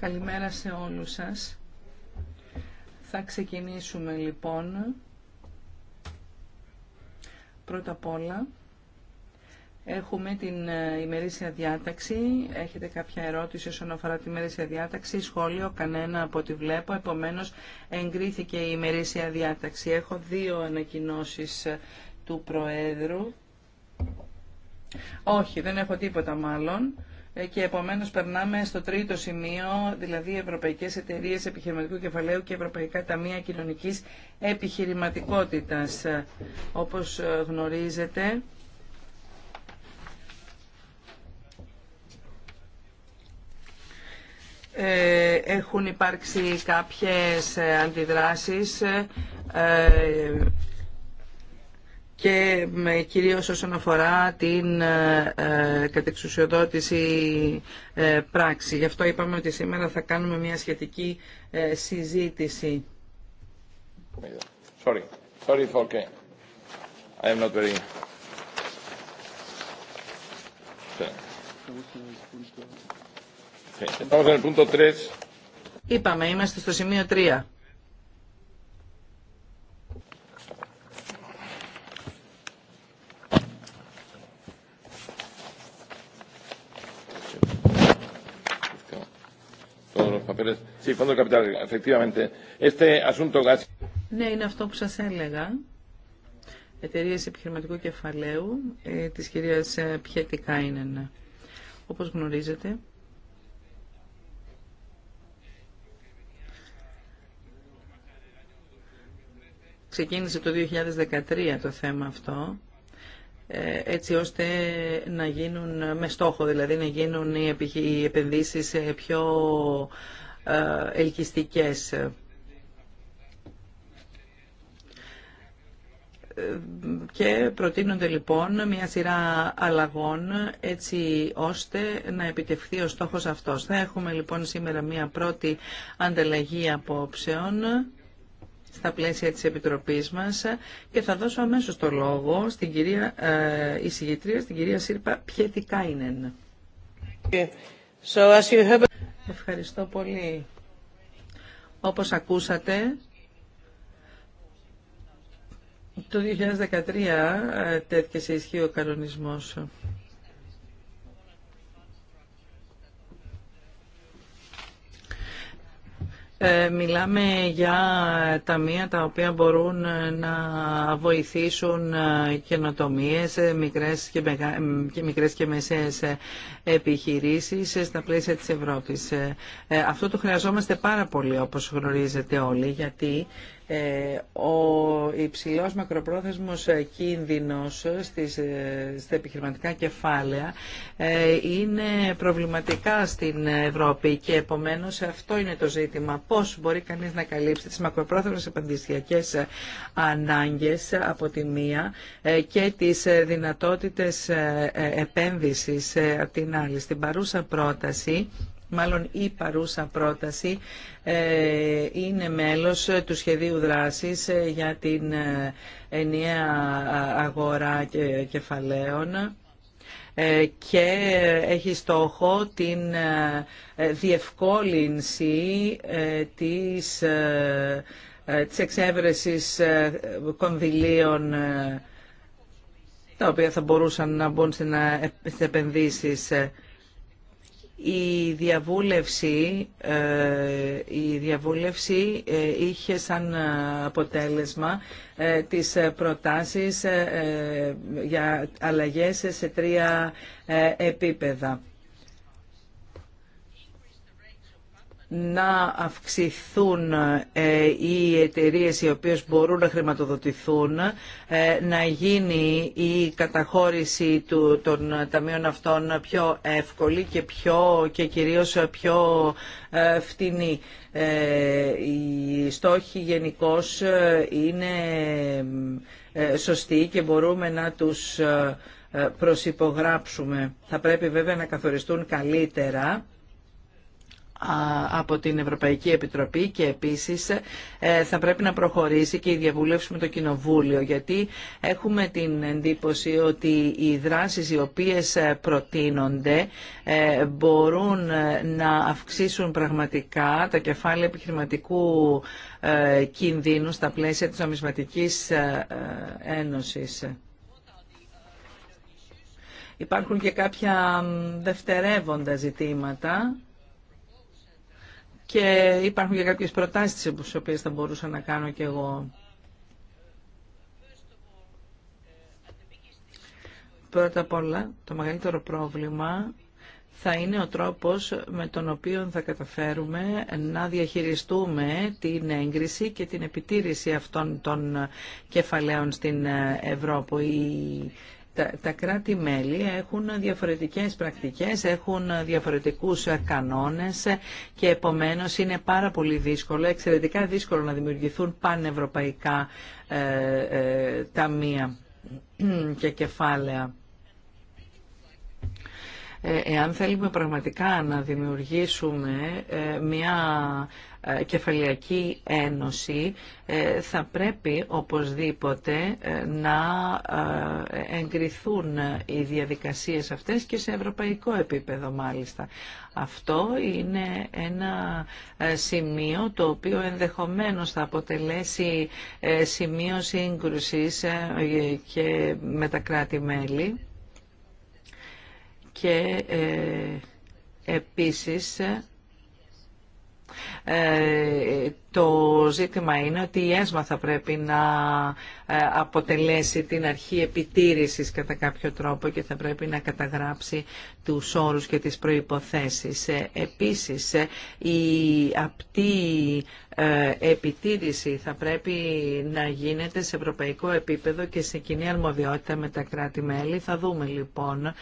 Καλημέρα σε όλους σας. Θα ξεκινήσουμε λοιπόν πρώτα απ' όλα Έχουμε την ε, ημερήσια διάταξη. Έχετε κάποια ερώτηση όσον αφορά την ημερήσια διάταξη, σχόλιο, κανένα από ό,τι βλέπω. Επομένως, εγκρίθηκε η ημερήσια διάταξη. Έχω δύο ανακοινώσεις ε, του Προέδρου. Όχι, δεν έχω τίποτα μάλλον. Ε, και επομένως περνάμε στο τρίτο σημείο, δηλαδή Ευρωπαϊκές Εταιρείες Επιχειρηματικού Κεφαλαίου και Ευρωπαϊκά Ταμεία Κοινωνικής Επιχειρηματικότητας. Ε, όπως ε, γνωρίζετε, έχουν υπάρξει κάποιες αντιδράσεις και με, κυρίως όσον αφορά την ε, ε, κατεξουσιοδότηση ε, πράξη. Γι' αυτό είπαμε ότι σήμερα θα κάνουμε μια σχετική ε, συζήτηση. Sorry. Sorry for okay. I am not very... Okay. Είπαμε, είμαστε στο σημείο 3. Sí, Fondo Capital, efectivamente. Este asunto gas... Ναι, είναι αυτό που σας έλεγα. Εταιρείε επιχειρηματικού κεφαλαίου ε, της κυρίας ε, Πιέτη Κάινεν. Όπως γνωρίζετε, ξεκίνησε το 2013 το θέμα αυτό ε, έτσι ώστε να γίνουν με στόχο δηλαδή να γίνουν οι επενδύσεις ε, πιο ε, ελκυστικές. Ε, και προτείνονται λοιπόν μια σειρά αλλαγών έτσι ώστε να επιτευχθεί ο στόχος αυτός. Θα έχουμε λοιπόν σήμερα μια πρώτη ανταλλαγή απόψεων στα πλαίσια της Επιτροπής μας και θα δώσω αμέσως το λόγο στην κυρία ε, εισηγητρία, στην κυρία Σύρπα Πιέτη So, Ευχαριστώ πολύ. Όπως ακούσατε, το 2013 τέτοιες ισχύει ο κανονισμός. Ε, μιλάμε για ταμεία τα οποία μπορούν ε, να βοηθήσουν ε, καινοτομίες, μικρές και, μεγα... και μικρές και μεσαίες επιχειρήσεις στα πλαίσια της Ευρώπης. Αυτό το χρειαζόμαστε πάρα πολύ όπως γνωρίζετε όλοι γιατί ε, ο υψηλός μακροπρόθεσμος κίνδυνος στις, ε, στα επιχειρηματικά κεφάλαια ε, είναι προβληματικά στην Ευρώπη και επομένως αυτό είναι το ζήτημα. Πώς μπορεί κανείς να καλύψει τις μακροπρόθεσμες επενδυσιακές ανάγκες από τη μία και τις δυνατότητες επένδυσης από την άλλη. Στην παρούσα πρόταση μάλλον η παρούσα πρόταση ε, είναι μέλος του σχεδίου δράσης ε, για την ε, ενιαία αγορά κεφαλαίων και έχει στόχο την διευκόλυνση της, της εξέβρεσης κονδυλίων τα οποία θα μπορούσαν να μπουν στις επενδύσεις η διαβούλευση, ε, η διαβούλευση ε, είχε σαν ε, αποτέλεσμα τις προτάσεις για αλλαγές σε τρία επίπεδα. να αυξηθούν ε, οι εταιρείε οι οποίες μπορούν να χρηματοδοτηθούν, ε, να γίνει η καταχώρηση του, των ταμείων αυτών πιο εύκολη και, πιο, και κυρίως πιο ε, φτηνή. Οι στόχοι γενικώ είναι σωστοί και μπορούμε να τους προσυπογράψουμε. Θα πρέπει βέβαια να καθοριστούν καλύτερα από την Ευρωπαϊκή Επιτροπή και επίσης ε, θα πρέπει να προχωρήσει και η διαβούλευση με το Κοινοβούλιο γιατί έχουμε την εντύπωση ότι οι δράσεις οι οποίες ε, προτείνονται ε, μπορούν να αυξήσουν πραγματικά τα κεφάλαια επιχειρηματικού κινδύνου στα πλαίσια της ομισματικής Ένωσης. Υπάρχουν και κάποια δευτερεύοντα ζητήματα και υπάρχουν και κάποιες προτάσεις τις οποίες θα μπορούσα να κάνω και εγώ. Πρώτα απ' όλα, το μεγαλύτερο πρόβλημα θα είναι ο τρόπος με τον οποίο θα καταφέρουμε να διαχειριστούμε την έγκριση και την επιτήρηση αυτών των κεφαλαίων στην Ευρώπη τα, τα κράτη-μέλη έχουν διαφορετικές πρακτικές, έχουν διαφορετικούς κανόνες και επομένως είναι πάρα πολύ δύσκολο, εξαιρετικά δύσκολο να δημιουργηθούν πανευρωπαϊκά ε, ε, ταμεία και κεφάλαια ε, εάν θέλουμε πραγματικά να δημιουργήσουμε ε, μια ε, κεφαλιακή ένωση ε, θα πρέπει οπωσδήποτε ε, να εγκριθούν οι διαδικασίες αυτές και σε ευρωπαϊκό επίπεδο μάλιστα. Αυτό είναι ένα σημείο το οποίο ενδεχομένως θα αποτελέσει σημείο σύγκρουσης και με τα κράτη-μέλη και επίσης ε, το ζήτημα είναι ότι η ΕΣΜΑ θα πρέπει να ε, αποτελέσει την αρχή επιτήρησης κατά κάποιο τρόπο και θα πρέπει να καταγράψει τους όρους και τις προϋποθέσεις. Ε, επίσης, η απτή επιτήρηση θα πρέπει να γίνεται σε ευρωπαϊκό επίπεδο και σε κοινή αρμοδιότητα με τα κράτη-μέλη. Θα δούμε λοιπόν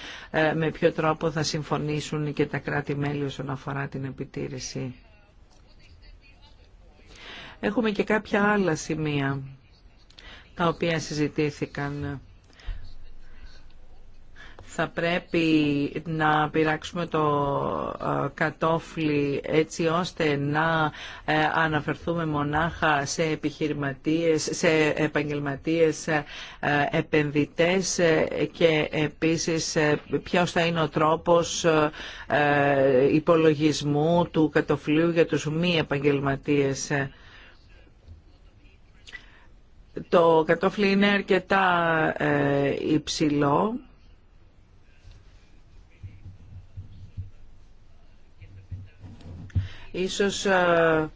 με ποιο τρόπο θα συμφωνήσουν και τα κράτη-μέλη όσον αφορά την επιτήρηση. Έχουμε και κάποια άλλα σημεία τα οποία συζητήθηκαν. Θα πρέπει να πειράξουμε το ε, κατόφλι έτσι ώστε να ε, αναφερθούμε μονάχα σε επιχειρηματίες, σε επαγγελματίες, ε, επενδυτές και επίσης ποιος θα είναι ο τρόπος υπολογισμού του κατοφλίου για τους μη επαγγελματίες το κατόφλι είναι αρκετά ε, υψηλό. Ίσως ε,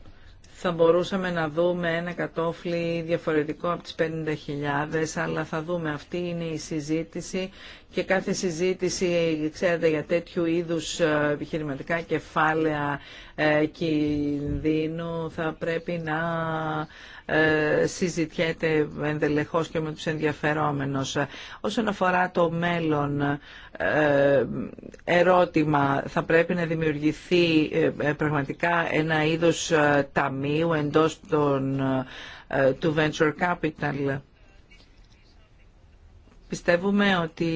θα μπορούσαμε να δούμε ένα κατόφλι διαφορετικό από τις 50.000, αλλά θα δούμε. Αυτή είναι η συζήτηση και κάθε συζήτηση, ξέρετε, για τέτοιου είδους ε, επιχειρηματικά κεφάλαια κινδύνου θα πρέπει να ε, συζητιέται ενδελεχώς και με τους ενδιαφερόμενους. Όσον αφορά το μέλλον ε, ερώτημα, θα πρέπει να δημιουργηθεί ε, πραγματικά ένα είδος ταμείου εντός των, του venture capital. Πιστεύουμε ότι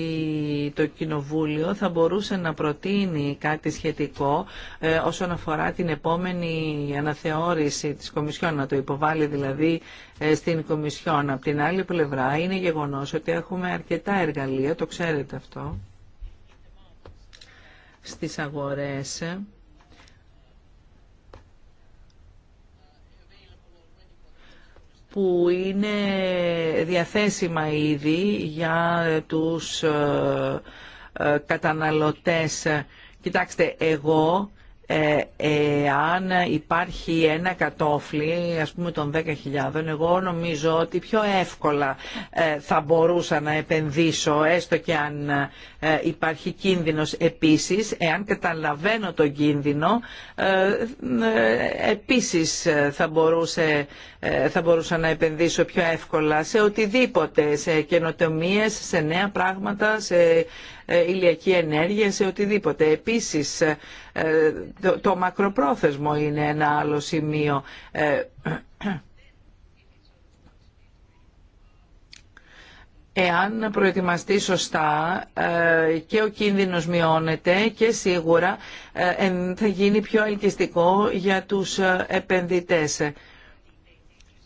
το Κοινοβούλιο θα μπορούσε να προτείνει κάτι σχετικό ε, όσον αφορά την επόμενη αναθεώρηση της Κομισιόν, να το υποβάλει δηλαδή ε, στην Κομισιόν. Από την άλλη πλευρά είναι γεγονός ότι έχουμε αρκετά εργαλεία, το ξέρετε αυτό, στις αγορές που είναι διαθέσιμα ήδη για τους ε, ε, καταναλωτές. Κοιτάξτε, εγώ ε, ε, αν υπάρχει ένα κατόφλι ας πούμε των 10.000 εγώ νομίζω ότι πιο εύκολα ε, θα μπορούσα να επενδύσω έστω και αν υπάρχει κίνδυνος επίσης εάν καταλαβαίνω τον κίνδυνο επίσης θα, μπορούσε, θα μπορούσα να επενδύσω πιο εύκολα σε οτιδήποτε σε καινοτομίες, σε νέα πράγματα σε ηλιακή ενέργεια, σε οτιδήποτε επίσης ε, το, το μακροπρόθεσμο είναι ένα άλλο σημείο. Ε, εάν προετοιμαστεί σωστά ε, και ο κίνδυνος μειώνεται και σίγουρα θα γίνει πιο ελκυστικό για τους επενδυτές.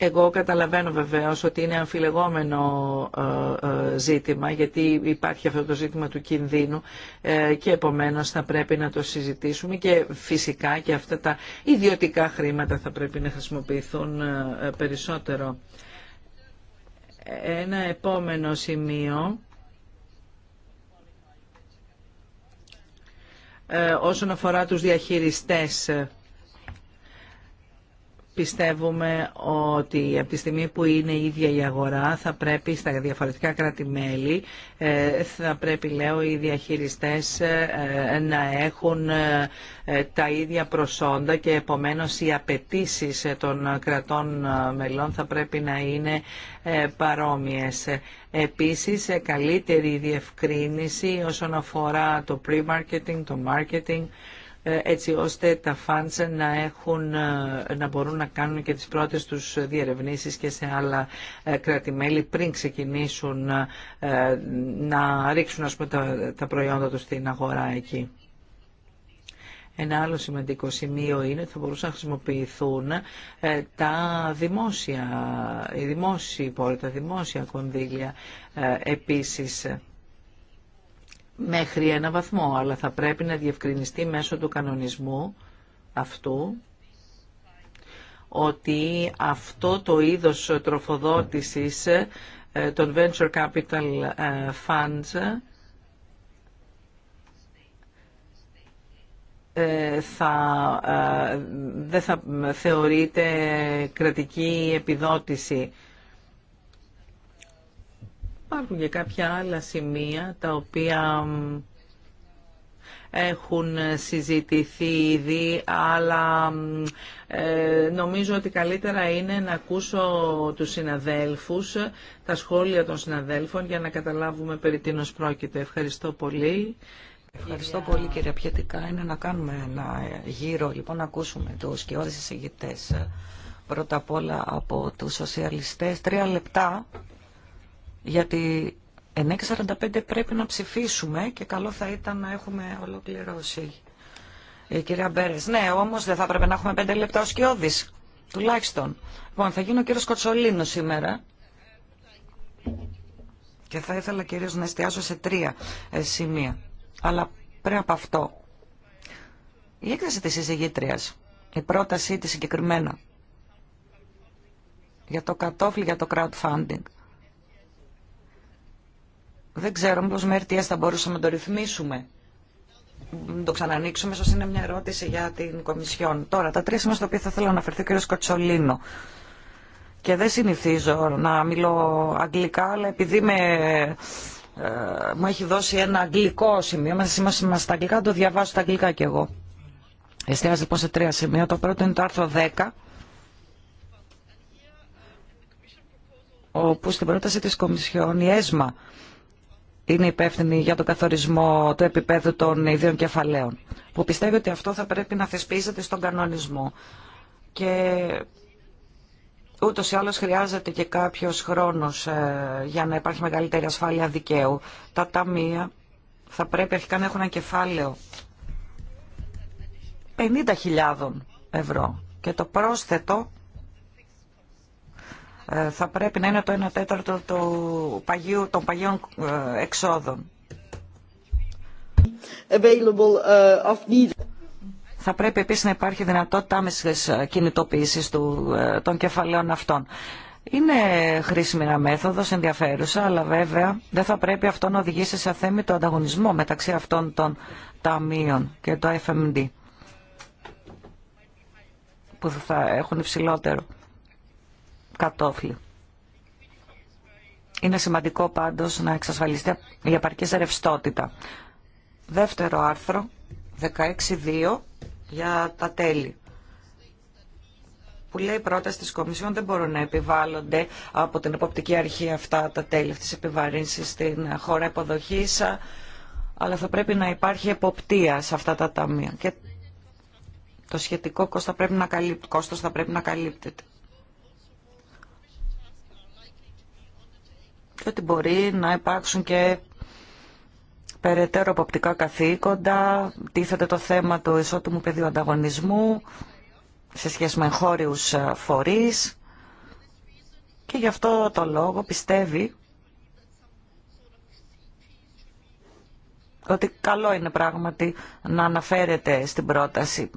Εγώ καταλαβαίνω βεβαίως ότι είναι αμφιλεγόμενο ε, ε, ζήτημα γιατί υπάρχει αυτό το ζήτημα του κινδύνου ε, και επομένως θα πρέπει να το συζητήσουμε και φυσικά και αυτά τα ιδιωτικά χρήματα θα πρέπει να χρησιμοποιηθούν περισσότερο. Ένα επόμενο σημείο όσον αφορά τους διαχειριστές Πιστεύουμε ότι από τη στιγμή που είναι η ίδια η αγορά θα πρέπει στα διαφορετικά κράτη-μέλη ε, θα πρέπει λέω οι διαχειριστές ε, ε, να έχουν τα ίδια προσόντα και επομένως οι απαιτήσει των κρατών μελών θα πρέπει να είναι παρόμοιες. Επίσης καλύτερη διευκρίνηση όσον αφορά το pre-marketing, το marketing έτσι ώστε τα funds να, έχουν, ε, να μπορούν να κάνουν και τις πρώτες τους διερευνήσεις και σε άλλα ε, κράτη-μέλη πριν ξεκινήσουν ε, να ρίξουν πούμε, τα προϊόντα τους στην αγορά εκεί. Ένα άλλο σημαντικό σημείο είναι ότι θα μπορούσαν να χρησιμοποιηθούν τα δημόσια, οι τα δημόσια κονδύλια επίσης μέχρι ένα βαθμό, αλλά θα πρέπει να διευκρινιστεί μέσω του κανονισμού αυτού ότι αυτό το είδος τροφοδότησης ε, των venture capital ε, funds ε, θα, δεν θα θεωρείται κρατική επιδότηση υπάρχουν και κάποια άλλα σημεία τα οποία έχουν συζητηθεί ήδη, αλλά ε, νομίζω ότι καλύτερα είναι να ακούσω τους συναδέλφους, τα σχόλια των συναδέλφων, για να καταλάβουμε περί τίνος πρόκειται. Ευχαριστώ πολύ. Ευχαριστώ κυρία... πολύ κύριε Πιετικά. Είναι να κάνουμε ένα γύρο, λοιπόν, να ακούσουμε τους και όλες Πρώτα απ' όλα από τους σοσιαλιστές. Τρία λεπτά γιατί 9.45 πρέπει να ψηφίσουμε και καλό θα ήταν να έχουμε ολοκληρώσει. Η ε, κυρία Μπέρες, ναι, όμω δεν θα έπρεπε να έχουμε πέντε λεπτά ο σκιώδη, τουλάχιστον. Λοιπόν, θα γίνω ο κύριο Κοτσολίνος σήμερα. Και θα ήθελα κυρίω να εστιάσω σε τρία ε, σημεία. Αλλά πριν από αυτό, η έκθεση τη εισηγήτριας, η πρότασή τη συγκεκριμένα, για το κατόφλι για το crowdfunding, δεν ξέρω πώς με RTS θα μπορούσαμε να το ρυθμίσουμε. Να το ξανανοίξουμε, σα είναι μια ερώτηση για την Κομισιόν. Τώρα, τα τρία σημεία στα οποία θα ήθελα να αναφερθεί ο κ. Κοτσολίνο. Και δεν συνηθίζω να μιλώ αγγλικά, αλλά επειδή με, ε, μου έχει δώσει ένα αγγλικό σημείο, μας είμαστε στα αγγλικά, το διαβάζω τα αγγλικά κι εγώ. Εστιάζει λοιπόν σε τρία σημεία. Το πρώτο είναι το άρθρο 10, όπου στην πρόταση της Κομισιόν η ΕΣΜΑ είναι υπεύθυνη για τον καθορισμό του επίπεδου των ιδίων κεφαλαίων, που πιστεύει ότι αυτό θα πρέπει να θεσπίζεται στον κανονισμό. Και ούτως ή άλλως χρειάζεται και κάποιος χρόνος ε, για να υπάρχει μεγαλύτερη ασφάλεια δικαίου. Τα ταμεία θα πρέπει αρχικά να έχουν ένα κεφάλαιο 50.000 ευρώ και το πρόσθετο ε, θα πρέπει να είναι το 1 τέταρτο του παγίου, των παγίων ε, εξόδων. Ε, θα πρέπει επίσης να υπάρχει δυνατότητα άμεσης κινητοποίησης του, των κεφαλαίων αυτών. Είναι χρήσιμη ένα μέθοδος, ενδιαφέρουσα, αλλά βέβαια δεν θα πρέπει αυτό να οδηγήσει σε θέμη το ανταγωνισμό μεταξύ αυτών των ταμείων και το FMD που θα έχουν υψηλότερο κατόφλι. Είναι σημαντικό πάντως να εξασφαλιστεί η επαρκής ρευστότητα. Δεύτερο άρθρο, 16.2, για τα τέλη που λέει πρόταση της Κομισιόν δεν μπορούν να επιβάλλονται από την εποπτική αρχή αυτά τα τέλη αυτής της επιβαρύνσης στην χώρα υποδοχής, αλλά θα πρέπει να υπάρχει εποπτεία σε αυτά τα ταμεία. Και το σχετικό κόστος θα πρέπει να, κόστος θα πρέπει να καλύπτεται. και ότι μπορεί να υπάρξουν και περαιτέρω αποπτικά καθήκοντα, τίθεται το θέμα του ισότιμου πεδίου ανταγωνισμού σε σχέση με χώριους ε, φορείς και γι' αυτό το λόγο πιστεύει ότι καλό είναι πράγματι να αναφέρεται στην πρόταση,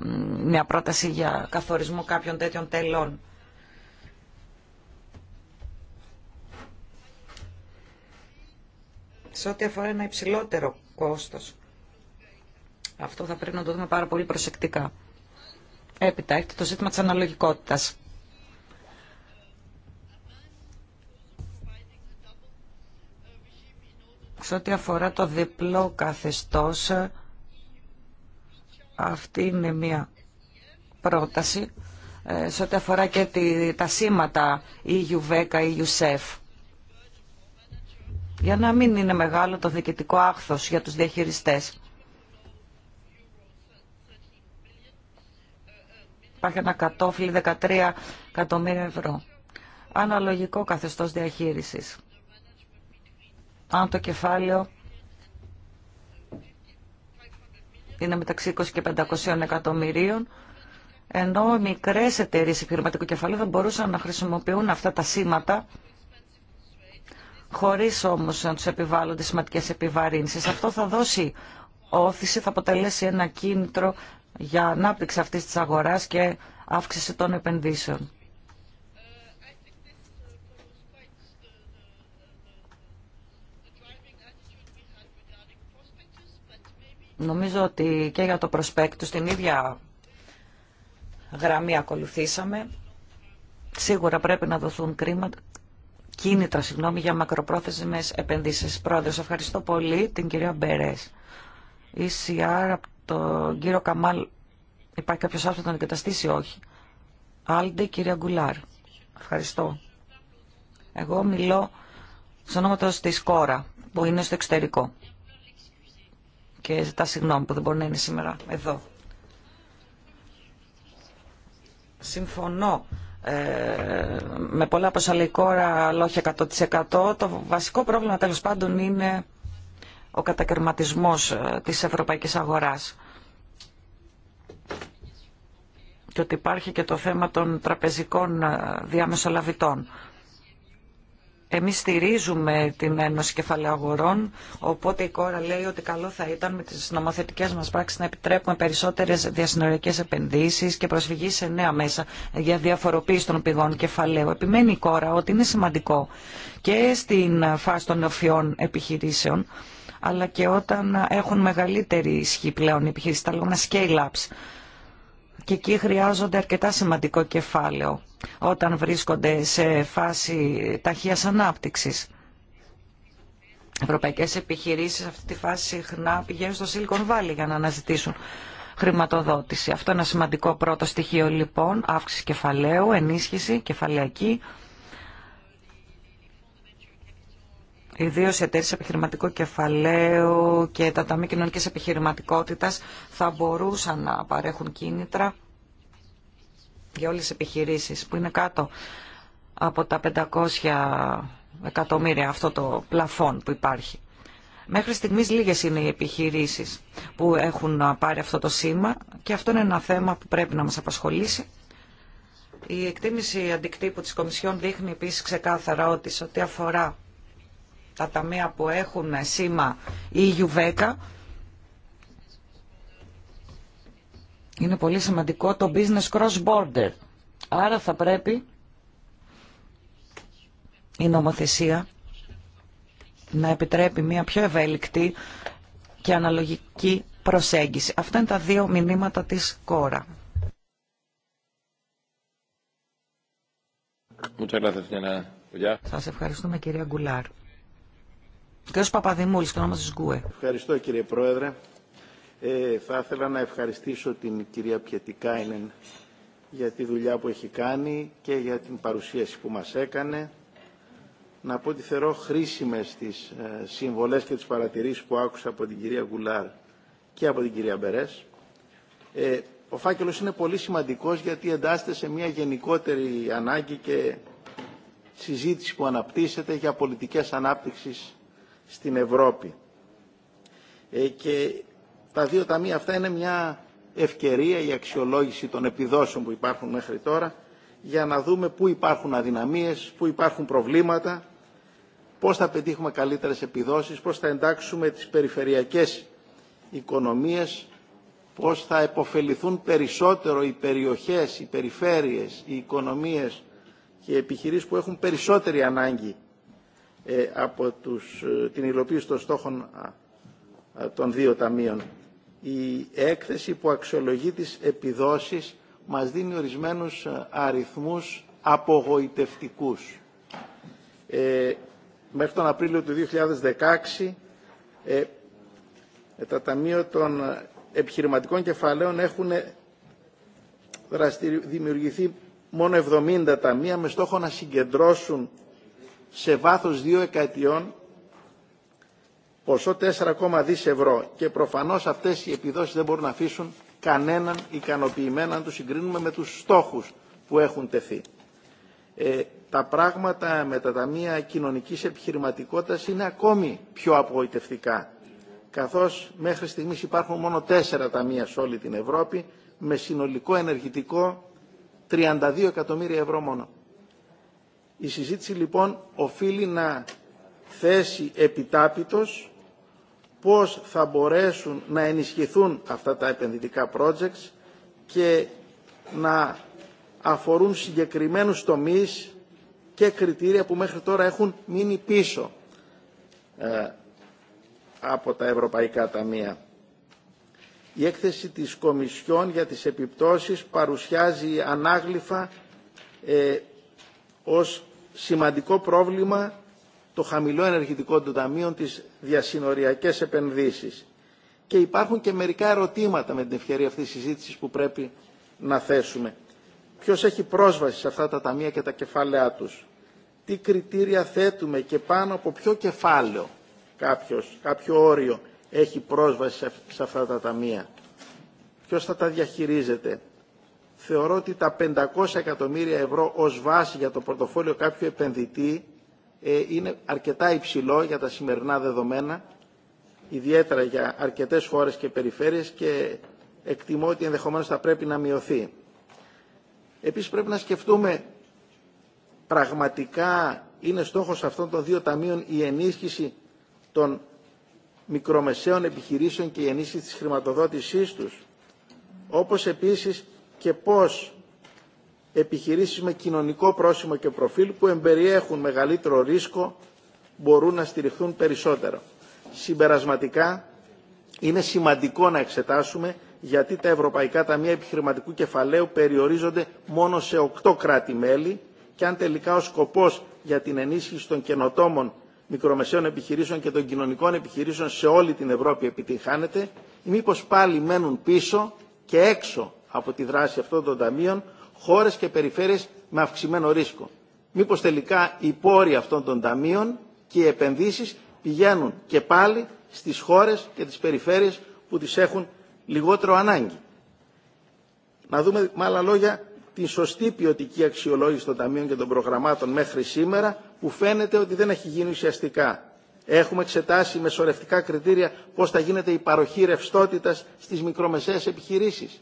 μια πρόταση για καθορισμό κάποιων τέτοιων τελών. σε ό,τι αφορά ένα υψηλότερο κόστος. Αυτό θα πρέπει να το δούμε πάρα πολύ προσεκτικά. Έπειτα έχετε το ζήτημα της αναλογικότητας. Σε ό,τι αφορά το διπλό καθεστώς, αυτή είναι μια πρόταση. Ε, σε ό,τι αφορά και τα σήματα 10 eu EU-SEF για να μην είναι μεγάλο το διοικητικό άχθος για τους διαχειριστές. Υπάρχει ένα κατόφλι 13 εκατομμύρια ευρώ. Αναλογικό καθεστώς διαχείρισης. Αν το κεφάλαιο είναι μεταξύ 20 και 500 εκατομμυρίων, ενώ μικρές εταιρείες επιχειρηματικού κεφαλαίου δεν μπορούσαν να χρησιμοποιούν αυτά τα σήματα χωρίς όμως να τους επιβάλλονται σημαντικές επιβαρύνσεις. Αυτό θα δώσει όθηση, θα αποτελέσει ένα κίνητρο για ανάπτυξη αυτής της αγοράς και αύξηση των επενδύσεων. Νομίζω ότι και για το προσπέκτου στην ίδια γραμμή ακολουθήσαμε. Σίγουρα πρέπει να δοθούν κρίματα κίνητρα συγγνώμη, για μακροπρόθεσμες επενδύσεις. Πρόεδρος, ευχαριστώ πολύ την κυρία Μπερές. ECR από τον κύριο Καμάλ. Υπάρχει κάποιο άλλο που τον εγκαταστήσει, όχι. Άλντε, κυρία Γκουλάρ. Ευχαριστώ. Εγώ μιλώ στο όνομα τη Κόρα, που είναι στο εξωτερικό. Και ζητά συγγνώμη που δεν μπορεί να είναι σήμερα εδώ. Συμφωνώ ε, με πολλά ποσαλικόρα, αλλά όχι 100%. Το βασικό πρόβλημα τέλος πάντων είναι ο κατακαιρματισμός ε, της ευρωπαϊκής αγοράς. Και ότι υπάρχει και το θέμα των τραπεζικών ε, διαμεσολαβητών εμείς στηρίζουμε την Ένωση Κεφαλαίου Αγορών, οπότε η κόρα λέει ότι καλό θα ήταν με τις νομοθετικές μας πράξεις να επιτρέπουμε περισσότερες διασυνοριακές επενδύσεις και προσφυγή σε νέα μέσα για διαφοροποίηση των πηγών κεφαλαίου. Επιμένει η κόρα ότι είναι σημαντικό και στην φάση των νεοφιών επιχειρήσεων, αλλά και όταν έχουν μεγαλύτερη ισχύ πλέον οι επιχειρήσεις, τα scale scale-ups και εκεί χρειάζονται αρκετά σημαντικό κεφάλαιο όταν βρίσκονται σε φάση ταχείας ανάπτυξης. Ευρωπαϊκές επιχειρήσεις σε αυτή τη φάση συχνά πηγαίνουν στο Silicon Valley για να αναζητήσουν χρηματοδότηση. Αυτό είναι ένα σημαντικό πρώτο στοιχείο λοιπόν, αύξηση κεφαλαίου, ενίσχυση κεφαλαιακή. Ιδίω οι εταιρείε επιχειρηματικού κεφαλαίου και τα ταμεία κοινωνική επιχειρηματικότητα θα μπορούσαν να παρέχουν κίνητρα για όλε τι επιχειρήσει που είναι κάτω από τα 500 εκατομμύρια αυτό το πλαφόν που υπάρχει. Μέχρι στιγμής λίγες είναι οι επιχειρήσεις που έχουν πάρει αυτό το σήμα και αυτό είναι ένα θέμα που πρέπει να μα απασχολήσει. Η εκτίμηση αντικτύπου τη Κομισιόν δείχνει επίση ξεκάθαρα ότι σε ό,τι αφορά τα ταμεία που έχουν σήμα ή Ιουβέκα. Είναι πολύ σημαντικό το business cross border. Άρα θα πρέπει η νομοθεσία να επιτρέπει μια πιο ευέλικτη και αναλογική προσέγγιση. Αυτά είναι τα δύο μηνύματα της κόρα. Σας ευχαριστούμε κυρία Γκουλάρ. Παπαδημούλη, το όνομα Ευχαριστώ κύριε Πρόεδρε. Ε, θα ήθελα να ευχαριστήσω την κυρία Πιετικάινεν για τη δουλειά που έχει κάνει και για την παρουσίαση που μας έκανε. Να πω ότι θεωρώ χρήσιμες τις ε, συμβολές και τις παρατηρήσεις που άκουσα από την κυρία Γκουλάρ και από την κυρία Μπερές. Ε, ο φάκελος είναι πολύ σημαντικός γιατί εντάσσεται σε μια γενικότερη ανάγκη και συζήτηση που αναπτύσσεται για πολιτικές ανάπτυξης στην Ευρώπη. Ε, και τα δύο ταμεία αυτά είναι μια ευκαιρία η αξιολόγηση των επιδόσεων που υπάρχουν μέχρι τώρα για να δούμε πού υπάρχουν αδυναμίες, πού υπάρχουν προβλήματα, πώς θα πετύχουμε καλύτερες επιδόσεις, πώς θα εντάξουμε τις περιφερειακές οικονομίες, πώς θα επωφεληθούν περισσότερο οι περιοχές, οι περιφέρειες, οι οικονομίες και οι επιχειρήσεις που έχουν περισσότερη ανάγκη ε, από τους, ε, την υλοποίηση των στόχων των δύο ταμείων. Η έκθεση που αξιολογεί τις επιδόσεις μας δίνει ορισμένους ε, αριθμούς απογοητευτικούς. Ε, μέχρι τον Απρίλιο του 2016 ε, τα Ταμείο των Επιχειρηματικών Κεφαλαίων έχουν δημιουργηθεί μόνο 70 ταμεία με στόχο να συγκεντρώσουν σε βάθος δύο εκατοιών, ποσό 4,2 ευρώ και προφανώς αυτές οι επιδόσεις δεν μπορούν να αφήσουν κανέναν ικανοποιημένο αν τους συγκρίνουμε με τους στόχους που έχουν τεθεί. Ε, τα πράγματα με τα ταμεία κοινωνικής επιχειρηματικότητας είναι ακόμη πιο απογοητευτικά καθώς μέχρι στιγμής υπάρχουν μόνο τέσσερα ταμεία σε όλη την Ευρώπη με συνολικό ενεργητικό 32 εκατομμύρια ευρώ μόνο. Η συζήτηση λοιπόν οφείλει να θέσει επιτάπητος πώς θα μπορέσουν να ενισχυθούν αυτά τα επενδυτικά projects και να αφορούν συγκεκριμένους τομείς και κριτήρια που μέχρι τώρα έχουν μείνει πίσω ε, από τα Ευρωπαϊκά Ταμεία. Η έκθεση της Κομισιόν για τις επιπτώσεις παρουσιάζει ανάγλυφα ε, ως σημαντικό πρόβλημα το χαμηλό ενεργητικό των ταμείων, τις διασυνοριακές επενδύσεις. Και υπάρχουν και μερικά ερωτήματα με την ευκαιρία αυτής της συζήτησης που πρέπει να θέσουμε. Ποιος έχει πρόσβαση σε αυτά τα ταμεία και τα κεφάλαιά τους. Τι κριτήρια θέτουμε και πάνω από ποιο κεφάλαιο κάποιος, κάποιο όριο έχει πρόσβαση σε αυτά τα ταμεία. Ποιος θα τα διαχειρίζεται θεωρώ ότι τα 500 εκατομμύρια ευρώ ως βάση για το πορτοφόλιο κάποιου επενδυτή ε, είναι αρκετά υψηλό για τα σημερινά δεδομένα, ιδιαίτερα για αρκετές χώρες και περιφέρειες και εκτιμώ ότι ενδεχομένως θα πρέπει να μειωθεί. Επίσης πρέπει να σκεφτούμε πραγματικά είναι στόχος αυτών των δύο ταμείων η ενίσχυση των μικρομεσαίων επιχειρήσεων και η ενίσχυση της χρηματοδότησής τους, όπως επίσης και πώς επιχειρήσεις με κοινωνικό πρόσημο και προφίλ που εμπεριέχουν μεγαλύτερο ρίσκο μπορούν να στηριχθούν περισσότερο. Συμπερασματικά, είναι σημαντικό να εξετάσουμε γιατί τα Ευρωπαϊκά Ταμεία Επιχειρηματικού Κεφαλαίου περιορίζονται μόνο σε οκτώ κράτη-μέλη και αν τελικά ο σκοπός για την ενίσχυση των καινοτόμων μικρομεσαίων επιχειρήσεων και των κοινωνικών επιχειρήσεων σε όλη την Ευρώπη επιτυγχάνεται, μήπως πάλι μένουν πίσω και έξω από τη δράση αυτών των ταμείων χώρες και περιφέρειες με αυξημένο ρίσκο. Μήπως τελικά οι πόροι αυτών των ταμείων και οι επενδύσεις πηγαίνουν και πάλι στις χώρες και τις περιφέρειες που τις έχουν λιγότερο ανάγκη. Να δούμε με άλλα λόγια την σωστή ποιοτική αξιολόγηση των ταμείων και των προγραμμάτων μέχρι σήμερα που φαίνεται ότι δεν έχει γίνει ουσιαστικά. Έχουμε εξετάσει με σωρευτικά κριτήρια πώς θα γίνεται η παροχή ρευστότητα στις μικρομεσαίες επιχειρήσεις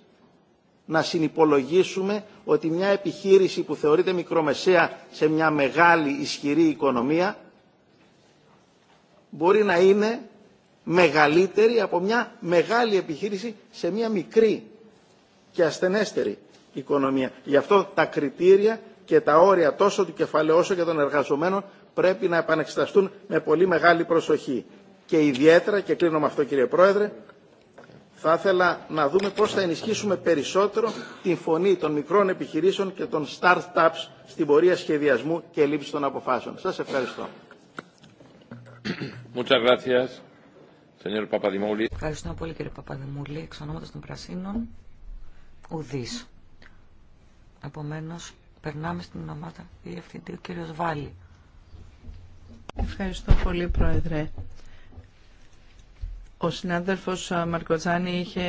να συνυπολογίσουμε ότι μια επιχείρηση που θεωρείται μικρομεσαία σε μια μεγάλη ισχυρή οικονομία μπορεί να είναι μεγαλύτερη από μια μεγάλη επιχείρηση σε μια μικρή και ασθενέστερη οικονομία. Γι' αυτό τα κριτήρια και τα όρια τόσο του κεφαλαίου όσο και των εργαζομένων πρέπει να επανεξεταστούν με πολύ μεγάλη προσοχή. Και ιδιαίτερα, και κλείνω με αυτό κύριε Πρόεδρε, θα ήθελα να δούμε πώς θα ενισχύσουμε περισσότερο την φωνή των μικρών επιχειρήσεων και των start-ups στην πορεία σχεδιασμού και λήψη των αποφάσεων. Σας ευχαριστώ. Ευχαριστώ πολύ κύριε Παπαδημούλη. Εξ ονόματος των Πρασίνων, ουδής. Επομένως, περνάμε στην ομάδα διευθυντή, ο κύριος Βάλη. Ευχαριστώ πολύ, Πρόεδρε. Ο συνάδελφος Μαρκοτζάνη είχε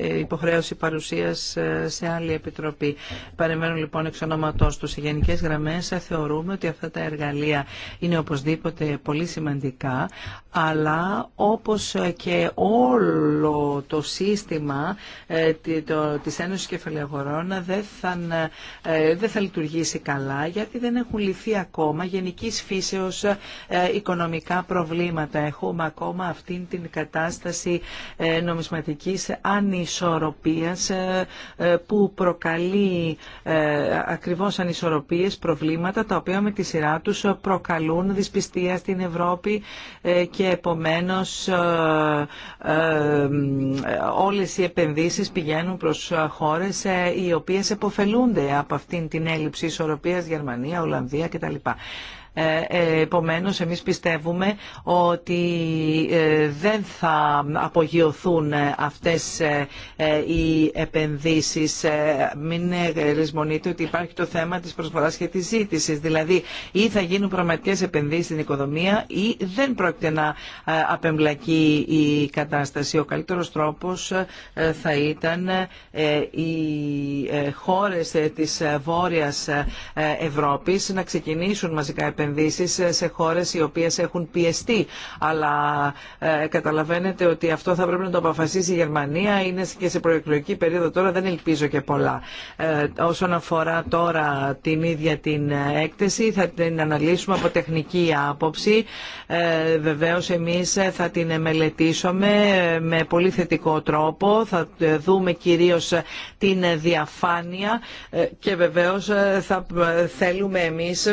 ε, υποχρέωση παρουσίας ε, σε άλλη επιτροπή. Παρεμένουν λοιπόν εξ ονόματός του. Σε γενικές γραμμές θεωρούμε ότι αυτά τα εργαλεία είναι οπωσδήποτε πολύ σημαντικά, αλλά όπως και όλο το σύστημα ε, της Ένωσης Κεφαλαιογορών δεν θα, δεν θα λειτουργήσει καλά, γιατί δεν έχουν λυθεί ακόμα γενικής φύσεως οικονομικά προβλήματα. Έχουμε ακόμα αυτήν την κατάσταση ε, νομισματικής ανισορροπίας ε, ε, που προκαλεί ακριβώς ανισορροπίες, προβλήματα τα οποία με τη σειρά τους προκαλούν δυσπιστία στην Ευρώπη και επομένως όλες οι επενδύσεις πηγαίνουν προς χώρες οι οποίες επωφελούνται από αυτήν την έλλειψη ισορροπίας Γερμανία, Ολλανδία κτλ. Ε, ε, επομένως, εμείς πιστεύουμε ότι ε, δεν θα απογειωθούν αυτές οι επενδύσεις. Μην λησμονείτε ότι υπάρχει το θέμα της προσφοράς και της ζήτησης. Δηλαδή, ή θα γίνουν πραγματικές επενδύσεις στην οικοδομία ή δεν πρόκειται να απεμπλακεί η κατάσταση. Ο καλύτερος τρόπος θα ήταν οι χώρες της Βόρειας Ευρώπης να ξεκινήσουν μαζικά επενδύσεις σε χώρες οι οποίες έχουν πιεστεί. Αλλά ε, καταλαβαίνετε ότι αυτό θα πρέπει να το αποφασίσει η Γερμανία. Είναι και σε προεκλογική περίοδο τώρα, δεν ελπίζω και πολλά. Ε, όσον αφορά τώρα την ίδια την έκθεση, θα την αναλύσουμε από τεχνική άποψη. Ε, βεβαίως εμείς θα την μελετήσουμε ε, με πολύ θετικό τρόπο. Θα δούμε κυρίως την διαφάνεια και βεβαίως θα θέλουμε εμείς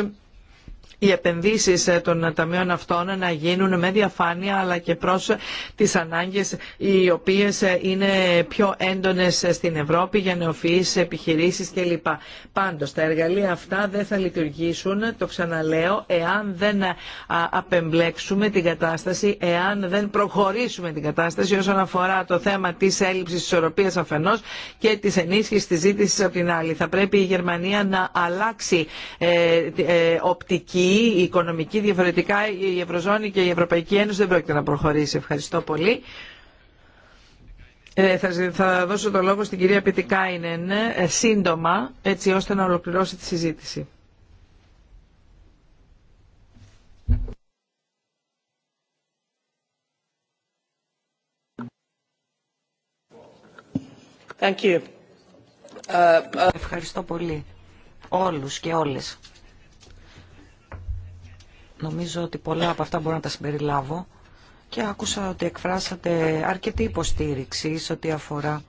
οι επενδύσεις ε, των ταμείων αυτών να γίνουν με διαφάνεια αλλά και προς ε, τις ανάγκες οι οποίες ε, είναι πιο έντονες στην Ευρώπη για νεοφυείς επιχειρήσεις κλπ. Πάντως τα εργαλεία αυτά δεν θα λειτουργήσουν, το ξαναλέω, εάν δεν απεμπλέξουμε την κατάσταση, εάν δεν προχωρήσουμε την κατάσταση όσον αφορά το θέμα της έλλειψης ισορροπίας αφενός και της ενίσχυσης της ζήτησης από την άλλη. Θα πρέπει η Γερμανία να αλλάξει ε, ε, οπτική η οικονομική διαφορετικά η Ευρωζώνη και η Ευρωπαϊκή Ένωση δεν πρόκειται να προχωρήσει. Ευχαριστώ πολύ. Ε, θα, θα δώσω το λόγο στην κυρία Πιτικάινεν ε, σύντομα έτσι ώστε να ολοκληρώσει τη συζήτηση. Thank you. Ευχαριστώ πολύ όλους και όλες. Νομίζω ότι πολλά από αυτά μπορώ να τα συμπεριλάβω και άκουσα ότι εκφράσατε αρκετή υποστήριξη σε ό,τι αφορά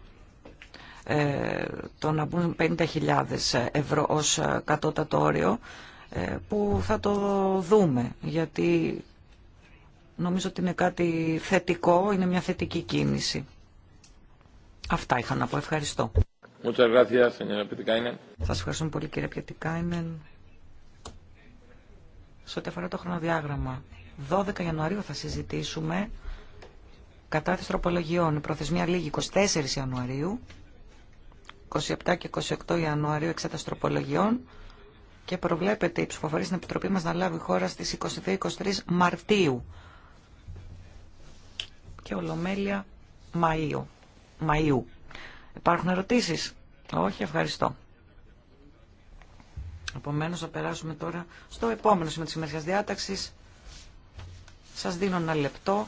ε, το να μπουν 50.000 ευρώ ως κατώτατο όριο ε, που θα το δούμε γιατί νομίζω ότι είναι κάτι θετικό, είναι μια θετική κίνηση. Αυτά είχα να πω. Ευχαριστώ. Σας ευχαριστούμε πολύ κύριε Πιετικάινεν σε ό,τι αφορά το χρονοδιάγραμμα. 12 Ιανουαρίου θα συζητήσουμε κατάθεση τροπολογιών. Η προθεσμία λίγη 24 Ιανουαρίου, 27 και 28 Ιανουαρίου εξέταση τροπολογιών και προβλέπεται η ψηφοφορία στην Επιτροπή μας να λάβει χώρα στις 22-23 Μαρτίου και Ολομέλεια Μαΐου. Μαΐου. Υπάρχουν ερωτήσεις? Όχι, ευχαριστώ. Επομένως θα περάσουμε τώρα στο επόμενο σημείο της σημερινής διάταξης. Σας δίνω ένα λεπτό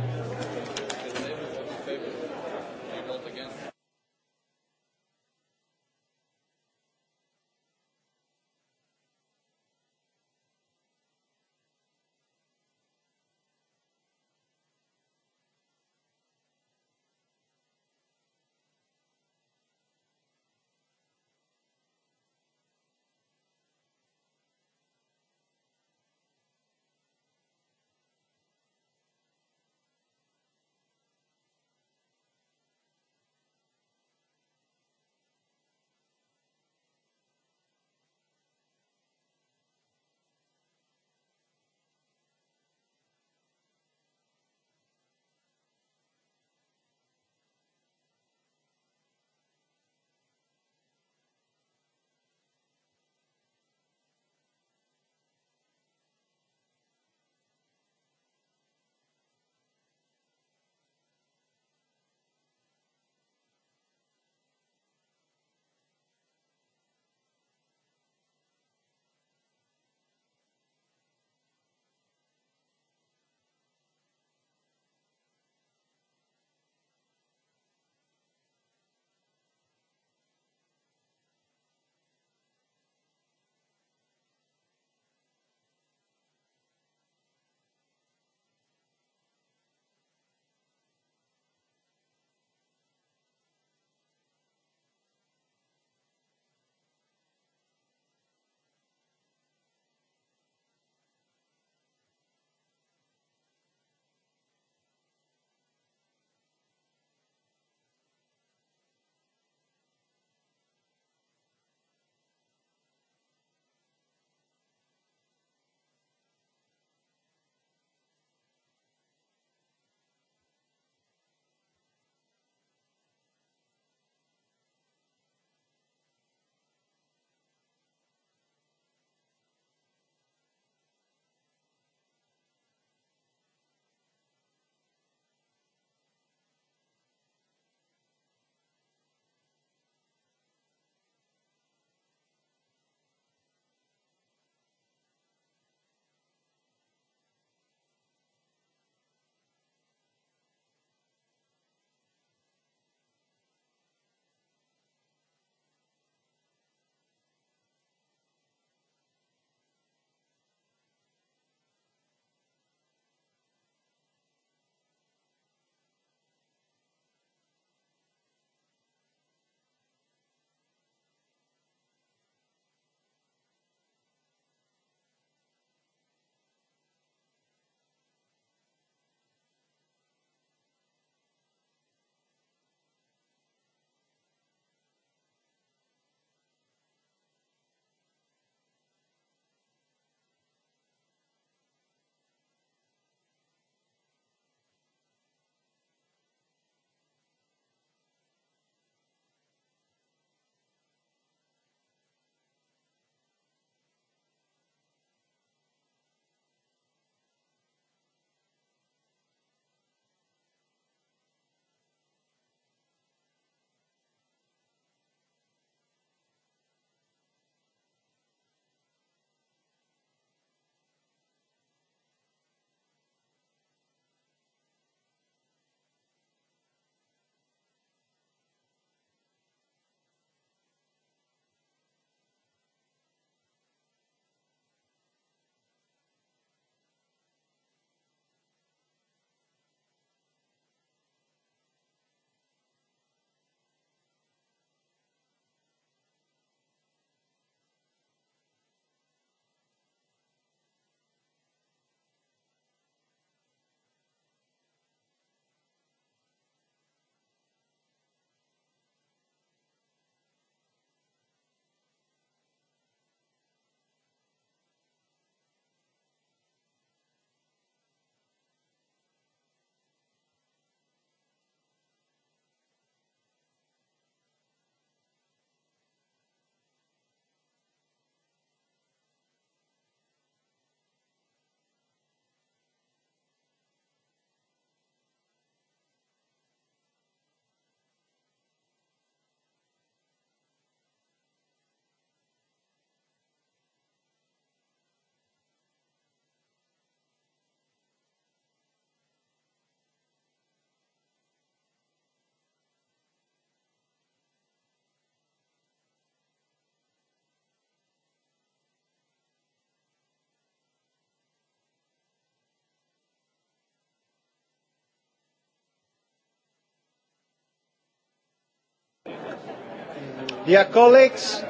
Dear colleagues,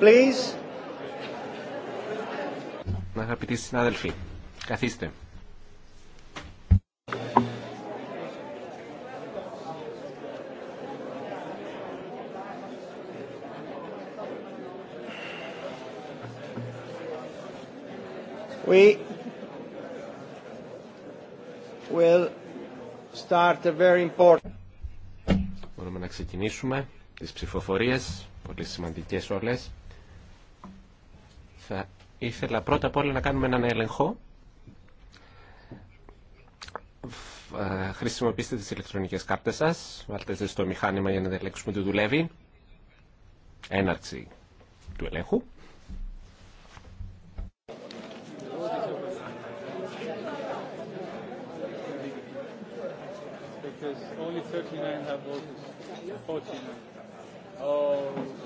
please. Αγαπητοί συνάδελφοι, καθίστε. We will start a very important. Μπορούμε να ξεκινήσουμε τις ψηφοφορίες, πολύ σημαντικές όλες. Θα ήθελα πρώτα απ' όλα να κάνουμε έναν έλεγχο. Ε, χρησιμοποιήστε τις ηλεκτρονικές κάρτες σας, βάλτε στο μηχάνημα για να διαλέξουμε τι δουλεύει. Έναρξη του ελέγχου. Because only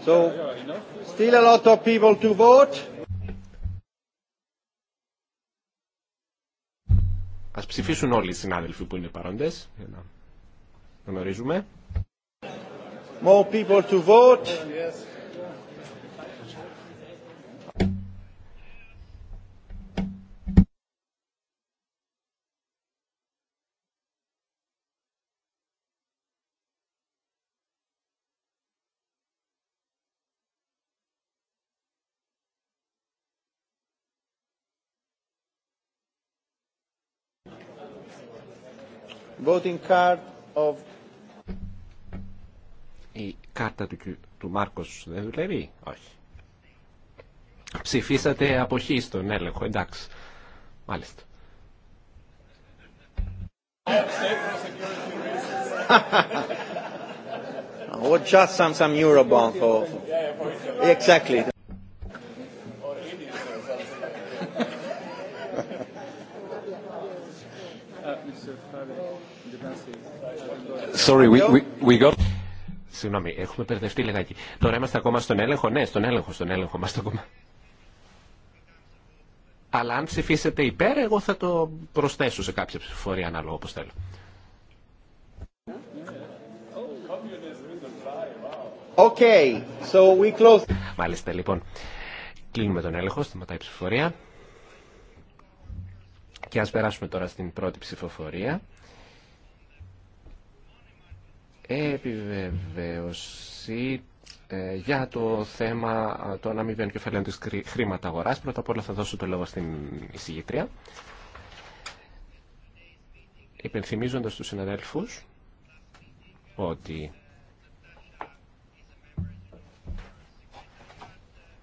So, still a lot of people to vote. Ας ψηφίσουν όλοι οι συνάδελφοι που είναι παρόντες, για να γνωρίζουμε. More people to vote. voting card of... Η κάρτα του, του Μάρκος δεν δουλεύει, όχι. Ψηφίσατε αποχή στον έλεγχο, εντάξει. Μάλιστα. Or just some, some Eurobond for... Exactly. Sorry, we, we, got... Συγγνώμη, έχουμε περδευτεί λιγάκι. Τώρα είμαστε ακόμα στον έλεγχο. Ναι, στον έλεγχο, στον έλεγχο. Είμαστε ακόμα. Αλλά αν ψηφίσετε υπέρ, εγώ θα το προσθέσω σε κάποια ψηφοφορία ανάλογα όπως θέλω. Okay, so we close. Μάλιστα, λοιπόν. Κλείνουμε τον έλεγχο, σταματάει η ψηφοφορία. Και ας περάσουμε τώρα στην πρώτη ψηφοφορία επιβεβαίωση για το θέμα των αμοιβαίων κεφαλαίων της χρήματα αγοράς. Πρώτα απ' όλα θα δώσω το λόγο στην εισηγήτρια. Υπενθυμίζοντας τους συναδέλφους ότι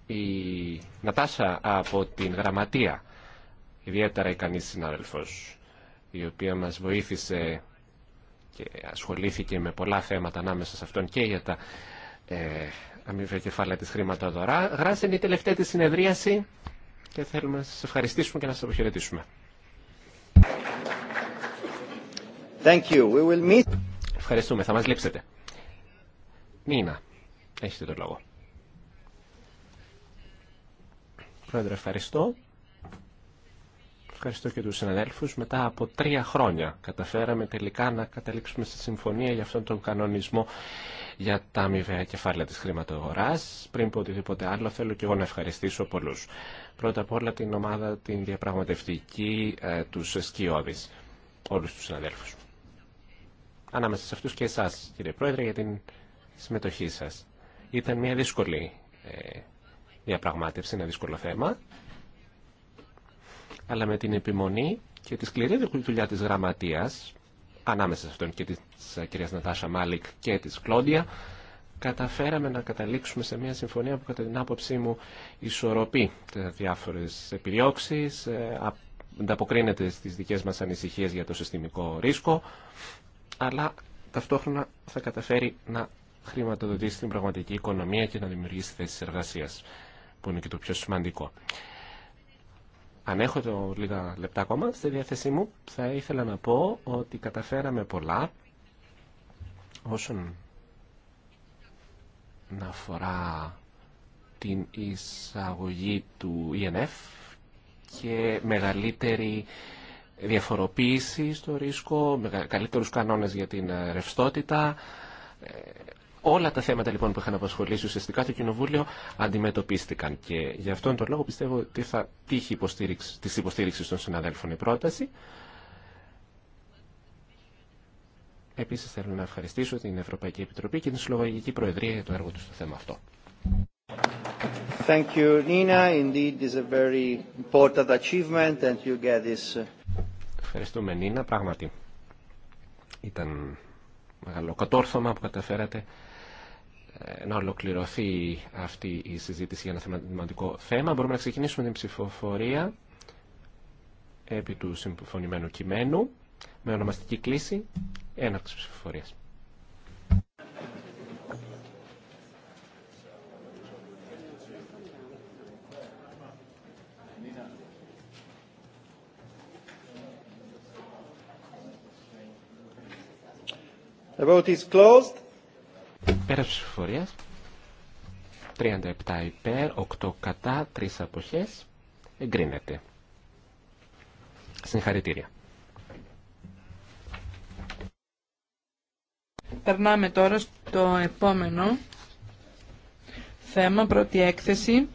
η Νατάσα από την Γραμματεία, ιδιαίτερα ικανή συνάδελφος, η οποία μας βοήθησε και ασχολήθηκε με πολλά θέματα ανάμεσα σε αυτόν και για τα ε, αμοιβαία κεφάλαια της χρηματοδορά. είναι η τελευταία της συνεδρίαση και θέλουμε να σας ευχαριστήσουμε και να σας αποχαιρετήσουμε. Ευχαριστούμε. Θα μας λείψετε. Νίνα, έχετε τον λόγο. Πρόεδρε, ευχαριστώ ευχαριστώ και τους συναδέλφους. Μετά από τρία χρόνια καταφέραμε τελικά να καταλήξουμε στη συμφωνία για αυτόν τον κανονισμό για τα αμοιβαία κεφάλαια της χρηματογοράς. Πριν πω οτιδήποτε άλλο θέλω και εγώ να ευχαριστήσω πολλούς. Πρώτα απ' όλα την ομάδα, την διαπραγματευτική, ε, τους σκιώδης, όλους τους συναδέλφους. Ανάμεσα σε αυτούς και εσάς κύριε Πρόεδρε για την συμμετοχή σας. Ήταν μια δύσκολη ε, διαπραγμάτευση, ένα δύσκολο θέμα αλλά με την επιμονή και τη σκληρή δουλειά της γραμματείας, ανάμεσα σε αυτόν και της ε, κυρίας Νατάσα Μάλικ και της Κλόντια, καταφέραμε να καταλήξουμε σε μια συμφωνία που κατά την άποψή μου ισορροπεί τα διάφορες επιδιώξεις, ε, ανταποκρίνεται στις δικές μας ανησυχίες για το συστημικό ρίσκο, αλλά ταυτόχρονα θα καταφέρει να χρηματοδοτήσει την πραγματική οικονομία και να δημιουργήσει θέσεις εργασίας, που είναι και το πιο σημαντικό. Αν έχω το λίγα λεπτά ακόμα στη διάθεσή μου, θα ήθελα να πω ότι καταφέραμε πολλά όσον να αφορά την εισαγωγή του ΙΕΝΕΦ e και μεγαλύτερη διαφοροποίηση στο ρίσκο, καλύτερους κανόνες για την ρευστότητα, ε, Όλα τα θέματα λοιπόν που είχαν απασχολήσει ουσιαστικά το Κοινοβούλιο αντιμετωπίστηκαν και γι' αυτόν τον λόγο πιστεύω ότι θα τύχει υποστήριξη, υποστήριξης των συναδέλφων η πρόταση. Επίσης θέλω να ευχαριστήσω την Ευρωπαϊκή Επιτροπή και την Συλλογαγική Προεδρία για το έργο του στο θέμα αυτό. Thank you, Nina. Indeed, is a very important achievement and you get this. Uh, Ευχαριστούμε, Νίνα. Πράγματι, ήταν μεγάλο κατόρθωμα που καταφέρατε ε, να ολοκληρωθεί αυτή η συζήτηση για ένα θεματικό θέμα. Μπορούμε να ξεκινήσουμε την ψηφοφορία επί του συμφωνημένου κειμένου με ονομαστική κλίση έναρξη ψηφοφορίας. The vote is closed. Πέρα ψηφοφορίας. 37 υπέρ, 8 κατά, 3 αποχές. Εγκρίνεται. Συγχαρητήρια. Περνάμε τώρα στο επόμενο θέμα, πρώτη έκθεση.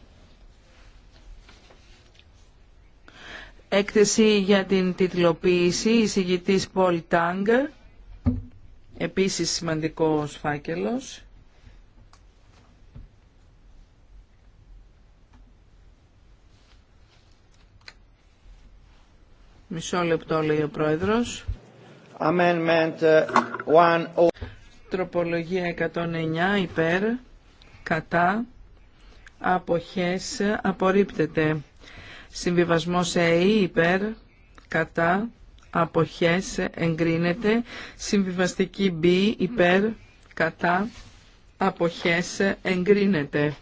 Έκθεση για την τιτλοποίηση, εισηγητής Πολ Τάγκ. Επίσης σημαντικός φάκελος. Μισό λεπτό λέει ο Πρόεδρος. Amendment 1... Uh, Τροπολογία 109 υπέρ, κατά, αποχές, απορρίπτεται. Συμβιβασμός ΕΗ υπέρ, κατά, αποχές εγκρίνεται. Συμβιβαστική B υπέρ κατά αποχές εγκρίνεται.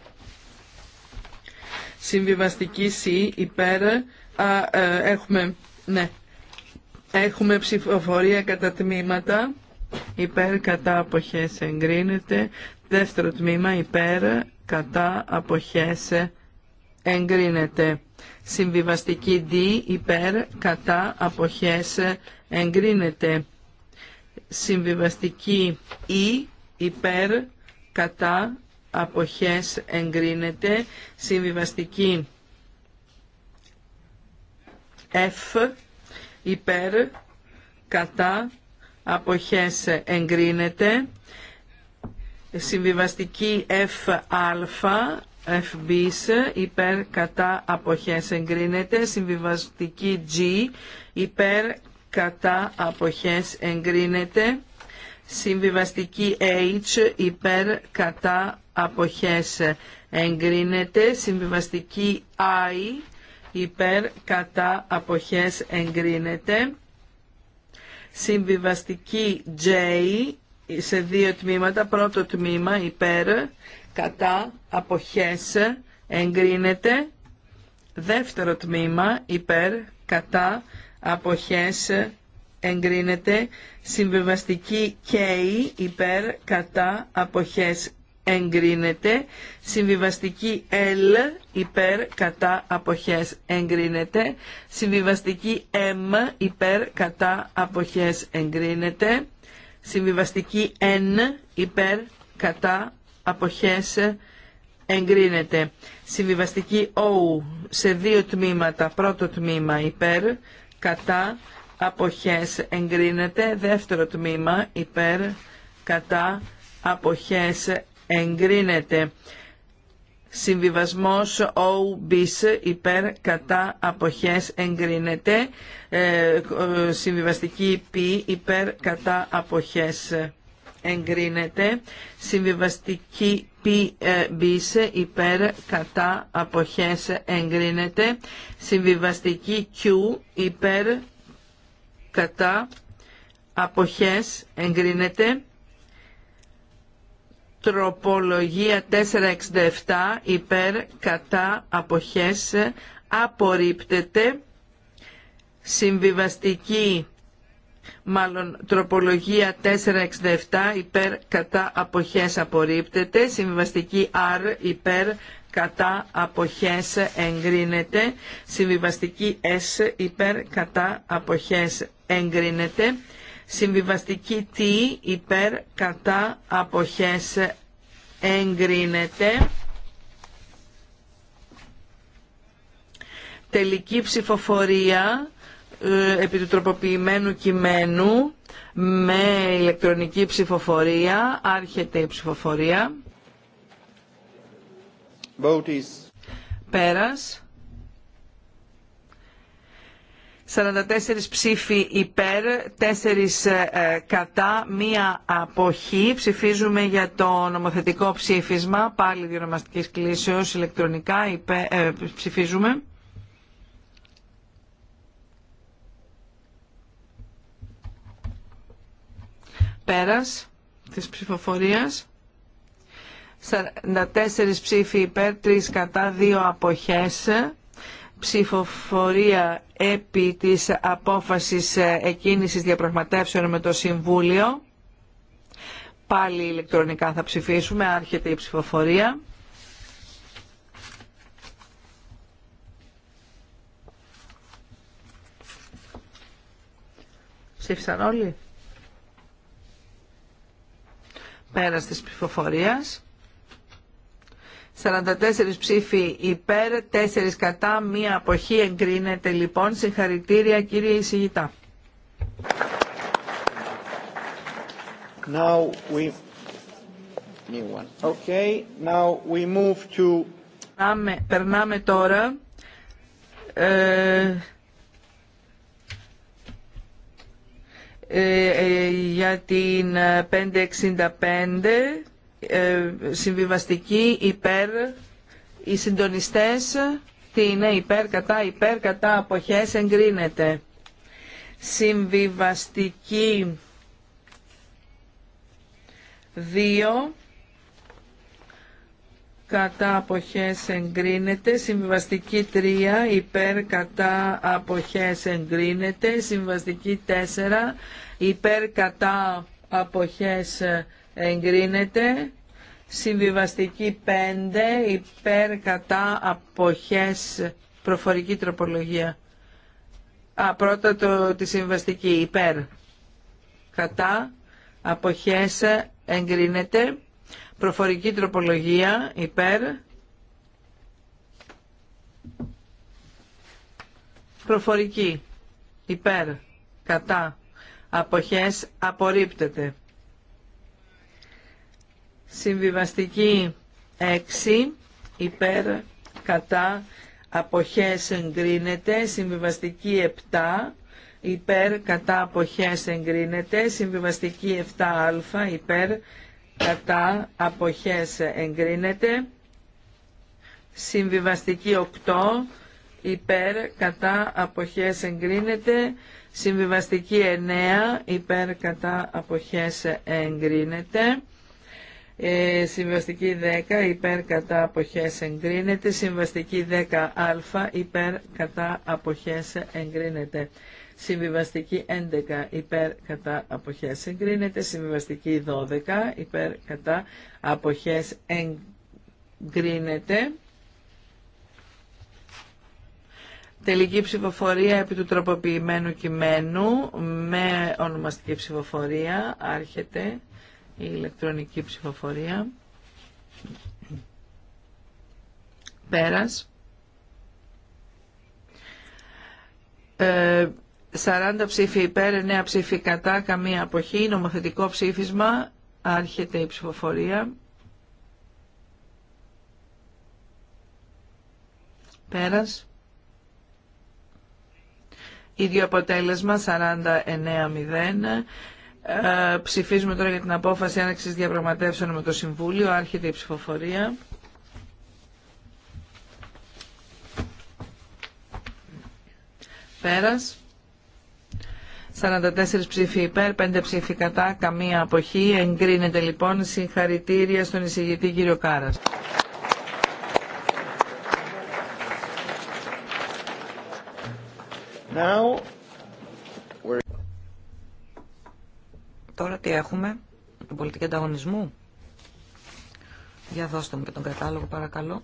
Συμβιβαστική C υπέρ α, ε, έχουμε, ναι, έχουμε ψηφοφορία κατά τμήματα. Υπέρ κατά αποχές εγκρίνεται. Δεύτερο τμήμα υπέρ κατά αποχές εγκρίνεται. Συμβιβαστική D υπέρ κατά αποχές εγκρίνεται. Συμβιβαστική E υπέρ κατά αποχές εγκρίνεται. Συμβιβαστική F υπέρ κατά αποχές εγκρίνεται. Συμβιβαστική F FBs υπέρ κατά αποχές εγκρίνεται. Συμβιβαστική G υπέρ κατά αποχές εγκρίνεται. Συμβιβαστική H υπέρ κατά αποχές εγκρίνεται. Συμβιβαστική I υπέρ κατά αποχές εγκρίνεται. Συμβιβαστική J σε δύο τμήματα. Πρώτο τμήμα υπέρ κατά αποχές εγκρίνεται δεύτερο τμήμα υπέρ κατά αποχές εγκρίνεται συμβιβαστική K υπέρ κατά αποχές εγκρίνεται συμβιβαστική L υπέρ κατά αποχές εγκρίνεται συμβιβαστική M υπέρ κατά αποχές εγκρίνεται συμβιβαστική N υπέρ κατά αποχές εγκρίνεται. Συμβιβαστική O σε δύο τμήματα. Πρώτο τμήμα υπέρ, κατά, αποχές εγκρίνεται. Δεύτερο τμήμα υπέρ, κατά, αποχές εγκρίνεται. Συμβιβασμός O bis υπέρ κατά αποχές εγκρίνεται. Ε, ε, συμβιβαστική P υπέρ κατά αποχές εγκρίνεται. Συμβιβαστική PBS ε, υπέρ κατά αποχές εγκρίνεται. Συμβιβαστική Q υπέρ κατά αποχές εγκρίνεται. Τροπολογία 467 υπέρ κατά αποχές απορρίπτεται. Συμβιβαστική μάλλον τροπολογία 467 υπέρ κατά αποχές απορρίπτεται, συμβιβαστική R υπέρ κατά αποχές εγκρίνεται, συμβιβαστική S υπέρ κατά αποχές εγκρίνεται, συμβιβαστική T υπέρ κατά αποχές εγκρίνεται. Τελική ψηφοφορία ε, επί του τροποποιημένου κειμένου με ηλεκτρονική ψηφοφορία. Άρχεται η ψηφοφορία. Vote Πέρας. 44 ψήφοι υπέρ, 4 ε, κατά, μία αποχή. Ψηφίζουμε για το νομοθετικό ψήφισμα, πάλι διονομαστικής κλήσεως, ηλεκτρονικά ε, ψηφίζουμε. Πέρας της ψηφοφορίας. 44 ψήφοι υπέρ, 3 κατά, 2 αποχές. Ψηφοφορία επί της απόφασης εκκίνησης διαπραγματεύσεων με το Συμβούλιο. Πάλι ηλεκτρονικά θα ψηφίσουμε, άρχεται η ψηφοφορία. Ψήφισαν όλοι. Πέρας της ψηφοφορίας. 44 ψήφοι υπέρ, 4 κατά, μία αποχή εγκρίνεται λοιπόν. Συγχαρητήρια κύριε εισηγητά. Now we... Okay, now we move to... Περνάμε, τώρα... Ε, Ε, ε, για την 565 ε, συμβιβαστική υπέρ οι συντονιστές τι είναι υπέρ κατά υπέρ κατά αποχές εγκρίνεται συμβιβαστική 2 κατά αποχές εγκρίνεται, συμβιβαστική 3 υπέρ κατά αποχές εγκρίνεται, συμβιβαστική 4 υπέρ κατά αποχές εγκρίνεται, συμβιβαστική 5 υπέρ κατά αποχές προφορική τροπολογία. Α, πρώτα το, τη συμβαστική υπέρ κατά αποχές εγκρίνεται. Προφορική τροπολογία υπέρ. Προφορική υπέρ. Κατά. Αποχές απορρίπτεται. Συμβιβαστική 6 υπέρ. Κατά. Αποχές εγκρίνεται. Συμβιβαστική 7 υπέρ κατά αποχές εγκρίνεται, συμβιβαστική 7α υπέρ κατά αποχές εγκρίνεται. Συμβιβαστική 8 υπέρ κατά αποχές εγκρίνεται. Συμβιβαστική 9 υπέρ κατά αποχές εγκρίνεται. Ε, συμβαστική 10 υπέρ κατά αποχές εγκρίνεται. Συμβαστική 10α υπέρ κατά αποχές εγκρίνεται. Συμβιβαστική 11 υπέρ κατά αποχές εγκρίνεται. Συμβιβαστική 12 υπέρ κατά αποχές εγκρίνεται. Τελική ψηφοφορία επί του τροποποιημένου κειμένου με ονομαστική ψηφοφορία. Άρχεται η ηλεκτρονική ψηφοφορία. Πέρας. Ε, 40 ψήφοι υπέρ, 9 ψήφοι κατά, καμία αποχή, νομοθετικό ψήφισμα, άρχεται η ψηφοφορία. Πέρας. Ίδιο αποτέλεσμα 49-0. Ε, ψηφίζουμε τώρα για την απόφαση άναξης διαπραγματεύσεων με το Συμβούλιο. Άρχεται η ψηφοφορία. Πέρας. 44 ψήφοι υπέρ, 5 ψήφοι κατά, καμία αποχή. Εγκρίνεται λοιπόν συγχαρητήρια στον εισηγητή κύριο Κάρας. Τώρα τι έχουμε, την πολιτική ανταγωνισμού. Για δώστε μου και τον κατάλογο παρακαλώ.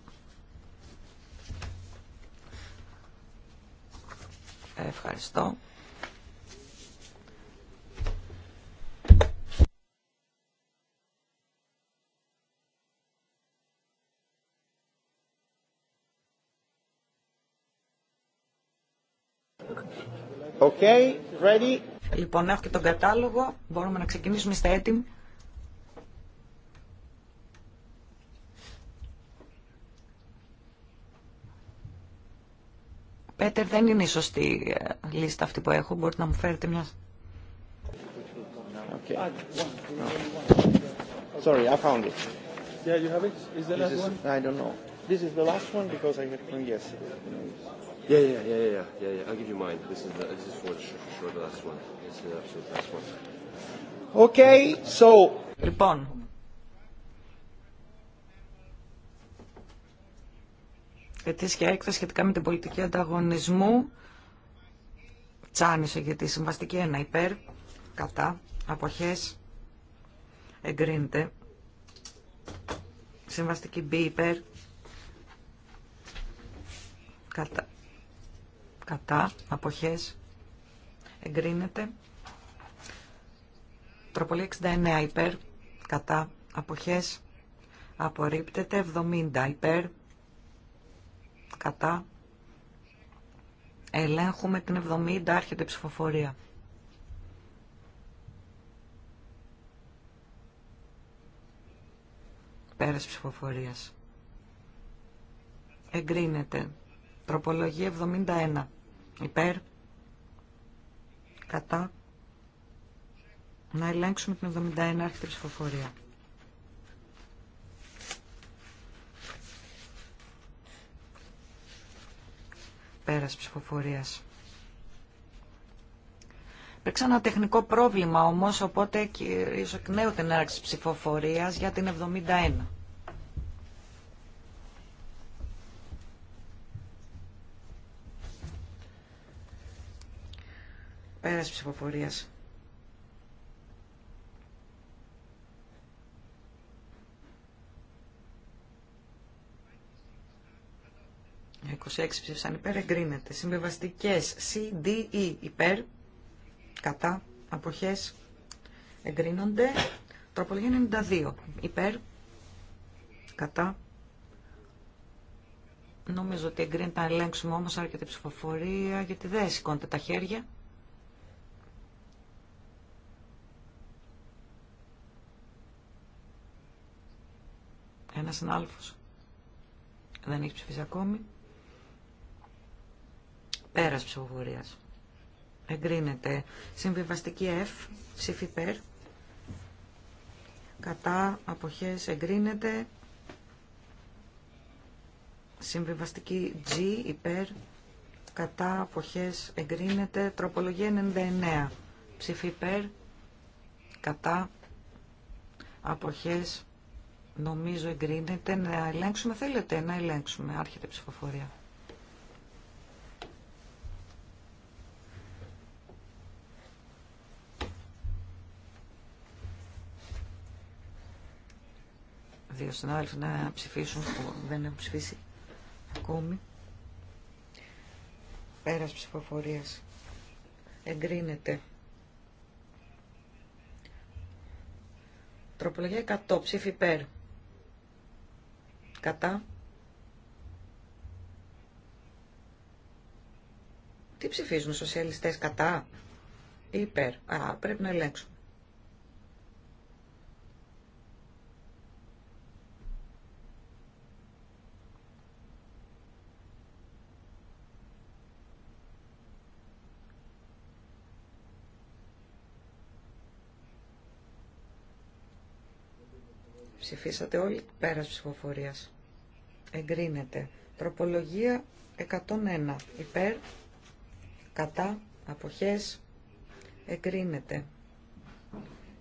Ευχαριστώ. Okay, ready. Λοιπόν, έχω και τον κατάλογο. Μπορούμε να ξεκινήσουμε στα έτοιμοι. Πέτερ, δεν είναι η σωστή ε, λίστα αυτή που έχω. Μπορείτε να μου φέρετε μια... Okay. Sorry, I found it. Yeah, you have it? Is the last one? I don't know. This is the last one because I had one yesterday. Yeah, yeah, yeah, yeah, yeah, yeah. I'll give you mine. This is the, this is for sure the last one. This is the absolute last one. Okay, so. Λοιπόν. Ετήσια έκθεση σχετικά με την πολιτική ανταγωνισμού. Τσάνισε τη συμβαστική ένα υπέρ, κατά, αποχές, εγκρίνεται. Συμβαστική B υπέρ, κατά, κατά, αποχές, εγκρίνεται. Τροπολή 69 υπέρ, κατά, αποχές, απορρίπτεται. 70 υπέρ, κατά, ελέγχουμε την 70, άρχεται ψηφοφορία. Πέρας ψηφοφορίας. Εγκρίνεται. Τροπολογία 71. Υπέρ. Κατά. Να ελέγξουμε την 71 η ψηφοφορία. Πέρας ψηφοφορίας. Υπήρξε ένα τεχνικό πρόβλημα όμως, οπότε κυρίσω εκ νέου την έναρξη ψηφοφορίας για την 71. Πέρας ψηφοφορίας. Οι 26 ψήφισαν υπέρ, εγκρίνεται. D CDE υπέρ, κατά, αποχές, εγκρίνονται. Τροπολογία 92 υπέρ, κατά. Νομίζω ότι εγκρίνεται να ελέγξουμε όμως άρκετη ψηφοφορία γιατί δεν σηκώνεται τα χέρια. Ένα συνάλφος. Δεν έχει ψηφίσει ακόμη. Πέρας ψηφοφορία. Εγκρίνεται. Συμβιβαστική F. Ψήφι περ. Κατά απόχέ εγκρίνεται. Συμβιβαστική G υπέρ κατά αποχές εγκρίνεται τροπολογία 99 ψήφι υπέρ κατά αποχές Νομίζω εγκρίνεται να ελέγξουμε. Θέλετε να ελέγξουμε. Άρχεται ψηφοφορία. Δύο συνάδελφοι να ψηφίσουν που δεν έχουν ψηφίσει ακόμη. Πέρας ψηφοφορίας. Εγκρίνεται. Τροπολογία 100. Ψήφι Κατά. Τι ψηφίζουν οι σοσιαλιστές κατά. Υπέρ. Α, πρέπει να ελέγξουν. Ψηφίσατε όλοι πέρας ψηφοφορίας. Εγκρίνεται. Προπολογία 101. Υπέρ, κατά, αποχές, εγκρίνεται.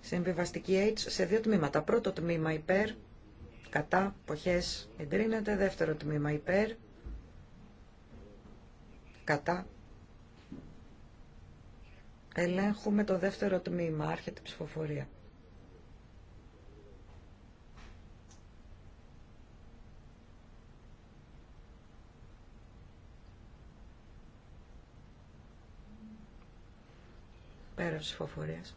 Συμβιβαστική H σε δύο τμήματα. Πρώτο τμήμα υπέρ, κατά, αποχές, εγκρίνεται. Δεύτερο τμήμα υπέρ, κατά. Ελέγχουμε το δεύτερο τμήμα, άρχεται ψηφοφορία. Πέρα ψηφοφορίας.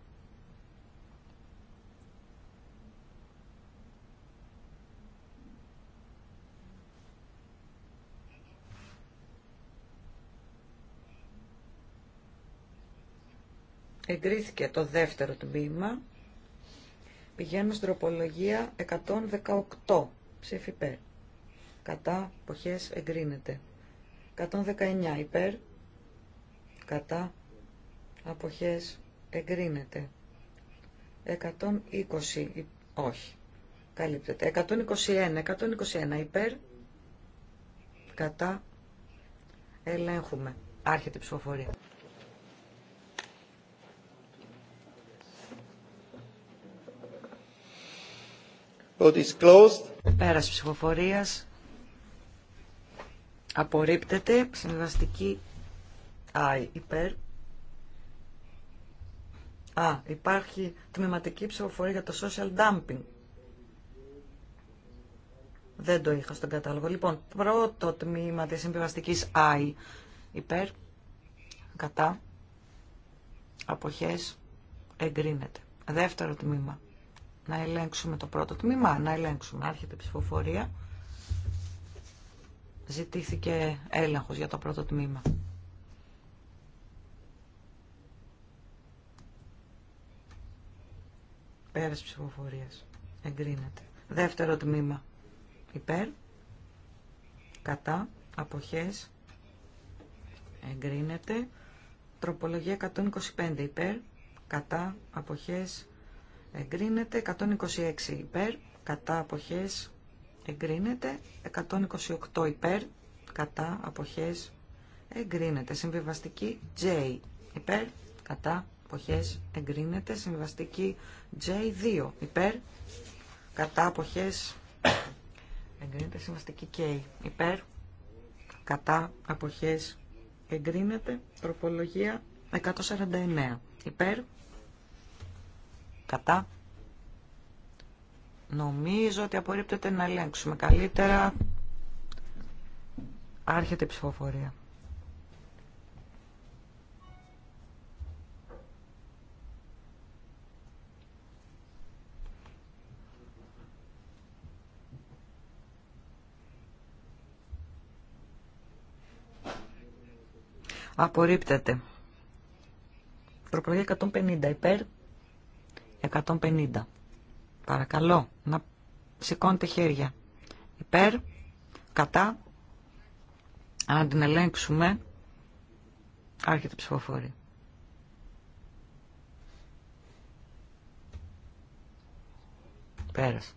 Εγκρίθηκε το δεύτερο τμήμα. Πηγαίνουμε στην τροπολογία 118. Ψήφι υπέρ. Κατά ποχές, εγκρίνεται. 119 υπέρ. Κατά αποχές εγκρίνεται. 120, όχι, καλύπτεται. 121, 121 υπέρ, κατά, ελέγχουμε. Άρχεται η ψηφοφορία. Πέρας ψηφοφορίας απορρίπτεται συμβαστική I υπέρ Α, υπάρχει τμηματική ψηφοφορία για το social dumping. Δεν το είχα στον κατάλογο. Λοιπόν, πρώτο τμήμα της συμβιβαστικής I. Υπέρ, κατά, αποχές, εγκρίνεται. Δεύτερο τμήμα. Να ελέγξουμε το πρώτο τμήμα. Να ελέγξουμε. Άρχεται η ψηφοφορία. Ζητήθηκε έλεγχος για το πρώτο τμήμα. Πέρας ψηφοφορίας. Εγκρίνεται. Δεύτερο τμήμα. Υπέρ. Κατά. Αποχές. Εγκρίνεται. Τροπολογία 125 υπέρ. Κατά. Αποχές. Εγκρίνεται. 126 υπέρ. Κατά. Αποχές. Εγκρίνεται. 128 υπέρ. Κατά. Αποχές. Εγκρίνεται. Συμβιβαστική J. Υπέρ. Κατά αποχές εγκρίνεται. Συμβαστική J2 υπέρ, κατά αποχές εγκρίνεται. Συμβαστική K υπέρ, κατά αποχές εγκρίνεται. Τροπολογία 149 υπέρ, κατά Νομίζω ότι απορρίπτεται να ελέγξουμε καλύτερα. Άρχεται η ψηφοφορία. Απορρίπτεται. Προπλογή 150 υπέρ. 150. Παρακαλώ να σηκώνετε χέρια. Υπέρ. Κατά. Αν την ελέγξουμε. Άρχεται ψηφοφόρη. Πέρασε.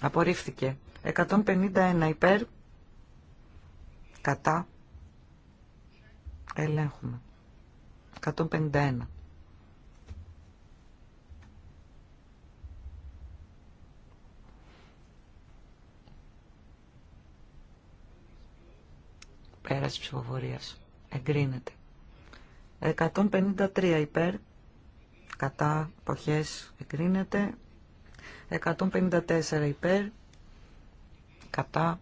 Απορρίφθηκε. 151 υπέρ. Κατά. Ελέγχουμε. 151. Πέρας ψηφοφορίας. Εγκρίνεται. 153 υπέρ. Κατά. Εποχές. Εγκρίνεται. 154 υπέρ. Κατά.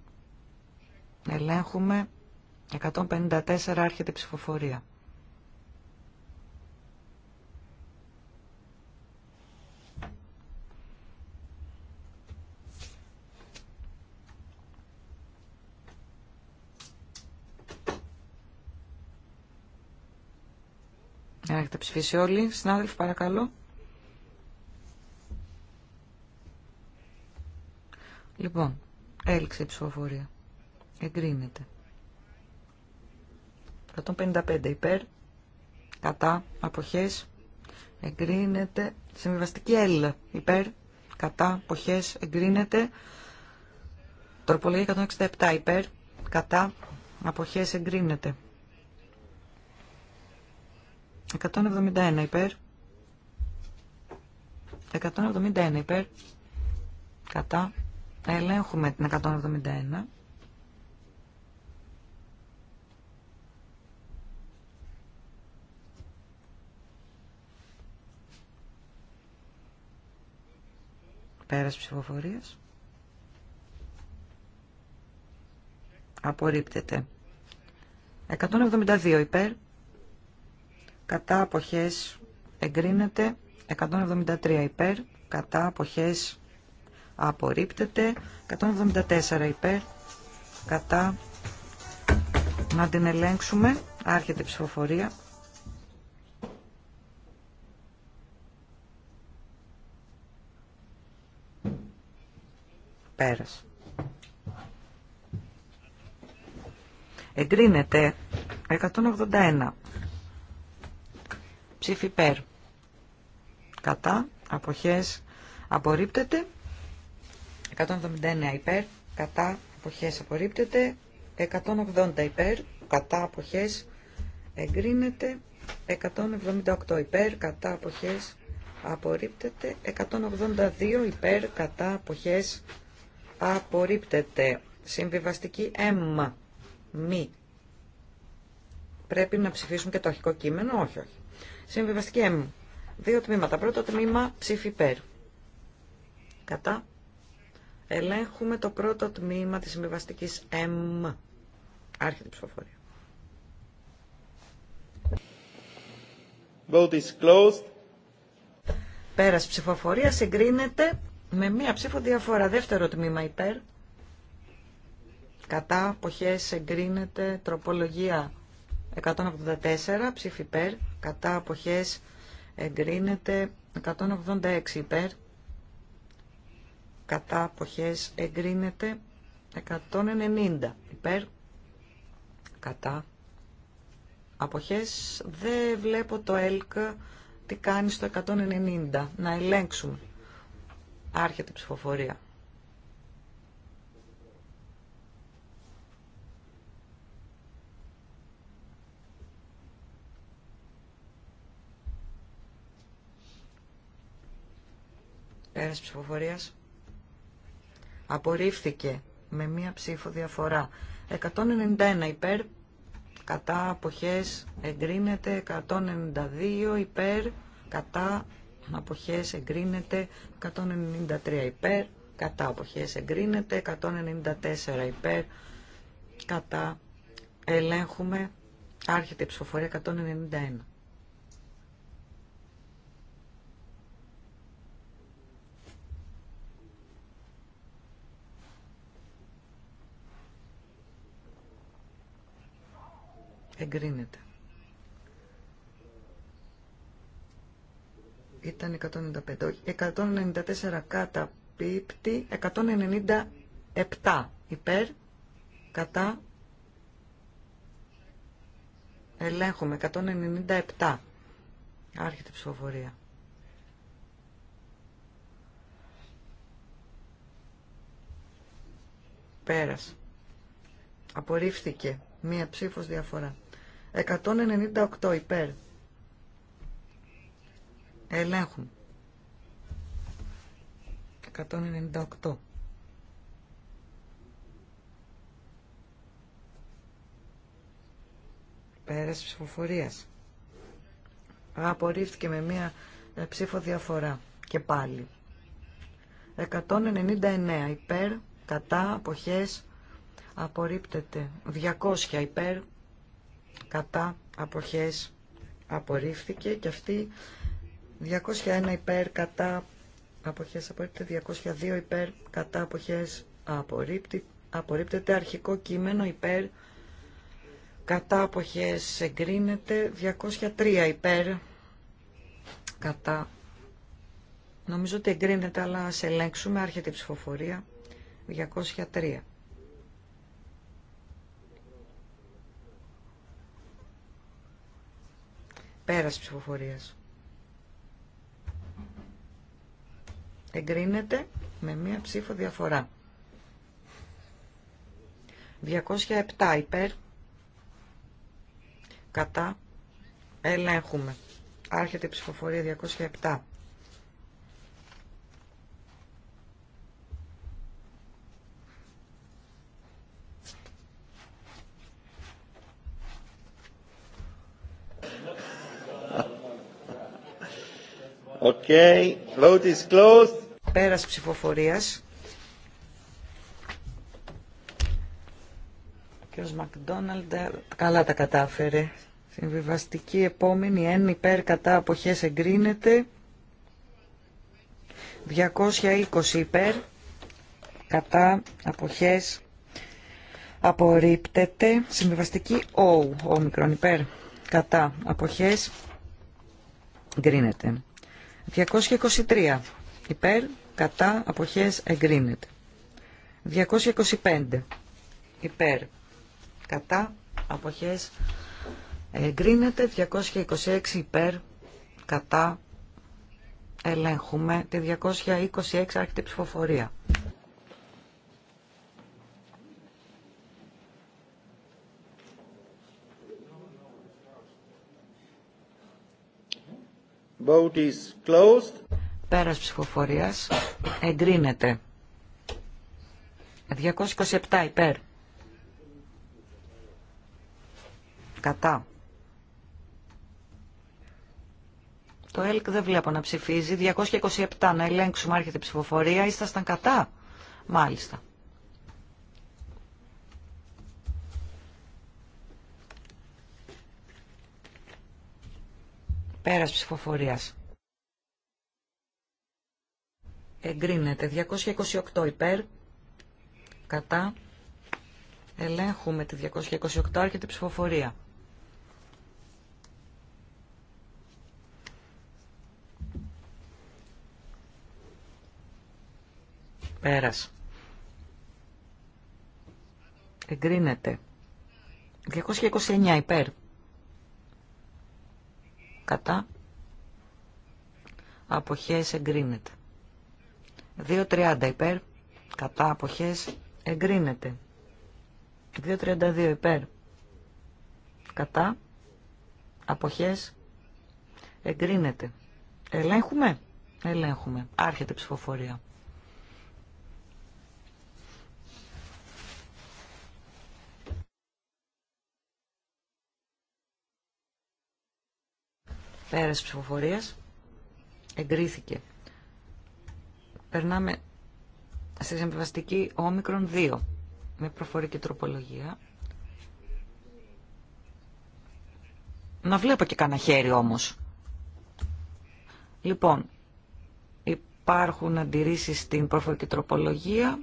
Ελέγχουμε. 154 άρχεται ψηφοφορία. Έχετε ψηφίσει όλοι. Συνάδελφοι, παρακαλώ. Λοιπόν, έληξε η ψηφοφορία εγκρίνεται. 155 υπέρ, κατά, αποχές, εγκρίνεται. Συμβιβαστική L υπέρ, κατά, αποχές, εγκρίνεται. Τροπολογία 167 υπέρ, κατά, αποχές, εγκρίνεται. 171 υπέρ. 171 υπέρ. Κατά. Ελέγχουμε την 171. Πέρας ψηφοφορίας. Απορρίπτεται. 172 υπέρ. Κατά αποχές εγκρίνεται. 173 υπέρ. Κατά αποχές απορρίπτεται. 174 υπέρ. Κατά να την ελέγξουμε. Άρχεται η ψηφοφορία. Πέρας. Εγκρίνεται 181. Ψήφι υπέρ. Κατά. Αποχές. Απορρίπτεται. 179 υπέρ. Κατά. Αποχές. Απορρίπτεται. 180 υπέρ. Κατά. Αποχές. Εγκρίνεται. 178 υπέρ. Κατά. Αποχές. Απορρίπτεται. 182 υπέρ. Κατά. Αποχές απορρίπτεται. Συμβιβαστική M. Μη. Πρέπει να ψηφίσουμε και το αρχικό κείμενο. Όχι, όχι. Συμβιβαστική M. Δύο τμήματα. Πρώτο τμήμα ψήφι υπέρ. Κατά. Ελέγχουμε το πρώτο τμήμα της συμβιβαστικής M. Άρχεται η ψηφοφορία. Vote is closed. Πέρας ψηφοφορία συγκρίνεται με μία ψήφο διαφορά. Δεύτερο τμήμα υπέρ. Κατά αποχές εγκρίνεται τροπολογία 184 ψήφι υπέρ. Κατά αποχές εγκρίνεται 186 υπέρ. Κατά αποχές εγκρίνεται 190 υπέρ. Κατά αποχές δεν βλέπω το ΕΛΚ τι κάνει στο 190. Να ελέγξουμε. Άρχεται η ψηφοφορία. Πέρας ψηφοφορίας. Απορρίφθηκε με μία ψήφο διαφορά. 191 υπέρ, κατά αποχές εγκρίνεται, 192 υπέρ, κατά αποχές εγκρίνεται 193 υπέρ, κατά αποχές εγκρίνεται 194 υπέρ, κατά ελέγχουμε, άρχεται η ψηφοφορία 191. Εγκρίνεται. ήταν 195, 194 κατά πίπτη, 197 υπέρ, κατά, ελέγχουμε, 197, άρχεται ψηφοφορία. Πέρας. Απορρίφθηκε. Μία ψήφος διαφορά. 198 υπέρ. Ελέγχουν. 198. Πέρασε ψηφοφορίας. Απορρίφθηκε με μία ε, ψήφο διαφορά. Και πάλι. 199 υπέρ, κατά, αποχές, απορρίπτεται. 200 υπέρ, κατά, αποχές, απορρίφθηκε και αυτή 201 υπέρ κατά αποχές απορρίπτεται, 202 υπέρ κατά αποχές απορρίπτεται, αρχικό κείμενο υπέρ κατά αποχές εγκρίνεται, 203 υπέρ κατά Νομίζω ότι εγκρίνεται, αλλά ας ελέγξουμε. Άρχεται η ψηφοφορία. 203. Πέρας ψηφοφορίας. εγκρίνεται με μία ψήφο διαφορά. 207 υπέρ, κατά, ελέγχουμε. Άρχεται η ψηφοφορία 207. Okay. Vote is closed. Πέρας ψηφοφορίας. Ο κ. Μακδόναλντ ε, καλά τα κατάφερε. Συμβιβαστική επόμενη, εν υπέρ κατά αποχές εγκρίνεται. 220 υπέρ κατά αποχές απορρίπτεται. Συμβιβαστική ο, ο μικρόν υπέρ κατά αποχές εγκρίνεται. 223 υπέρ, κατά, αποχές, εγκρίνεται. 225 υπέρ, κατά, αποχές, εγκρίνεται. 226 υπέρ, κατά, ελέγχουμε. Τη 226 άρχεται ψηφοφορία. Vote is Πέρας ψηφοφορίας. Εγκρίνεται. 227 υπέρ. Κατά. Το ΕΛΚ δεν βλέπω να ψηφίζει. 227 να ελέγξουμε άρχεται ψηφοφορία. Ήσασταν κατά. Μάλιστα. Πέρας ψηφοφορίας. Εγκρίνεται. 228 υπέρ. Κατά. Ελέγχουμε τη 228 άρχεται ψηφοφορία. Πέρας. Εγκρίνεται. 229 υπέρ κατά αποχές εγκρίνεται. 2.30 υπέρ κατά αποχές εγκρίνεται. 2.32 υπέρ κατά αποχές εγκρίνεται. Ελέγχουμε. Ελέγχουμε. Άρχεται η ψηφοφορία. Πέρας ψηφοφορίας. Εγκρίθηκε. Περνάμε στη συμβιβαστική όμικρον 2 με προφορική τροπολογία. Να βλέπω και κανένα χέρι όμως. Λοιπόν, υπάρχουν αντιρρήσεις στην προφορική τροπολογία.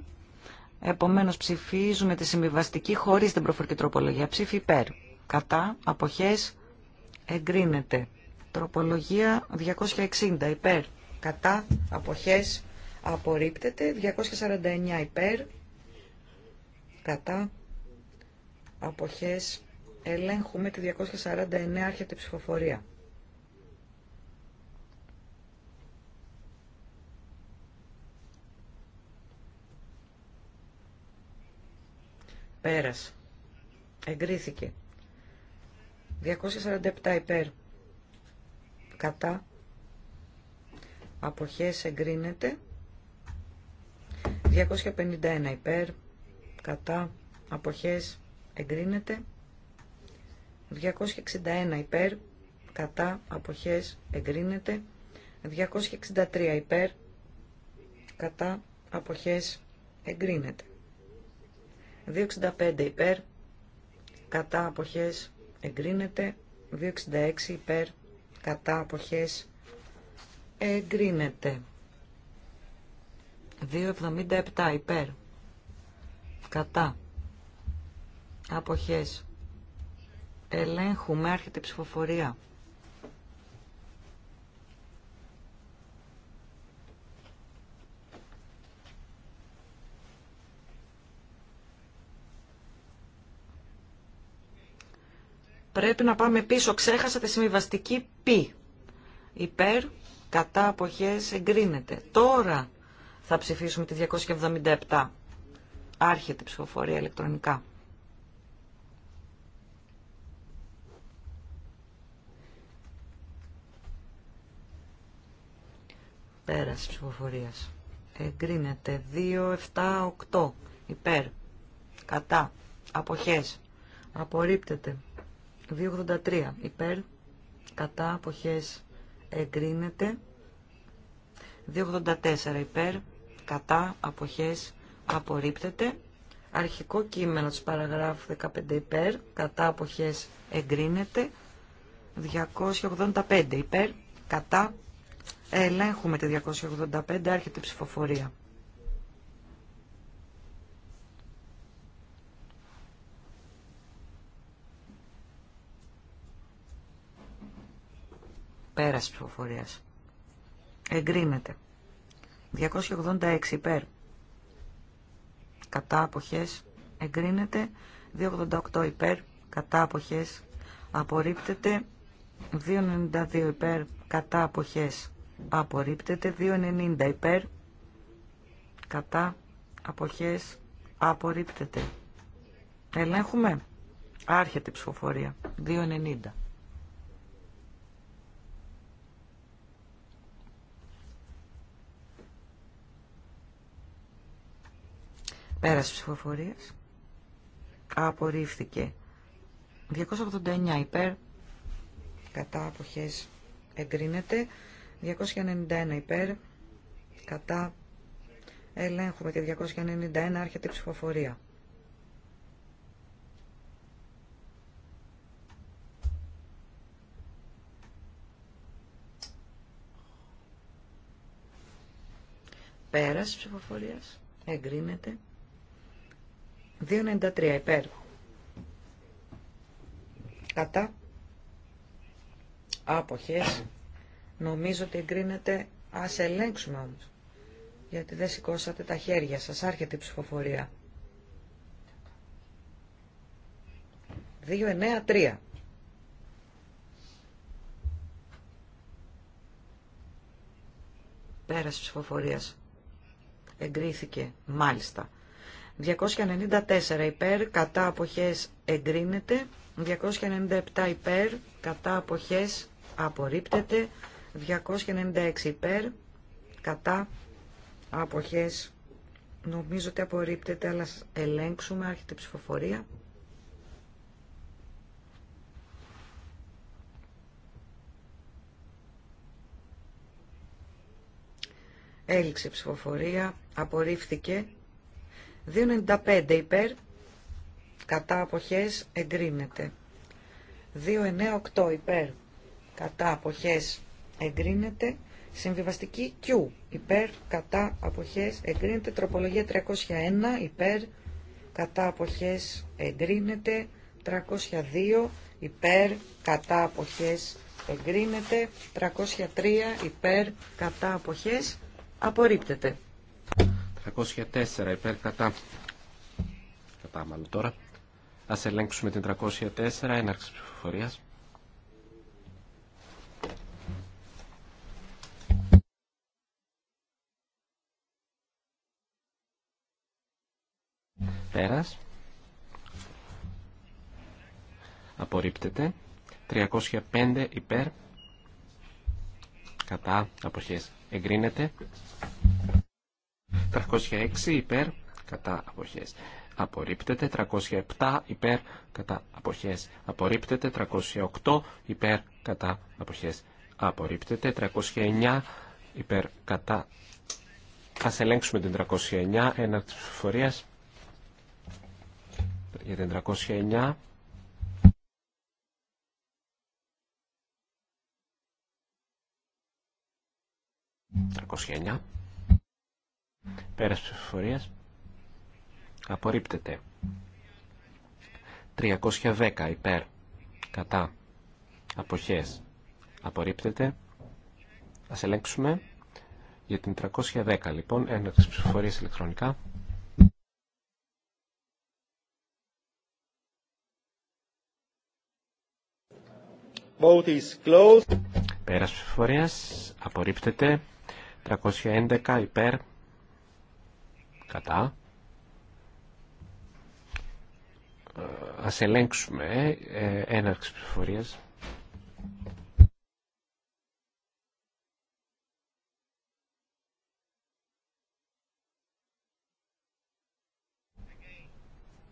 Επομένως ψηφίζουμε τη συμβιβαστική χωρίς την προφορική τροπολογία. Ψήφι υπέρ. Κατά, αποχές, εγκρίνεται. Τροπολογία 260 υπέρ. Κατά αποχές απορρίπτεται. 249 υπέρ. Κατά αποχές ελέγχουμε τη 249 άρχεται ψηφοφορία. Πέρας. Εγκρίθηκε. 247 υπέρ κατά αποχές εγκρίνεται 251 υπέρ κατά αποχές εγκρίνεται 261 υπέρ κατά αποχές εγκρίνεται 263 υπέρ κατά αποχές εγκρίνεται 265 υπέρ κατά αποχές εγκρίνεται 266 υπέρ κατά αποχές εγκρίνεται. 2,77 υπέρ κατά αποχές ελέγχουμε έρχεται ψηφοφορία. Πρέπει να πάμε πίσω. Ξέχασα τη συμβιβαστική π. Υπέρ, κατά αποχές εγκρίνεται. Τώρα θα ψηφίσουμε τη 277. Άρχεται η ψηφοφορία ηλεκτρονικά. Πέραση ψηφοφορίας. Εγκρίνεται. 2, 7, 8. Υπέρ. Κατά. Αποχές. Απορρίπτεται. 283 υπέρ κατά αποχές εγκρίνεται 284 υπέρ κατά αποχές απορρίπτεται αρχικό κείμενο της παραγράφου 15 υπέρ κατά αποχές εγκρίνεται 285 υπέρ κατά ελέγχουμε τη 285 άρχεται η ψηφοφορία Πέρας ψηφοφορία. Εγκρίνεται. 286 υπέρ. Κατά αποχές. Εγκρίνεται. 288 υπέρ. Κατά αποχές. Απορρίπτεται. 292 υπέρ. Κατά αποχές. Απορρίπτεται. 290 υπέρ. Κατά αποχές. Απορρίπτεται. Ελέγχουμε. Άρχεται η ψηφοφορία. 290. Πέρασε ψηφοφορία Απορρίφθηκε. 289 υπέρ. Κατά αποχές εγκρίνεται. 291 υπέρ. Κατά ελέγχουμε και 291 άρχεται η ψηφοφορία. Πέρασε ψηφοφορίας εγκρίνεται. 2,93 υπέρ. Κατά. Άποχες. Νομίζω ότι εγκρίνεται. Ας ελέγξουμε όμως. Γιατί δεν σηκώσατε τα χέρια σας. Άρχεται η ψηφοφορία. 2,93. Πέρας ψηφοφορίας. Εγκρίθηκε. Μάλιστα. 294 υπέρ, κατά αποχές εγκρίνεται. 297 υπέρ, κατά αποχές απορρίπτεται. 296 υπέρ, κατά αποχές νομίζω ότι απορρίπτεται, αλλά ελέγξουμε, άρχεται η ψηφοφορία. Έληξε ψηφοφορία, απορρίφθηκε 2.95 υπέρ, κατά αποχές εγκρίνεται. 2.98 υπέρ, κατά αποχές εγκρίνεται. Συμβιβαστική Q υπέρ, κατά αποχές εγκρίνεται. Τροπολογία 301 υπέρ, κατά αποχές εγκρίνεται. 302 υπέρ, κατά αποχές εγκρίνεται. 303 υπέρ, κατά αποχές απορρίπτεται. 304 υπέρ κατά. Κατά μάλλον τώρα. Α ελέγξουμε την 304 έναρξη ψηφοφορία. Πέρας. Απορρίπτεται. 305 υπέρ. Κατά αποχές. Εγκρίνεται. 306 υπέρ κατά αποχές απορρίπτεται 307 υπέρ κατά αποχές απορρίπτεται 308 υπέρ κατά αποχές απορρίπτεται 309 υπέρ κατά ας ελέγξουμε την 309 ένα της ψηφορίας για την 309 309 Πέρας ψηφοφορίας. Απορρίπτεται. 310 υπέρ. Κατά. Αποχές. Απορρίπτεται. Ας ελέγξουμε. Για την 310 λοιπόν, της ψηφοφορίας ηλεκτρονικά. Vote is closed. Πέρας ψηφοφορίας. Απορρίπτεται. 311 υπέρ κατά. Ε, ας ελέγξουμε ε, έναρξη ψηφοφορίας.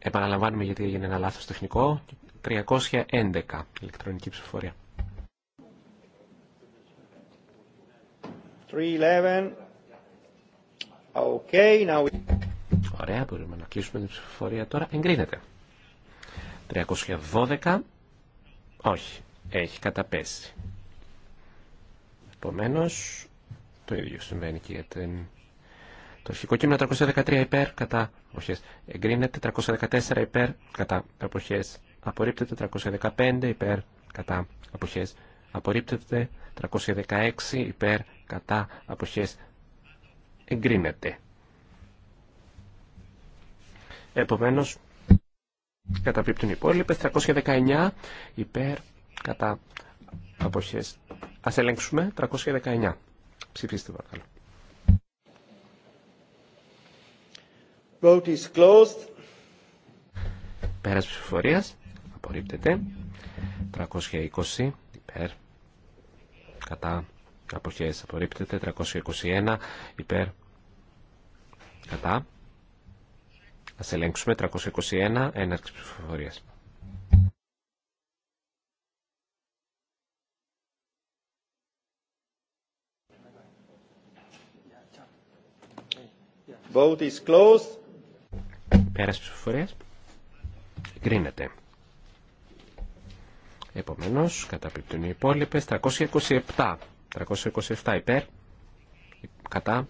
Επαναλαμβάνουμε γιατί έγινε ένα λάθος τεχνικό. 311 ηλεκτρονική ψηφοφορία. 311. Ωραία, μπορούμε να κλείσουμε την ψηφοφορία τώρα. Εγκρίνεται. 312. Όχι, έχει καταπέσει. Επομένω, το ίδιο συμβαίνει και για την... Το αρχικό κείμενο 313 υπέρ κατά εποχές. Εγκρίνεται 314 υπέρ κατά αποχές. Απορρίπτεται 315 υπέρ κατά αποχές. Απορρίπτεται 316 υπέρ κατά εποχές εγκρίνεται. Επομένως, καταπίπτουν οι υπόλοιπες. 319 υπέρ κατά αποχές. Ας ελέγξουμε 319. Ψηφίστε παρακαλώ. Vote is closed. Πέρας ψηφοφορίας. Απορρίπτεται. 320 υπέρ κατά αποχές απορρίπτεται 321 υπέρ κατά ας ελέγξουμε 321 έναρξη ψηφοφορίας Vote is closed. ψηφοφορίας. Εγκρίνεται. Επομένως, καταπίπτουν οι υπόλοιπες 327 327 υπέρ, κατά,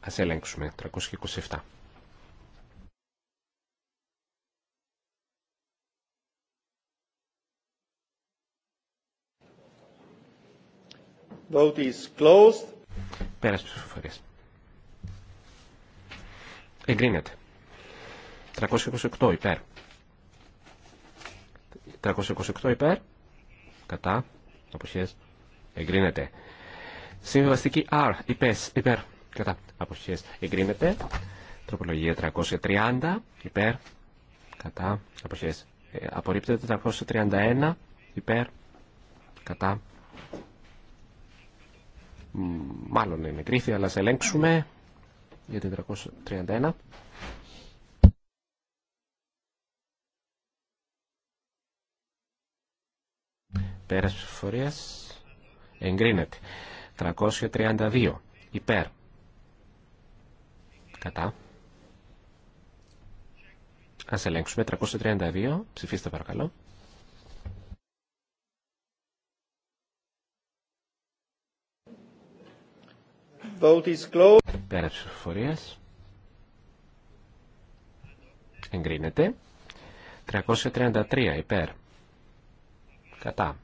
ας ελέγξουμε, 327. Vote is closed. Εγκρίνεται. 328 υπέρ. 328 υπέρ. Κατά. Αποχές εγκρίνεται. Συμβιβαστική R, υπές, υπέρ, κατά, αποχές, εγκρίνεται. Τροπολογία 330, υπέρ, κατά, αποχές, ε, απορρίπτεται. 431, υπέρ, κατά. Μάλλον είναι κρίθη, αλλά σε ελέγξουμε για την 331. Πέρας ψηφορίας εγκρίνεται. 332 υπέρ κατά. Ας ελέγξουμε 332, ψηφίστε παρακαλώ. Vote is closed. Πέρα Εγκρίνεται. 333 υπέρ. Κατά.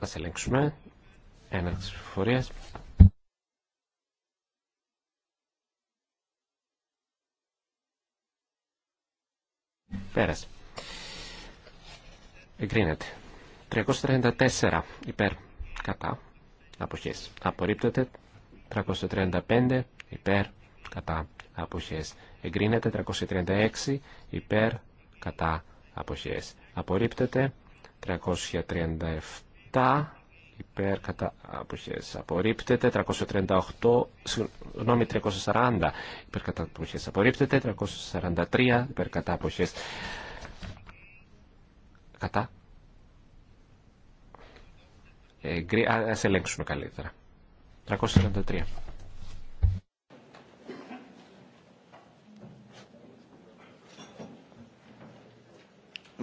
Ας ελέγξουμε. Ένα της ψηφοφορίας. Πέρασε. Εγκρίνεται. 334 υπέρ κατά αποχές. Απορρίπτεται. 335 υπέρ κατά αποχές. Εγκρίνεται. 336 υπέρ κατά αποχές. Απορρίπτεται. 337 κατά υπέρ κατά αποχές απορρίπτεται 338 συγγνώμη 340 υπέρ κατά αποχές απορρίπτεται 343 υπέρ κατά αποχές κατά ε, ας ελέγξουμε καλύτερα 343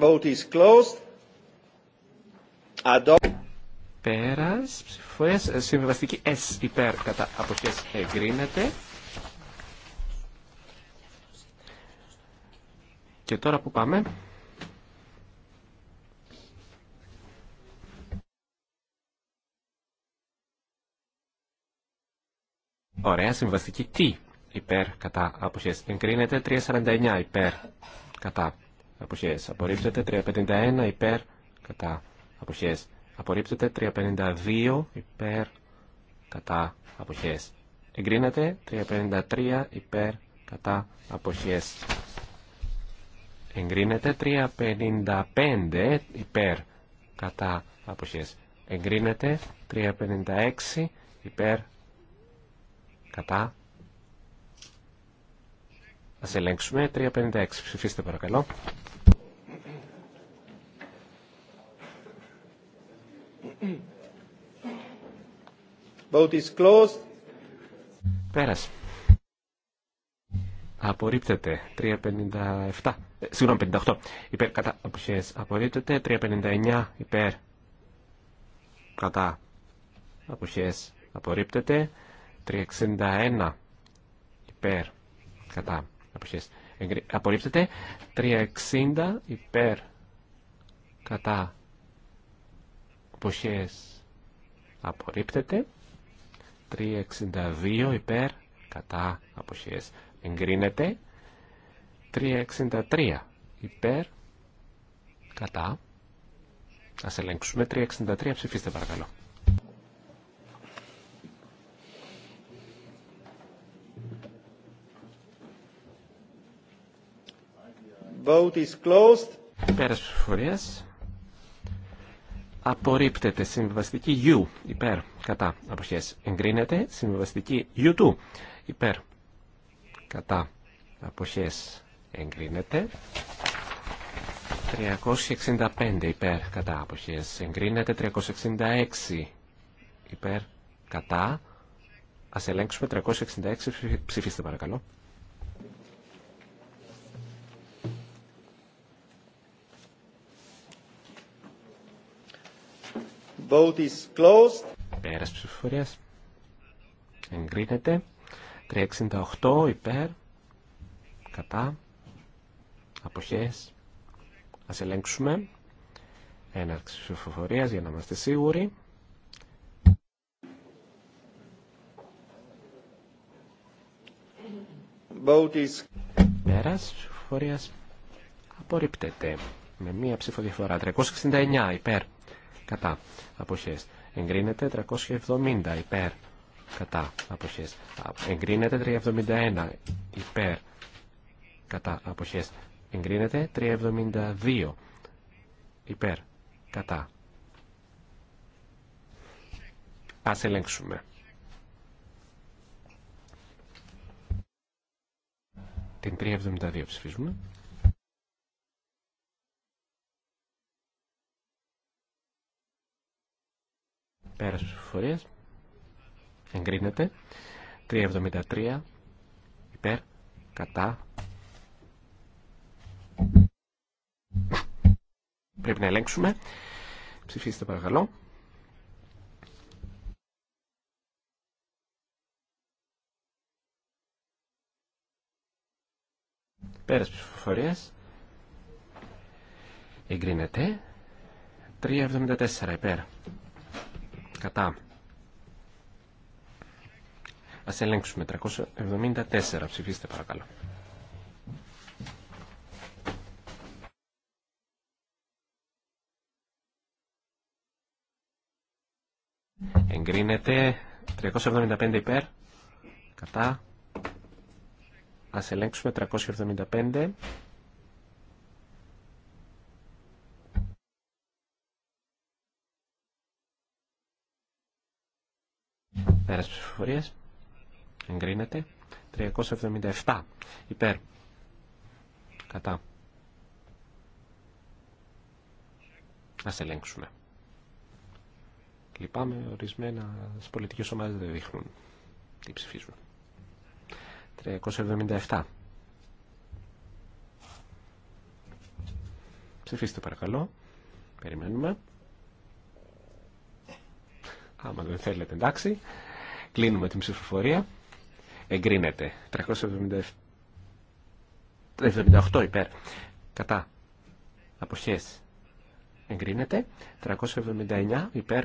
Vote is closed. Adopt πέρας ψηφοές ε, συμβαστική S υπέρ κατά αποχές εγκρίνεται και τώρα που πάμε Ωραία, συμβαστική τι υπέρ κατά αποχές. Εγκρίνεται 349 υπέρ κατά αποχές. Απορρίπτεται 351 υπέρ κατά αποχές απορρίπτεται 352 υπέρ κατά αποχές. Εγκρίνεται 353 υπέρ κατά αποχές. Εγκρίνεται 355 υπέρ κατά αποχές. Εγκρίνεται 356 υπέρ κατά Ας ελέγξουμε 356. Ψηφίστε παρακαλώ. Vote is closed. Πέρασε. Απορρίπτεται. 357. Ε, συγγνώμη, 58. Υπέρ κατά αποχέ. Απορρίπτεται. 359. Υπέρ κατά αποχέ. Απορρίπτεται. 361. Υπέρ κατά αποχέ. Απορρίπτεται. 360. Υπέρ κατά εποχές απορρίπτεται. 362 υπέρ κατά αποχές εγκρίνεται. 363 υπέρ κατά. Ας ελέγξουμε 363 ψηφίστε παρακαλώ. Vote is closed απορρίπτεται. Συμβιβαστική U υπέρ κατά αποχές εγκρίνεται. Συμβιβαστική U2 υπέρ κατά αποχές εγκρίνεται. 365 υπέρ κατά αποχές εγκρίνεται. 366 υπέρ κατά. Ας ελέγξουμε 366 ψηφίστε παρακαλώ. Vote is Πέρας ψηφοφορίας. Εγκρίνεται. 368 υπέρ. Κατά. Αποχές. Ας ελέγξουμε. Έναρξη ψηφοφορίας για να είμαστε σίγουροι. Vote is... Πέρας ψηφοφορίας. Απορρίπτεται. Με μία ψήφο διαφορά. 369 υπέρ κατά αποχές εγκρίνεται 370 υπέρ κατά αποχές εγκρίνεται 371 υπέρ κατά αποχές εγκρίνεται 372 υπέρ κατά ας ελέγξουμε την 372 ψηφίζουμε στις ψηφοφορίες Εγκρίνεται. 373 υπέρ κατά. Πρέπει να ελέγξουμε. Ψηφίστε παρακαλώ. στις ψηφοφορίες Εγκρίνεται. 374 υπέρ κατά. Ας ελέγξουμε 374. Ψηφίστε παρακαλώ. Εγκρίνεται 375 υπέρ. Κατά. Ας ελέγξουμε 375. Πέρας ψηφοφορία. Εγκρίνεται. 377 υπέρ. Κατά. Ας ελέγξουμε. Λυπάμαι, ορισμένα πολιτικές ομάδες δεν δείχνουν τι ψηφίζουν. 377. Ψηφίστε παρακαλώ. Περιμένουμε. Άμα δεν θέλετε εντάξει. Κλείνουμε την ψηφοφορία. Εγκρίνεται. 378 υπέρ. Κατά. Αποχές. Εγκρίνεται. 379 υπέρ.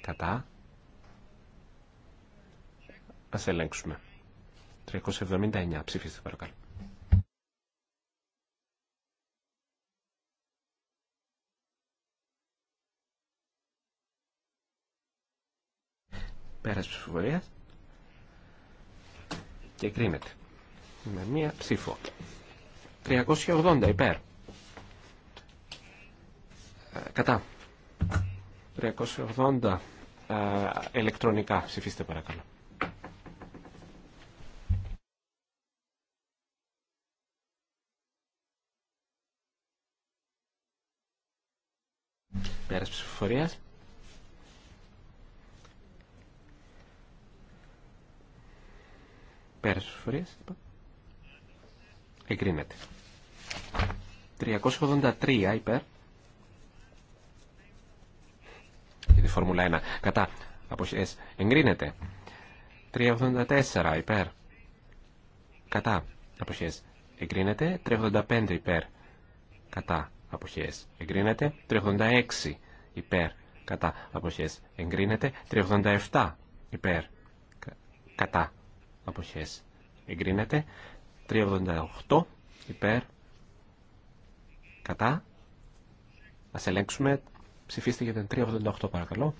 Κατά. Ας ελέγξουμε. 379. Ψηφίστε παρακαλώ. Πέρας ψηφοφορία Και κρίνεται. Με μία ψήφο. 380 υπέρ. Ε, κατά. 380 ε, ηλεκτρονικά. Ψηφίστε παρακαλώ. Πέρας ψηφοφορία... Πέρασε Εγκρίνεται. 383 υπέρ. Για τη Φόρμουλα 1. Κατά. Αποχές. Εγκρίνεται. 384 υπέρ. Κατά. Αποχές. Εγκρίνεται. 385 υπέρ. Κατά. Αποχές. Εγκρίνεται. 386 υπέρ. Κατά. Αποχές. Εγκρίνεται. 387 υπέρ. Κατά αποχές εγκρίνεται 388 υπέρ κατά ας ελέγξουμε ψηφίστε για την 388 παρακαλώ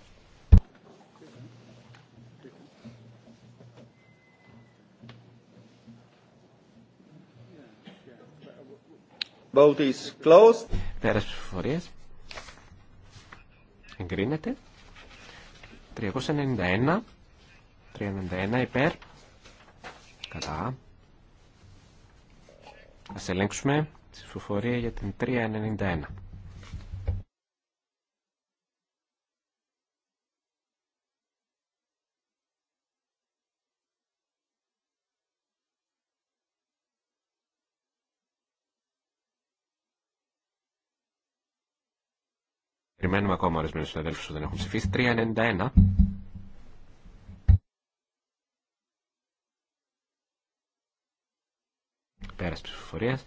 Vote is closed. Εγκρίνεται. 391. 391 υπέρ. Κατά. Ας ελέγξουμε ψηφοφορία για την 391. Περιμένουμε ακόμα ορισμένου συναδέλφου που δεν έχουν ψηφίσει. 391. Πέρας ψηφοφορίας.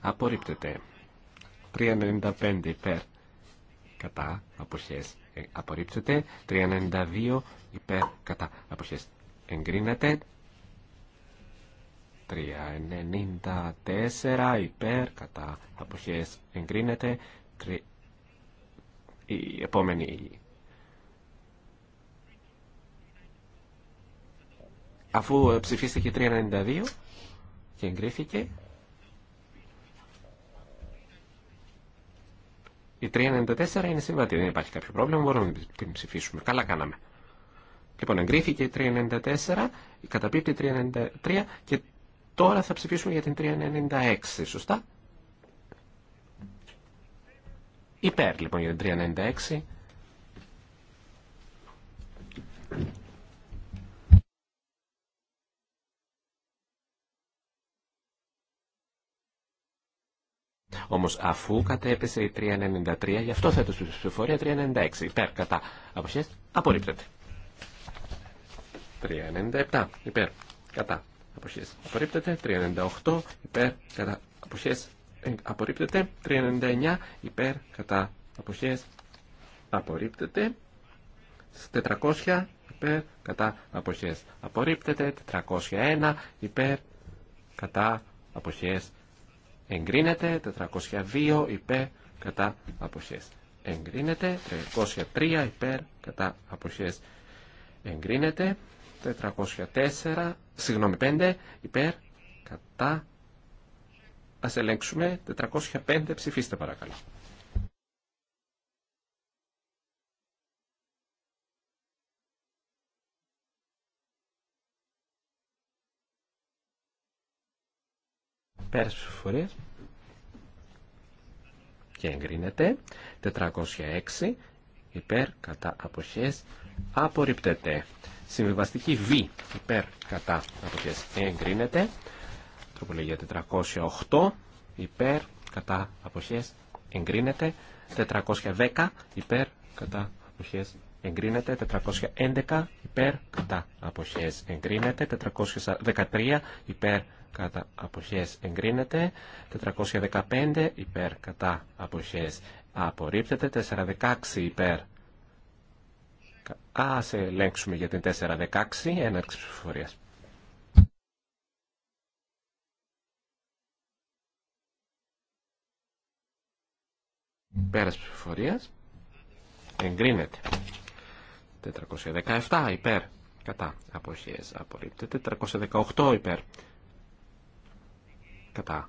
Απορρίπτεται. 395 υπέρ. Κατά. Αποχές. Ε, απορρίπτεται. 392 υπέρ. Κατά. Αποχές. Εγκρίνεται. 394 υπέρ. Κατά. Αποχές. Εγκρίνεται. Η επόμενη αφού ψηφίστηκε 392 και εγκρίθηκε η 394 είναι συμβατή, δεν υπάρχει κάποιο πρόβλημα, μπορούμε να την ψηφίσουμε. Καλά κάναμε. Λοιπόν, εγκρίθηκε η 394, η καταπίπτει 393 και τώρα θα ψηφίσουμε για την 396, σωστά. Υπέρ λοιπόν για την 396 Όμω αφού κατέπεσε η 393, γι' αυτό θέτω στην ψηφοφορία 396. Υπέρ, κατά. Αποχέ, απορρίπτεται. 397, υπέρ, κατά. Αποχέ, απορρίπτεται. 398, υπέρ, κατά. Αποχέ, απορρίπτεται. 399, υπέρ, κατά. Αποχέ, απορρίπτεται. 400, υπέρ, κατά. Αποχέ, απορρίπτεται. 401, υπέρ, κατά. Αποχές, εγκρίνεται, 402 υπέρ κατά αποχές εγκρίνεται, 303 υπέρ κατά αποχές εγκρίνεται, 404, συγγνώμη 5 υπέρ κατά Ας ελέγξουμε 405 ψηφίστε παρακαλώ. Πέρας ψηφοφορίας. Και εγκρίνεται. 406 υπέρ κατά αποχές απορριπτεται. Συμβιβαστική Β υπέρ κατά αποχές εγκρίνεται. Τροπολογία 408 υπέρ κατά αποχές εγκρίνεται. 410 υπέρ κατά αποχές εγκρίνεται. 411 υπέρ κατά αποχές εγκρίνεται. 413 υπέρ κατά αποχές εγκρίνεται, 415 υπέρ κατά αποχές απορρίπτεται, 416 υπέρ. Ας ελέγξουμε για την 416, έναρξη ψηφοφορίας. Πέρας ψηφοφορίας εγκρίνεται. 417 υπέρ κατά αποχές απορρίπτεται, 418 υπέρ Κατά.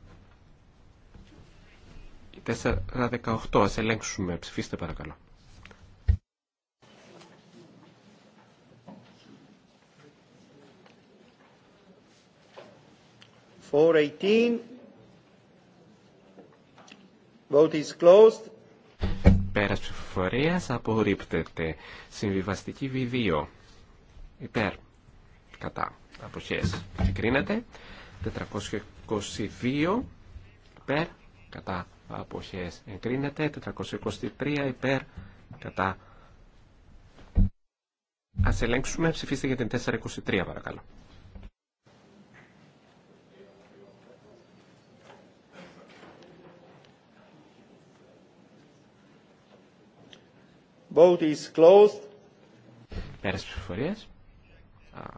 418. Ας ελέγξουμε. Ψηφίστε παρακαλώ. Four eighteen. Vote is closed. περα ψηφοφοριας ψηφοφορίας απορρίπτεται. Συμβιβαστική V2. Υπέρ. Κατά. Αποχές. Συγκρίνεται. 422 υπέρ κατά αποχές εγκρίνεται 423 υπέρ κατά Ας ελέγξουμε ψηφίστε για την 423 παρακαλώ Vote is closed. Πέρας ψηφορίες.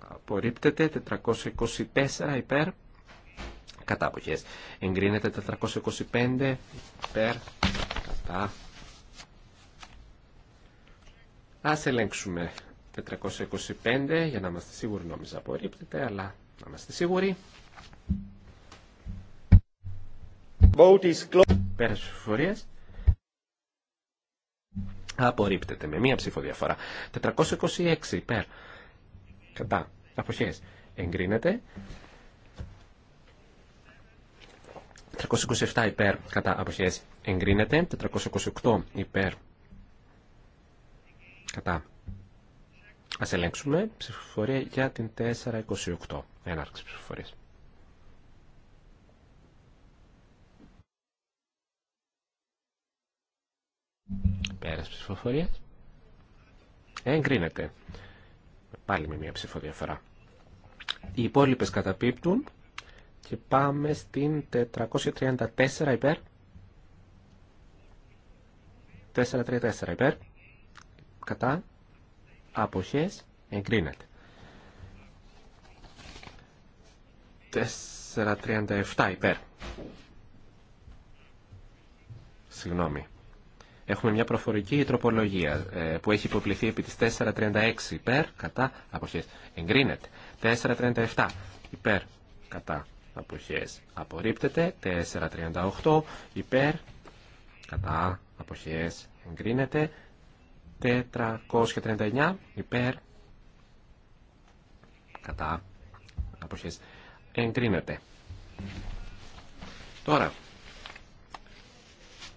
απορρίπτεται 424 υπέρ κατά αποχές. Εγκρίνεται 425 περ. κατά. Ας ελέγξουμε 425 για να είμαστε σίγουροι νόμιζα απορρίπτεται αλλά να είμαστε σίγουροι. Vote is Πέρας Απορρίπτεται με μία ψήφο διαφορά. 426 υπέρ. Κατά. Αποχές. Εγκρίνεται. 327 υπέρ κατά αποχές εγκρίνεται. 428 υπέρ κατά. Ας ελέγξουμε ψηφοφορία για την 428. Έναρξη ψηφοφορίας. Πέρας ψηφοφορία. Εγκρίνεται. Πάλι με μία ψηφοδιαφορά. Οι υπόλοιπες καταπίπτουν και πάμε στην 434 υπέρ. 434 υπέρ. Κατά. Αποχές. Εγκρίνεται. 437 υπέρ. Συγγνώμη. Έχουμε μια προφορική τροπολογία ε, που έχει υποπληθεί επί της 436 υπέρ κατά αποχές. Εγκρίνεται. 437 υπέρ κατά αποχές απορρίπτεται. 438 υπέρ κατά αποχές εγκρίνεται. 439 υπέρ κατά αποχές εγκρίνεται. Τώρα,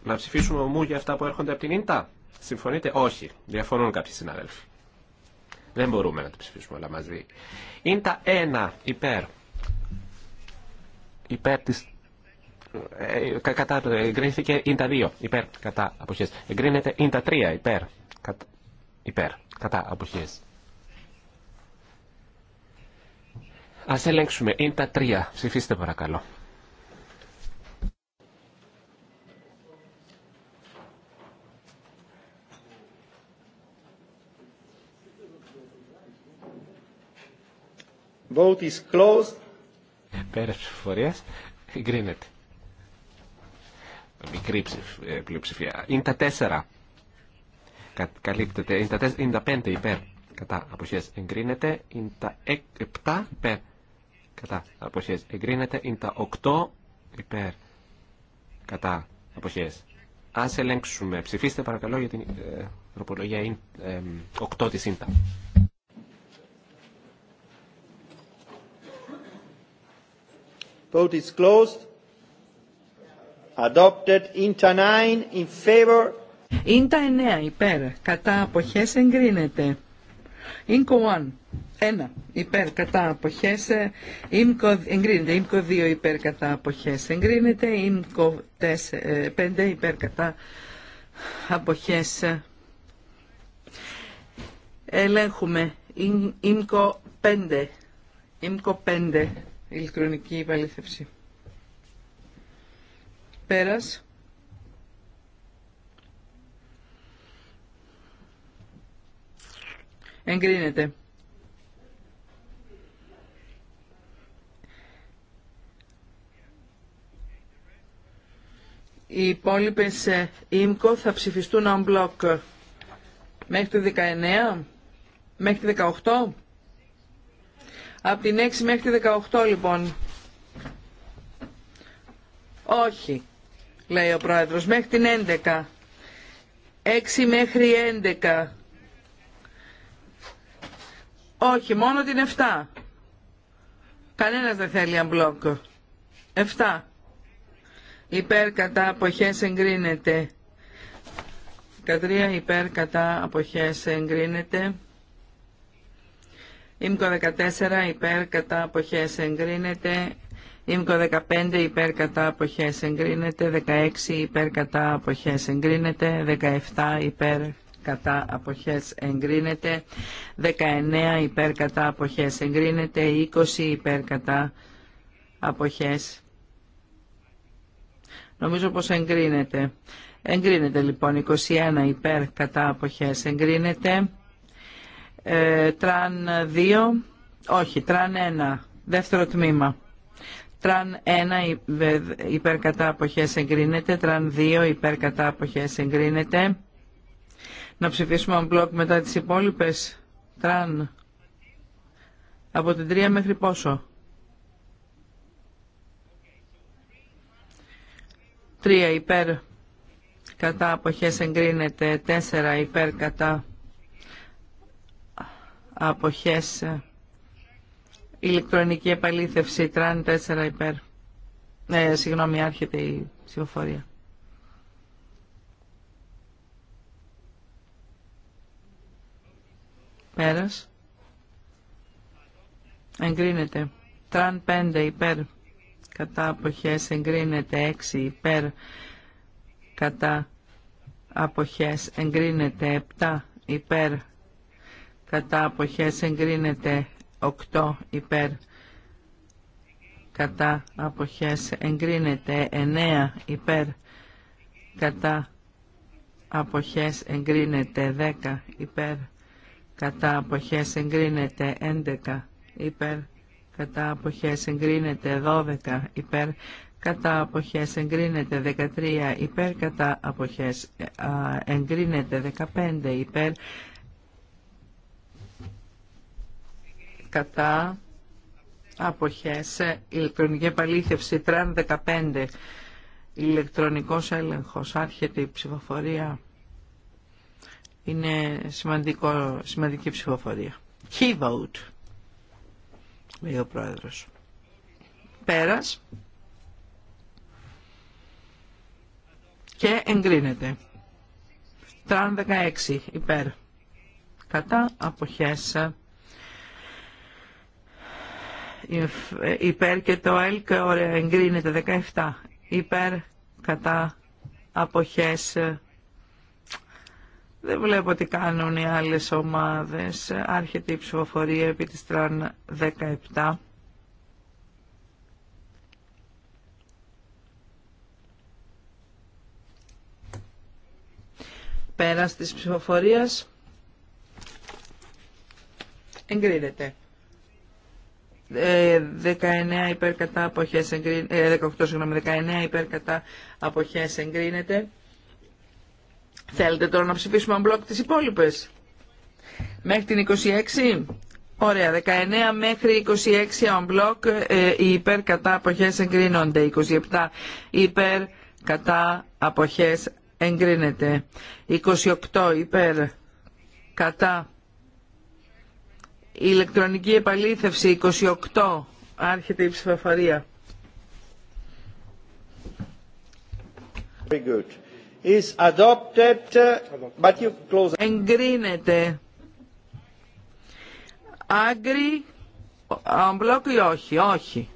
να ψηφίσουμε ομού για αυτά που έρχονται από την ΙΝΤΑ. Συμφωνείτε, όχι. Διαφωνούν κάποιοι συνάδελφοι. Δεν μπορούμε να τα ψηφίσουμε όλα μαζί. ΙΝΤΑ 1 υπέρ υπέρ της ε, κατά, εγκρίνθηκε ίντα 2 υπέρ κατά αποχές εγκρίνεται ίντα 3 υπέρ κατά, υπέρ κατά αποχές ας ελέγξουμε ίντα 3 ψηφίστε παρακαλώ Vote is closed. Πέρας ψηφοφορίας εγκρίνεται. Μικρή ε, πλειοψηφία. Είναι τα τέσσερα. Καλύπτεται. Είναι τα, είναι τα πέντε υπέρ. Κατά αποχέ εγκρίνεται. Είναι τα επτά υπέρ. Κατά αποχέ εγκρίνεται. Είναι τα οκτώ υπέρ. Κατά αποχέ. Ας ελέγξουμε. Ψηφίστε παρακαλώ για την ε, τροπολογία ε, οκτώ της ίντα. Vote is closed. Adopted. Inta 9 in favor. υπέρ. Κατά αποχές εγκρίνεται. Ίνκο 1. 1 υπέρ κατά αποχές. Ίνκο ε, εγκρίνεται. Ίνκο 2 υπέρ κατά αποχές εγκρίνεται. Ίνκο ε, 5 υπέρ κατά αποχές. Ε, ελέγχουμε. Ίνκο 5. 5 ηλεκτρονική υπαλήθευση. Πέρας. Εγκρίνεται. Οι υπόλοιπε ε, ΙΜΚΟ θα ψηφιστούν on block μέχρι το 19, μέχρι το 18. Από την 6 μέχρι τη 18 λοιπόν. Όχι, λέει ο πρόεδρος, μέχρι την 11. 6 μέχρι 11. Όχι, μόνο την 7. Κανένας δεν θέλει αμπλόκ. 7. Υπέρ κατά αποχές εγκρίνεται. 13 υπέρ κατά αποχές εγκρίνεται. ΙΜΚΟ 14 υπέρ κατά αποχές εγκρίνεται. ΙΜΚΟ 15 υπέρ κατά αποχές εγκρίνεται. 16 υπέρ κατά αποχές εγκρίνεται. 17 υπέρ κατά αποχές εγκρίνεται. 19 υπέρ κατά αποχές εγκρίνεται. 20 υπέρ κατά αποχές. Νομίζω πως εγκρίνεται. Εγκρίνεται λοιπόν 21 υπέρ κατά αποχές εγκρίνεται. Ε, τραν 2, όχι, τραν 1, δεύτερο τμήμα. Τραν 1 υπέρ κατά εγκρίνεται, τραν 2 υπέρ κατά εγκρίνεται. Να ψηφίσουμε μπλοκ μετά τις υπόλοιπες. Τραν. Από την 3 μέχρι πόσο. 3 υπέρ κατά αποχές εγκρίνεται, 4 υπέρ κατά αποχές ε, ηλεκτρονική επαλήθευση τραν 4 υπέρ ε, συγγνώμη άρχεται η ψηφοφορία πέρας εγκρίνεται τραν 5 υπέρ κατά αποχές εγκρίνεται 6 υπέρ κατά αποχές εγκρίνεται 7 υπέρ κατά αποχές εγκρίνεται 8 υπέρ κατά αποχές εγκρίνεται 9 υπέρ κατά αποχές εγκρίνεται 10 υπέρ κατά αποχές εγκρίνεται 11 υπέρ κατά αποχές εγκρίνεται 12 υπέρ κατά αποχές εγκρίνεται 13 υπέρ κατά αποχές εγκρίνεται 15 υπέρ κατά αποχές ε, ηλεκτρονική επαλήθευση τραν 15 ηλεκτρονικός έλεγχος άρχεται η ψηφοφορία είναι σημαντικό, σημαντική ψηφοφορία key vote λέει ο πρόεδρος πέρας και εγκρίνεται τραν 16 υπέρ κατά αποχές υπέρ και το ΕΛΚ ωραία, εγκρίνεται 17 υπέρ κατά αποχές δεν βλέπω τι κάνουν οι άλλες ομάδες άρχεται η ψηφοφορία επί της τραν 17 Πέρας της ψηφοφορίας εγκρίνεται. 19 ε, υπέρ κατά αποχές εγκρίνεται, 18 19 υπέρ κατά αποχές εγκρίνεται. Θέλετε τώρα να ψηφίσουμε αν μπλοκ τις υπόλοιπες. Μέχρι την 26. Ωραία, 19 μέχρι 26 αν μπλόκ ε, οι υπέρ κατά αποχές εγκρίνονται, 27 υπέρ κατά αποχές εγκρίνεται, 28 υπέρ κατά η ηλεκτρονική επαλήθευση 28 άρχεται η ψηφοφορία. Very good. Is Εγκρίνεται. Άγκρι, αμπλόκ ή όχι, όχι.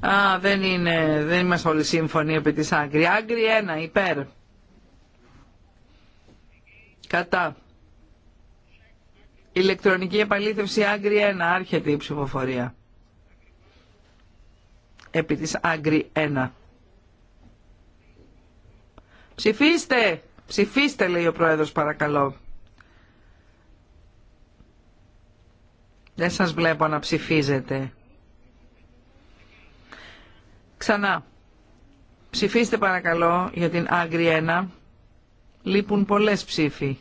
Α, δεν, είναι, δεν είμαστε όλοι σύμφωνοι επί της άγκρι. Άγκρι ένα, υπέρ. Κατά. Ηλεκτρονική επαλήθευση Άγκρι 1. Άρχεται η ψηφοφορία. Επί της Άγκρι 1. Ψηφίστε! Ψηφίστε λέει ο Πρόεδρος παρακαλώ. Δεν σας βλέπω να ψηφίζετε. Ξανά. Ψηφίστε παρακαλώ για την Άγκρι 1. Λείπουν πολλές ψήφοι.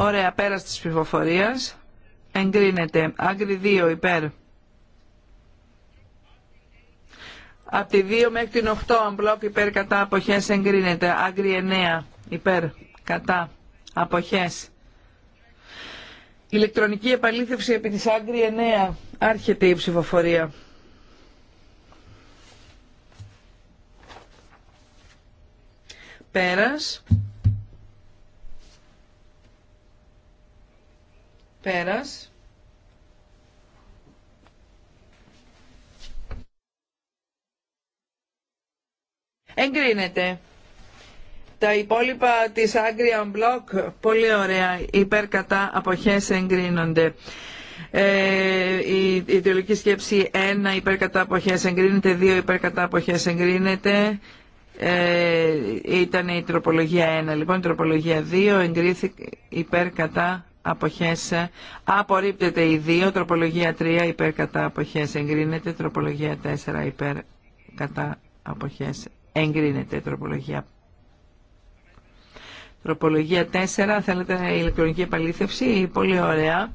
Ωραία, πέρας της ψηφοφορίας. Εγκρίνεται. Άγκρι 2 υπέρ. Από τη 2 μέχρι την 8 αμπλόκ υπέρ κατά αποχές εγκρίνεται. Άγκρι 9 υπέρ κατά αποχές. Ηλεκτρονική επαλήθευση επί της Άγκρι 9. Άρχεται η ψηφοφορία. Πέρας. Πέρας. Εγκρίνεται. Τα υπόλοιπα της Άγκρια Block, πολύ ωραία, υπέρκατά αποχές εγκρίνονται. Ε, η ιδεολογική σκέψη 1 υπέρκατα αποχές εγκρίνεται, 2 υπέρκατα αποχές εγκρίνεται. Ε, ήταν η τροπολογία 1, λοιπόν η τροπολογία 2 εγκρίθηκε υπέρ κατά αποχές ε, απορρίπτεται η 2 τροπολογία 3 υπέρ κατά αποχές εγκρίνεται τροπολογία 4 υπέρ κατά αποχές εγκρίνεται τροπολογία τροπολογία 4 θέλετε ηλεκτρονική επαλήθευση πολύ ωραία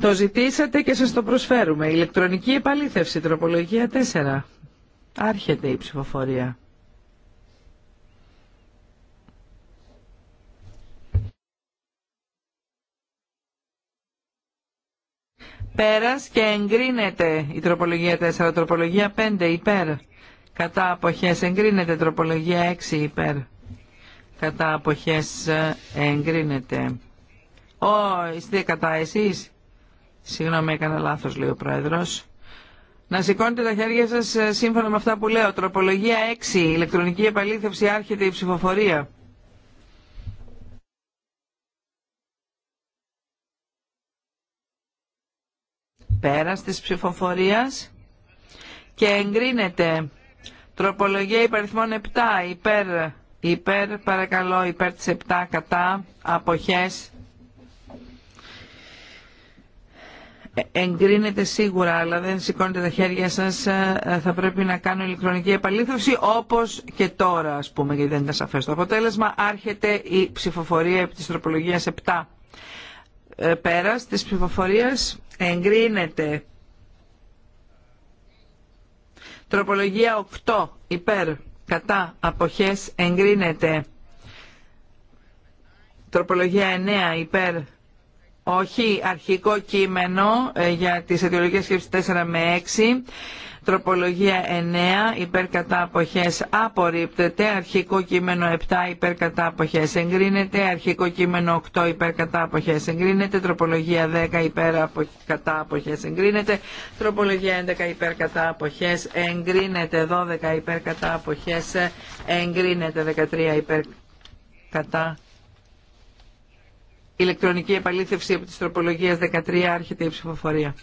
το ζητήσατε και σας το προσφέρουμε ηλεκτρονική επαλήθευση τροπολογία 4 άρχεται η ψηφοφορία Πέρας και εγκρίνεται η τροπολογία 4, τροπολογία 5 υπέρ. Κατά αποχές εγκρίνεται τροπολογία 6 υπέρ. Κατά αποχές ε, εγκρίνεται. Ω, είστε κατά εσείς. Συγγνώμη, έκανα λάθος, λέει ο Πρόεδρος. Να σηκώνετε τα χέρια σας ε, σύμφωνα με αυτά που λέω. Τροπολογία 6, ηλεκτρονική επαλήθευση, άρχεται η ψηφοφορία. Πέρας της ψηφοφορίας και εγκρίνεται τροπολογία υπαριθμών 7 υπέρ, υπέρ παρακαλώ υπέρ της 7 κατά αποχές ε, εγκρίνεται σίγουρα αλλά δεν σηκώνετε τα χέρια σας ε, ε, θα πρέπει να κάνω ηλεκτρονική επαλήθευση όπως και τώρα ας πούμε γιατί δεν ήταν σαφές το αποτέλεσμα άρχεται η ψηφοφορία επί της τροπολογίας 7 πέρας της ψηφοφορίας Εγκρίνεται. Τροπολογία 8. Υπέρ. Κατά. Αποχές. Εγκρίνεται. Τροπολογία 9. Υπέρ. Όχι. Αρχικό κείμενο ε, για τις αιτιολογικές σκέψεις 4 με 6 Τροπολογία 9 υπέρ κατά αποχές απορρίπτεται. Αρχικό κείμενο 7 υπέρ κατά αποχές εγκρίνεται. Αρχικό κείμενο 8 υπέρ κατά αποχές εγκρίνεται. Τροπολογία 10 υπέρ κατά εγκρίνεται. Τροπολογία 11 υπέρ κατά αποχές εγκρίνεται. 12 υπέρ κατά αποχές εγκρίνεται. 13 υπέρ κατά ηλεκτρονική επαλήθευση από τις τροπολογίες 13 άρχεται η ψηφοφορία.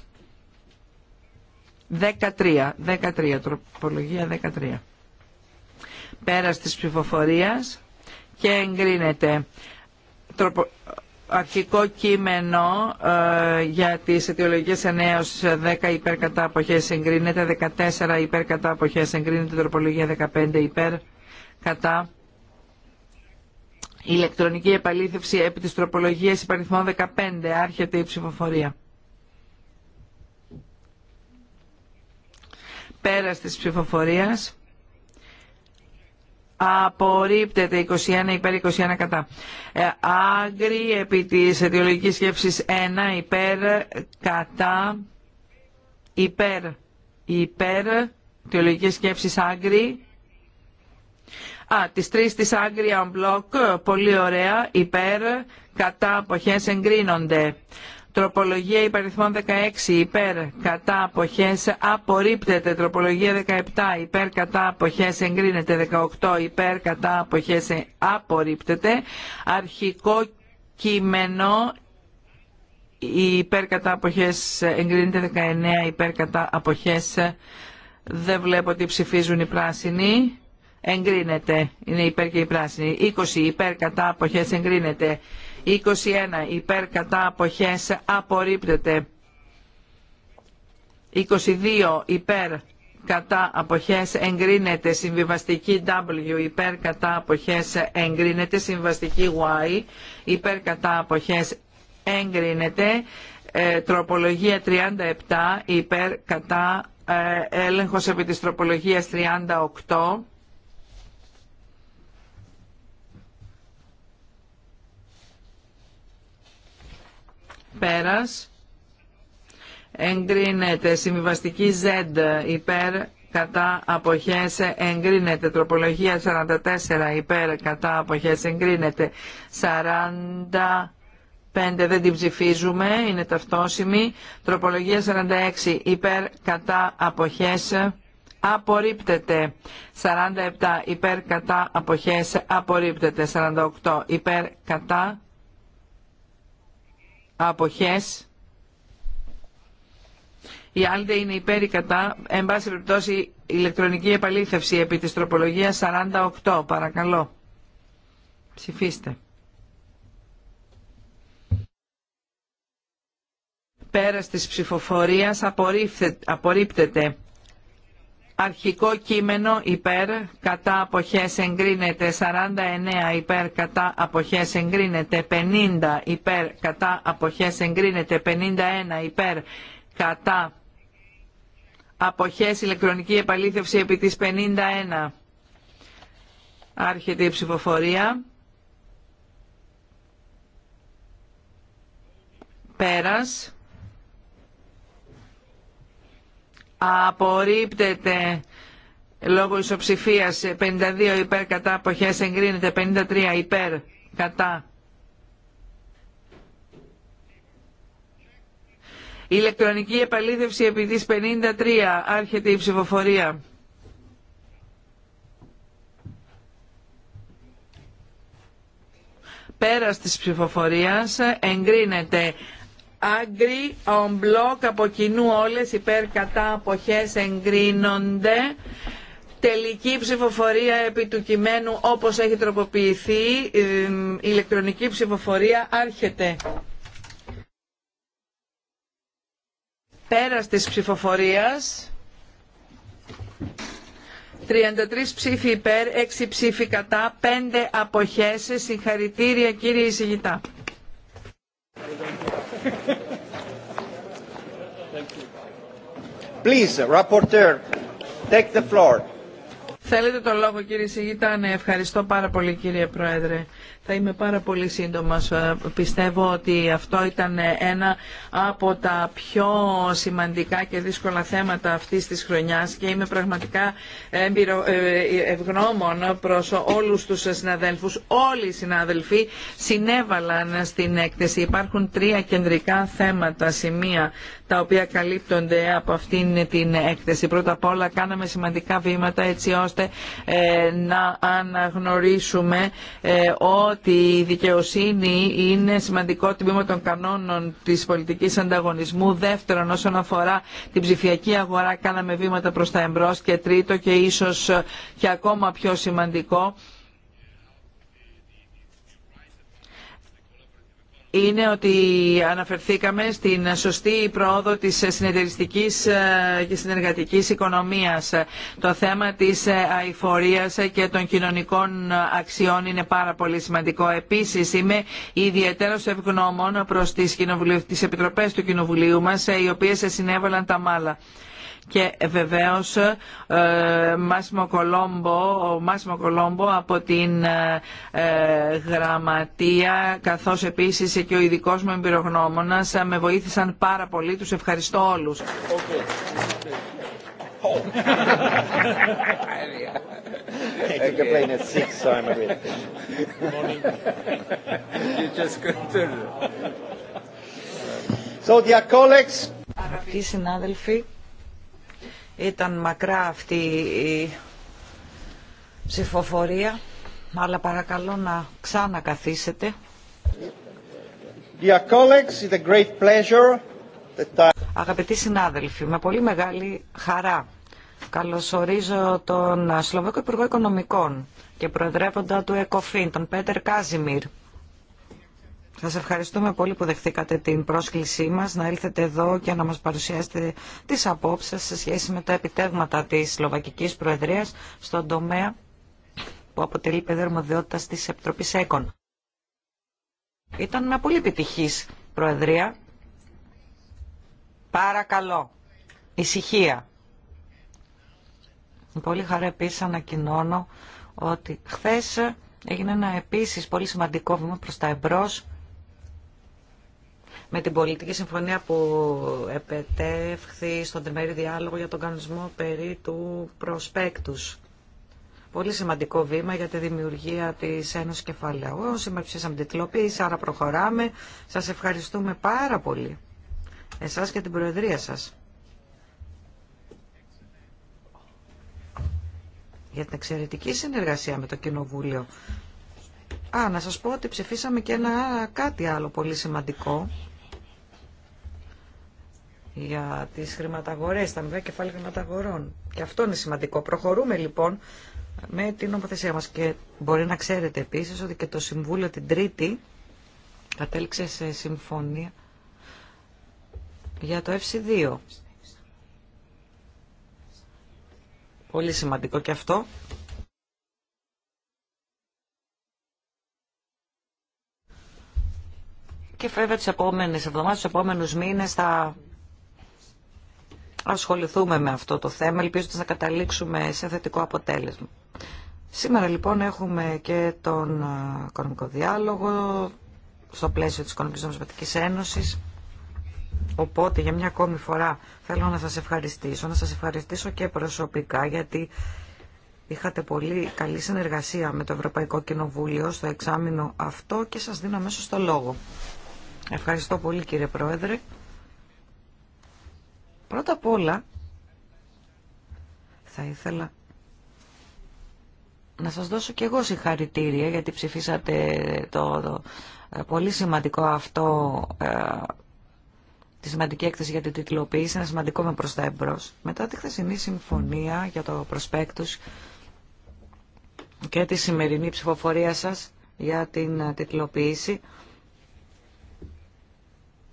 13, 13, τροπολογία 13. Πέρας της ψηφοφορίας και εγκρίνεται τροπο, αρχικό κείμενο ε, για τις αιτιολογικές 9 10 ε, υπέρ κατά αποχές εγκρίνεται, 14 υπέρ κατά αποχές εγκρίνεται, τροπολογία 15 υπέρ κατά ηλεκτρονική επαλήθευση επί της τροπολογίας υπαριθμών 15 άρχεται η ψηφοφορία. Πέρας της ψηφοφορίας. Απορρίπτεται 21 υπέρ 21 κατά. Ε, άγκρι επί της αιτιολογικής σκέψης 1 υπέρ κατά υπέρ υπέρ αιτιολογικής σκέψης άγκρι. Α, τις τρεις της άγκρια μπλοκ, πολύ ωραία, υπέρ, κατά αποχές εγκρίνονται. Τροπολογία υπαριθμών 16 υπέρ κατά αποχές απορρίπτεται. Τροπολογία 17 υπέρ κατά αποχές εγκρίνεται. 18 υπέρ κατά αποχές ε, απορρίπτεται. Αρχικό κείμενο υπέρ κατά αποχές εγκρίνεται. 19 υπέρ κατά αποχές δεν βλέπω τι ψηφίζουν οι πράσινοι. Εγκρίνεται. Είναι υπέρ και οι πράσινοι. 20 υπέρ κατά αποχές εγκρίνεται. 21 υπέρ κατά αποχές απορρίπτεται. 22 υπέρ κατά αποχές εγκρίνεται συμβιβαστική W υπέρ κατά αποχές εγκρίνεται Συμβιβαστική Y υπέρ κατά αποχές εγκρίνεται ε, τροπολογία 37 υπέρ κατά ε, έλεγχος επί της τροπολογίας 38 πέρας εγκρίνεται συμβιβαστική Z υπέρ κατά αποχές εγκρίνεται τροπολογία 44 υπέρ κατά αποχές εγκρίνεται 45 δεν την ψηφίζουμε, είναι ταυτόσιμη. Τροπολογία 46 υπέρ κατά αποχές απορρίπτεται. 47 υπέρ κατά αποχές απορρίπτεται. 48 υπέρ κατά αποχές η Άλντε είναι υπέρ ή κατά, εν πάση περιπτώσει, ηλεκτρονική επαλήθευση επί της τροπολογίας 48. Παρακαλώ. Ψηφίστε. Πέρας της ψηφοφορίας απορρίπτεται Αρχικό κείμενο υπέρ κατά αποχές εγκρίνεται, 49 υπέρ κατά αποχές εγκρίνεται, 50 υπέρ κατά αποχές εγκρίνεται, 51 υπέρ κατά αποχές ηλεκτρονική επαλήθευση επί της 51. Άρχεται η ψηφοφορία. Πέρας. απορρίπτεται λόγω ισοψηφίας 52 υπέρ κατά αποχές εγκρίνεται 53 υπέρ κατά ηλεκτρονική επαλήθευση επί 53 άρχεται η ψηφοφορία πέρας της ψηφοφορίας εγκρίνεται Άγκρι, ομπλοκ, από κοινού όλες υπέρ κατά αποχές εγκρίνονται. Τελική ψηφοφορία επί του κειμένου όπως έχει τροποποιηθεί, ηλεκτρονική ψηφοφορία άρχεται. Πέρας της ψηφοφορίας, 33 ψήφοι υπέρ, 6 ψήφοι κατά, 5 αποχέσεις Συγχαρητήρια κύριε Ισηγητά. Please, take the floor. Θέλετε το λόγο κύριε Σιγητάνε. Ναι, ευχαριστώ πάρα πολύ κύριε Πρόεδρε. Θα είμαι πάρα πολύ σύντομα. Ε, πιστεύω ότι αυτό ήταν ένα από τα πιο σημαντικά και δύσκολα θέματα αυτής της χρονιάς και είμαι πραγματικά ε, ευγνώμων προς όλους τους συναδέλφους. Όλοι οι συνάδελφοι συνέβαλαν στην έκθεση. Υπάρχουν τρία κεντρικά θέματα, σημεία τα οποία καλύπτονται από αυτήν την έκθεση. Πρώτα απ' όλα κάναμε σημαντικά βήματα έτσι ώστε ε, να αναγνωρίσουμε ότι ότι η δικαιοσύνη είναι σημαντικό τμήμα των κανόνων της πολιτικής ανταγωνισμού. Δεύτερον, όσον αφορά την ψηφιακή αγορά, κάναμε βήματα προς τα εμπρός. Και τρίτο και ίσως και ακόμα πιο σημαντικό, είναι ότι αναφερθήκαμε στην σωστή πρόοδο της συνεταιριστικής και συνεργατικής οικονομίας. Το θέμα της αηφορίας και των κοινωνικών αξιών είναι πάρα πολύ σημαντικό. Επίσης είμαι ιδιαίτερος ευγνώμων προς τις, τις επιτροπές του Κοινοβουλίου μας οι οποίες συνέβαλαν τα μάλα και βεβαίως ε, Μάσιμο Κολόμπο, ο Μάσιμο Κολόμπο από την ε, ε, Γραμματεία καθώς επίσης και ο ειδικό μου εμπειρογνώμονας με βοήθησαν πάρα πολύ. Τους ευχαριστώ όλους. Okay. Take the plane at six, so I'm a bit. Morning. you just couldn't So, dear colleagues. Αγαπητοί συνάδελφοι, ήταν μακρά αυτή η ψηφοφορία, αλλά παρακαλώ να ξανακαθίσετε. Dear colleagues, a great pleasure Αγαπητοί συνάδελφοι, με πολύ μεγάλη χαρά καλωσορίζω τον Σλοβακό Υπουργό Οικονομικών και Προεδρεύοντα του ΕΚΟΦΗΝ, τον Πέτερ Κάζιμιρ. Σα ευχαριστούμε πολύ που δεχθήκατε την πρόσκλησή μα να έλθετε εδώ και να μα παρουσιάσετε τις απόψεις σε σχέση με τα επιτεύγματα τη Σλοβακικής Προεδρία στον τομέα που αποτελεί παιδερμοδιότητα τη Επιτροπή ΕΚΟΝ. Ήταν μια πολύ επιτυχη Προεδρία. Παρακαλώ. Ησυχία. Με Πολύ χαρά επίσης ανακοινώνω ότι χθες έγινε ένα επίσης πολύ σημαντικό βήμα προς τα εμπρός με την πολιτική συμφωνία που επετεύχθη στον τριμερή διάλογο για τον κανονισμό περί του προσπέκτους. Πολύ σημαντικό βήμα για τη δημιουργία της Ένωσης Κεφαλαίου. Σήμερα ψήσαμε την τυλοποίηση, άρα προχωράμε. Σας ευχαριστούμε πάρα πολύ. Εσάς και την Προεδρία σας. για την εξαιρετική συνεργασία με το Κοινοβούλιο. Α, να σας πω ότι ψηφίσαμε και ένα κάτι άλλο πολύ σημαντικό για τις χρηματαγορές, τα αμοιβαία κεφάλαια χρηματαγορών. Και αυτό είναι σημαντικό. Προχωρούμε λοιπόν με την νομοθεσία μας και μπορεί να ξέρετε επίσης ότι και το Συμβούλιο την Τρίτη κατέληξε σε συμφωνία για το FC2. Πολύ σημαντικό και αυτό. Και βέβαια τις επόμενες εβδομάδες, τους επόμενους μήνες θα ασχοληθούμε με αυτό το θέμα, ελπίζοντας να καταλήξουμε σε θετικό αποτέλεσμα. Σήμερα λοιπόν έχουμε και τον ε, οικονομικό διάλογο στο πλαίσιο της Οικονομικής Νομισματικής Ένωσης. Οπότε για μια ακόμη φορά θέλω να σας ευχαριστήσω, να σας ευχαριστήσω και προσωπικά γιατί είχατε πολύ καλή συνεργασία με το Ευρωπαϊκό Κοινοβούλιο στο εξάμεινο αυτό και σας δίνω αμέσως στο λόγο. Ευχαριστώ πολύ κύριε Πρόεδρε. Πρώτα απ' όλα θα ήθελα να σας δώσω και εγώ συγχαρητήρια γιατί ψηφίσατε το, το ε, πολύ σημαντικό αυτό ε, τη σημαντική έκθεση για την τιτλοποίηση, ένα σημαντικό με προς τα εμπρός. Μετά τη χθεσινή συμφωνία για το προσπέκτους και τη σημερινή ψηφοφορία σας για την ε, τιτλοποίηση,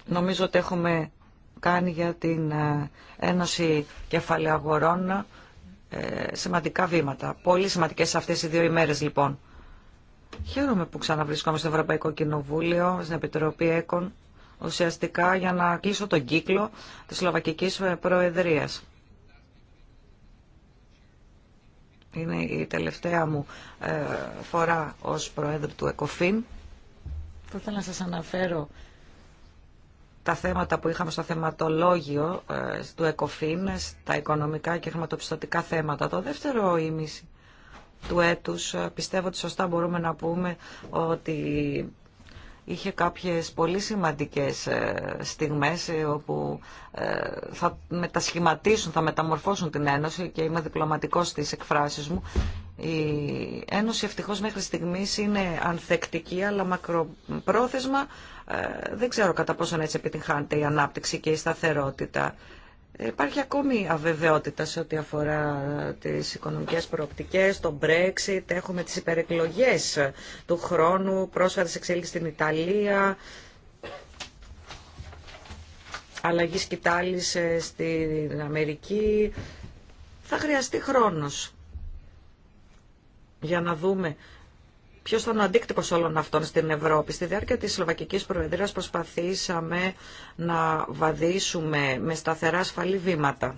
νομίζω ότι έχουμε κάνει για την ε, Ένωση κεφαλαιαγορών ε, σημαντικά βήματα. Πολύ σημαντικές αυτές οι δύο ημέρες λοιπόν. Χαίρομαι που ξαναβρισκόμαι στο Ευρωπαϊκό Κοινοβούλιο, στην Επιτροπή ΕΚΟΝ, ουσιαστικά για να κλείσω τον κύκλο της Σλοβακικής ε, Προεδρίας. Είναι η τελευταία μου φορά ως Προέδρου του ΕΚΟΦΗΝ. Θα ήθελα να σας αναφέρω τα θέματα που είχαμε στο θεματολόγιο ε, του ΕΚΟΦΗΝ, τα οικονομικά και χρηματοπιστωτικά θέματα. Το δεύτερο ήμιση του έτους ε, πιστεύω ότι σωστά μπορούμε να πούμε ότι είχε κάποιες πολύ σημαντικές ε, στιγμές ε, όπου ε, θα μετασχηματίσουν, θα μεταμορφώσουν την Ένωση και είμαι διπλωματικός στις εκφράσεις μου. Η Ένωση ευτυχώς μέχρι στιγμής είναι ανθεκτική αλλά μακροπρόθεσμα δεν ξέρω κατά πόσο έτσι επιτυγχάνεται η ανάπτυξη και η σταθερότητα. Ε, υπάρχει ακόμη αβεβαιότητα σε ό,τι αφορά τις οικονομικές προοπτικές, το Brexit, έχουμε τις υπερεκλογές του χρόνου, πρόσφατες εξέλιξεις στην Ιταλία, αλλαγή σκητάλης ε, στην Αμερική. Θα χρειαστεί χρόνος για να δούμε Ποιο ήταν ο αντίκτυπο όλων αυτών στην Ευρώπη. Στη διάρκεια τη Σλοβακική Προεδρία προσπαθήσαμε να βαδίσουμε με σταθερά ασφαλή βήματα.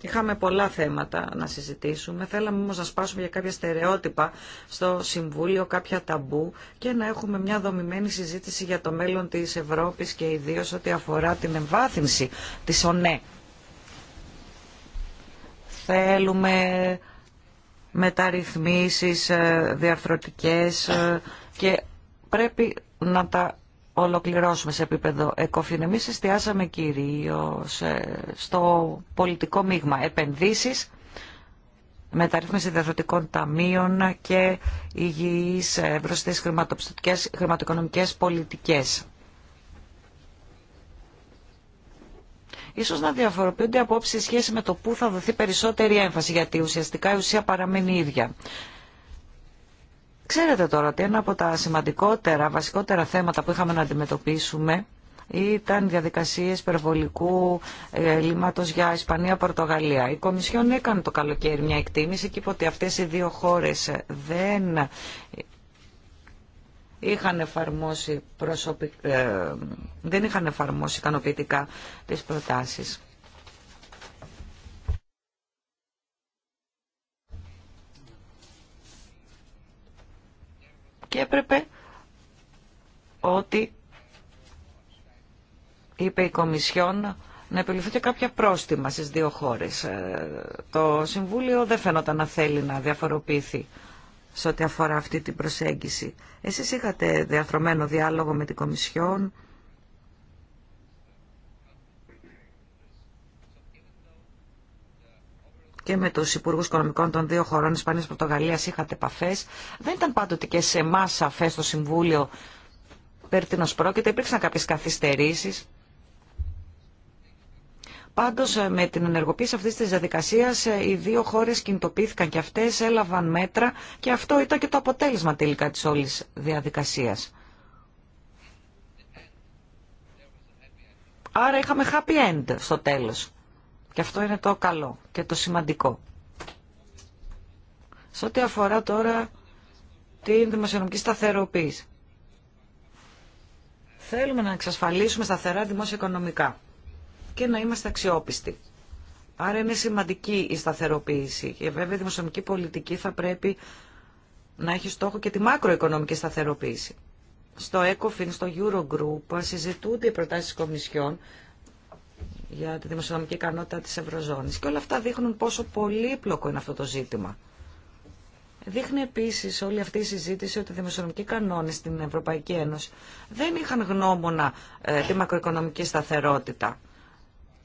Είχαμε πολλά θέματα να συζητήσουμε. Θέλαμε όμω να σπάσουμε για κάποια στερεότυπα στο Συμβούλιο, κάποια ταμπού και να έχουμε μια δομημένη συζήτηση για το μέλλον τη Ευρώπη και ιδίω ό,τι αφορά την εμβάθυνση τη ΟΝΕ. Θέλουμε μεταρρυθμίσεις ε, διαρθρωτικές ε, και πρέπει να τα ολοκληρώσουμε σε επίπεδο ΕΚΟΦΗΝ. Εμείς εστιάσαμε κυρίως ε, στο πολιτικό μείγμα επενδύσεις, μεταρρύθμιση διαρθρωτικών ταμείων και υγιείς ευρωστές χρηματοοικονομικές πολιτικές. Ίσως να διαφοροποιούνται σε σχέση με το πού θα δοθεί περισσότερη έμφαση, γιατί ουσιαστικά η ουσία παραμένει ίδια. Ξέρετε τώρα ότι ένα από τα σημαντικότερα, βασικότερα θέματα που είχαμε να αντιμετωπίσουμε ήταν διαδικασίες περιβολικού ε, λύματος για Ισπανία-Πορτογαλία. Η Κομισιόν έκανε το καλοκαίρι μια εκτίμηση και είπε ότι αυτές οι δύο χώρες δεν είχαν εφαρμόσει ε, δεν είχαν εφαρμόσει ικανοποιητικά τις προτάσεις. Και έπρεπε ότι είπε η Κομισιόν να επιληφθεί και κάποια πρόστιμα στις δύο χώρες. Ε, το Συμβούλιο δεν φαίνονταν να θέλει να διαφοροποιηθεί σε ό,τι αφορά αυτή την προσέγγιση. Εσείς είχατε διαρθρωμένο διάλογο με την Κομισιόν. και με τους Υπουργούς Οικονομικών των δύο χωρών Ισπανίας Πορτογαλίας είχατε επαφέ. Δεν ήταν πάντοτε και σε εμά σαφές το Συμβούλιο περί πρόκειται. Υπήρξαν κάποιες καθυστερήσεις. Πάντως ε, με την ενεργοποίηση αυτής της διαδικασίας ε, οι δύο χώρες κινητοποιήθηκαν και αυτές έλαβαν μέτρα και αυτό ήταν και το αποτέλεσμα τελικά της όλης διαδικασίας. Άρα είχαμε happy end στο τέλος. Και αυτό είναι το καλό και το σημαντικό. Σε ό,τι αφορά τώρα την δημοσιονομική σταθεροποίηση. Θέλουμε να εξασφαλίσουμε σταθερά δημόσια οικονομικά και να είμαστε αξιόπιστοι. Άρα είναι σημαντική η σταθεροποίηση και βέβαια η δημοσιονομική πολιτική θα πρέπει να έχει στόχο και τη μακροοικονομική σταθεροποίηση. Στο ECOFIN, στο Eurogroup συζητούνται οι προτάσει της Κομισιόν για τη δημοσιονομική ικανότητα τη Ευρωζώνης και όλα αυτά δείχνουν πόσο πολύπλοκο είναι αυτό το ζήτημα. Δείχνει επίση όλη αυτή η συζήτηση ότι οι δημοσιονομικοί κανόνε στην Ευρωπαϊκή Ένωση δεν είχαν γνώμονα ε, τη μακροοικονομική σταθερότητα.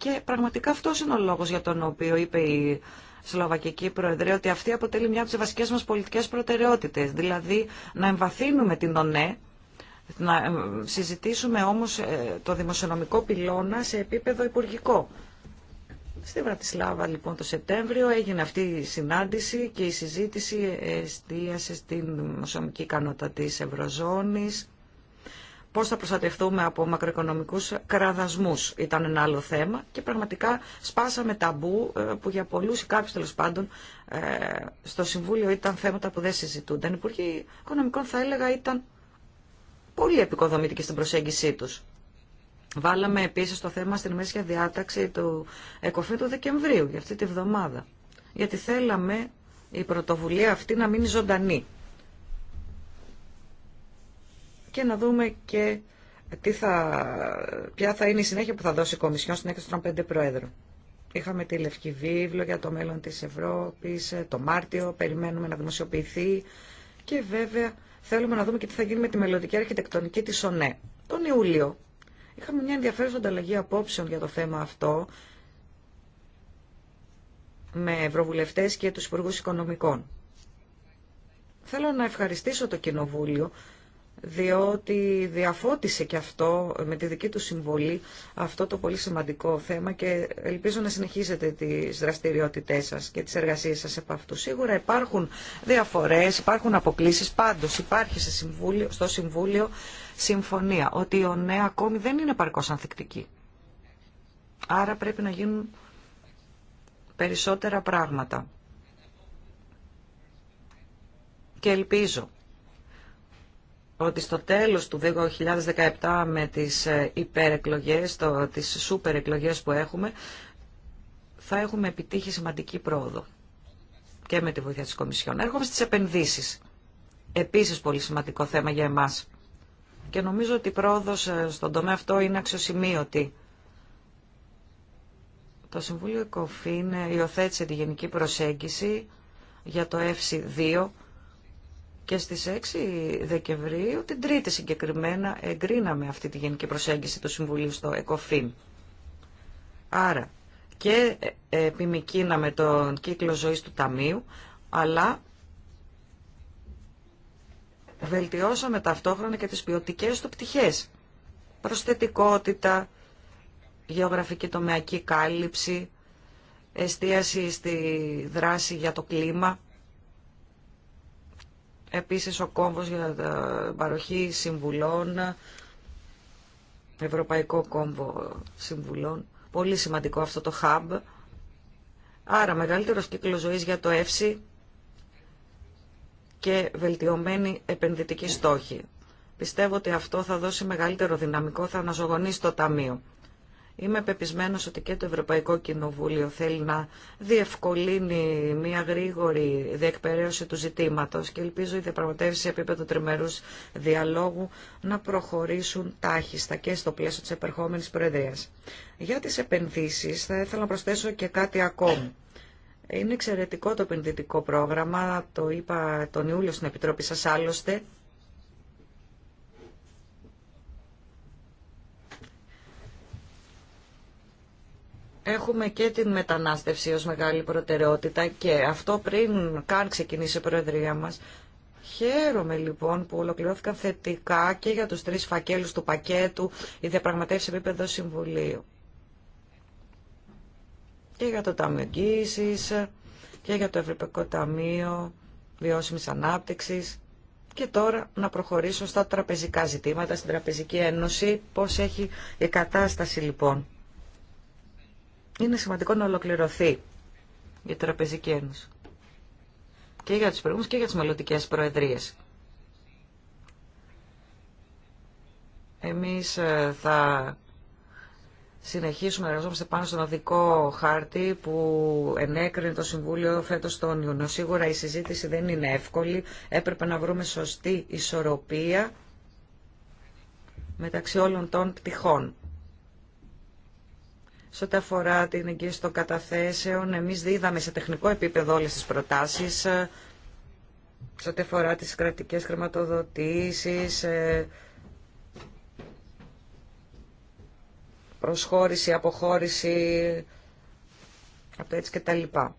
Και πραγματικά αυτό είναι ο λόγο για τον οποίο είπε η Σλοβακική Προεδρία ότι αυτή αποτελεί μια από τι βασικέ μα πολιτικέ προτεραιότητε. Δηλαδή να εμβαθύνουμε την ΟΝΕ, να ε, συζητήσουμε όμω ε, το δημοσιονομικό πυλώνα σε επίπεδο υπουργικό. Στη Βρατισλάβα λοιπόν το Σεπτέμβριο έγινε αυτή η συνάντηση και η συζήτηση εστίασε στην δημοσιονομική ικανότητα της Ευρωζώνης πώς θα προστατευτούμε από μακροοικονομικούς κραδασμούς ήταν ένα άλλο θέμα και πραγματικά σπάσαμε ταμπού ε, που για πολλούς ή κάποιους τέλος πάντων ε, στο Συμβούλιο ήταν θέματα που δεν συζητούνταν. Οι Υπουργοί Οικονομικών θα έλεγα ήταν πολύ επικοδομητικοί στην προσέγγισή τους. Βάλαμε επίσης το θέμα στην μέση για διάταξη του ΕΚΟΦΗ του Δεκεμβρίου για αυτή τη βδομάδα γιατί θέλαμε η πρωτοβουλία αυτή να μείνει ζωντανή και να δούμε και τι θα, ποια θα είναι η συνέχεια που θα δώσει η Κομισιόν στην έκθεση των πέντε Προέδρων. Είχαμε τη Λευκή Βίβλο για το μέλλον της Ευρώπης ε, το Μάρτιο, περιμένουμε να δημοσιοποιηθεί και βέβαια θέλουμε να δούμε και τι θα γίνει με τη μελλοντική αρχιτεκτονική της ΟΝΕ. Τον Ιούλιο είχαμε μια ενδιαφέρουσα ανταλλαγή απόψεων για το θέμα αυτό με ευρωβουλευτές και τους υπουργούς οικονομικών. Θέλω να ευχαριστήσω το Κοινοβούλιο διότι διαφώτισε και αυτό με τη δική του συμβολή αυτό το πολύ σημαντικό θέμα και ελπίζω να συνεχίζετε τις δραστηριότητές σας και τις εργασίες σας επ' αυτού. Σίγουρα υπάρχουν διαφορές, υπάρχουν αποκλήσεις, πάντως υπάρχει σε συμβούλιο, στο Συμβούλιο συμφωνία ότι η ΟΝΕ ναι ακόμη δεν είναι παρκώς ανθεκτική. Άρα πρέπει να γίνουν περισσότερα πράγματα. Και ελπίζω ότι στο τέλος του 2017 με τις ε, υπερεκλογές, το, τις σούπερ εκλογές που έχουμε, θα έχουμε επιτύχει σημαντική πρόοδο και με τη βοήθεια της Κομισιόν. Έρχομαι στις επενδύσεις. Επίσης πολύ σημαντικό θέμα για εμάς. Και νομίζω ότι η πρόοδος ε, στον τομέα αυτό είναι αξιοσημείωτη. Το Συμβούλιο ΕΚΟΦΗΝ ε, υιοθέτησε τη γενική προσέγγιση για το ΕΦΣΙ 2 και στις 6 Δεκεμβρίου, την Τρίτη συγκεκριμένα, εγκρίναμε αυτή τη γενική προσέγγιση του Συμβουλίου στο ΕΚΟΦΗΝ. Άρα, και ε, επιμικίναμε τον κύκλο ζωής του Ταμείου, αλλά βελτιώσαμε ταυτόχρονα και τις ποιοτικές του πτυχές. Προσθετικότητα, γεωγραφική τομεακή κάλυψη, εστίαση στη δράση για το κλίμα Επίσης ο κόμβος για την παροχή συμβουλών, ευρωπαϊκό κόμβο συμβουλών, πολύ σημαντικό αυτό το hub. Άρα μεγαλύτερος κύκλος ζωής για το ΕΦΣΥ και βελτιωμένη επενδυτική στόχη. Πιστεύω ότι αυτό θα δώσει μεγαλύτερο δυναμικό, θα αναζωογονήσει το Ταμείο. Είμαι πεπισμένος ότι και το Ευρωπαϊκό Κοινοβούλιο θέλει να διευκολύνει μια γρήγορη διεκπαιρέωση του ζητήματος και ελπίζω οι διαπραγματεύσεις σε επίπεδο τριμερούς διαλόγου να προχωρήσουν τάχιστα και στο πλαίσιο της επερχόμενης Προεδρίας. Για τις επενδύσεις θα ήθελα να προσθέσω και κάτι ακόμη. Είναι εξαιρετικό το επενδυτικό πρόγραμμα, το είπα τον Ιούλιο στην Επιτροπή σας άλλωστε, έχουμε και την μετανάστευση ως μεγάλη προτεραιότητα και αυτό πριν καν ξεκινήσει η Προεδρία μας. Χαίρομαι λοιπόν που ολοκληρώθηκαν θετικά και για τους τρεις φακέλους του πακέτου η διαπραγματεύση σε επίπεδο Συμβουλίου. Και για το Ταμείο και για το Ευρωπαϊκό Ταμείο Βιώσιμης Ανάπτυξης. Και τώρα να προχωρήσω στα τραπεζικά ζητήματα, στην Τραπεζική Ένωση. Πώς έχει η κατάσταση λοιπόν είναι σημαντικό να ολοκληρωθεί η Τραπεζική Ένωση. Και για τις προηγούμενες και για τις μελλοντικέ προεδρίες. Εμείς ε, θα συνεχίσουμε να εργαζόμαστε πάνω στον οδικό χάρτη που ενέκρινε το Συμβούλιο φέτος τον Ιούνιο. Σίγουρα η συζήτηση δεν είναι εύκολη. Έπρεπε να βρούμε σωστή ισορροπία μεταξύ όλων των πτυχών σε ό,τι αφορά την εγγύηση των καταθέσεων, εμείς δίδαμε σε τεχνικό επίπεδο όλες τις προτάσεις, ε, σε ό,τι αφορά τις κρατικέ χρηματοδοτήσεις, ε, προσχώρηση, αποχώρηση, από έτσι και τα λοιπά.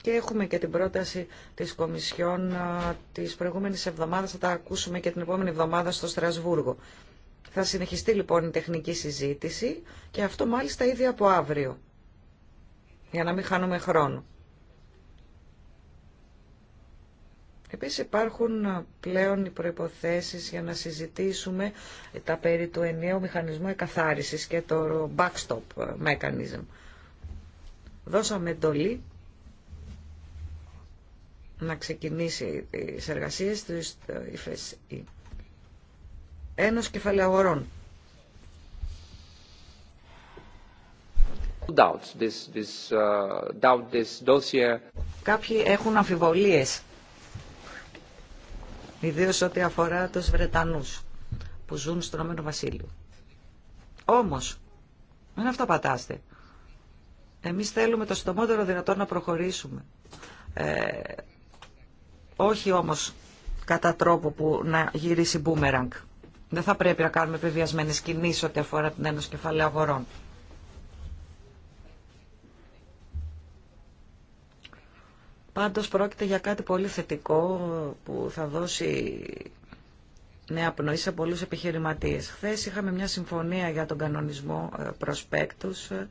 Και έχουμε και την πρόταση της Κομισιόν ε, της προηγούμενης εβδομάδας, θα τα ακούσουμε και την επόμενη εβδομάδα στο Στρασβούργο. Θα συνεχιστεί λοιπόν η τεχνική συζήτηση και αυτό μάλιστα ήδη από αύριο, για να μην χάνουμε χρόνο. Επίσης υπάρχουν ε, πλέον οι προϋποθέσεις για να συζητήσουμε τα περί του ενιαίου μηχανισμού εκαθάρισης και το backstop ε, mechanism. Δώσαμε εντολή να ξεκινήσει τις εργασίες του ΙΦΕΣΗ. Ένος κεφαλαίου This, uh, Κάποιοι έχουν αμφιβολίες, ιδίως ό,τι αφορά τους Βρετανούς που ζουν στο Ηνωμένο Βασίλειο. Όμως, μην πατάστε. Εμείς θέλουμε το συντομότερο δυνατό να προχωρήσουμε. Ε, όχι όμως κατά τρόπο που να γυρίσει μπούμεραγκ. Δεν θα πρέπει να κάνουμε επιβιασμένε κινήσει ό,τι αφορά την Ένωση Κεφαλαίου Αγορών. Πάντως πρόκειται για κάτι πολύ θετικό που θα δώσει νέα πνοή σε πολλούς επιχειρηματίες. Χθε είχαμε μια συμφωνία για τον κανονισμό ε, προσπέκτου, ε,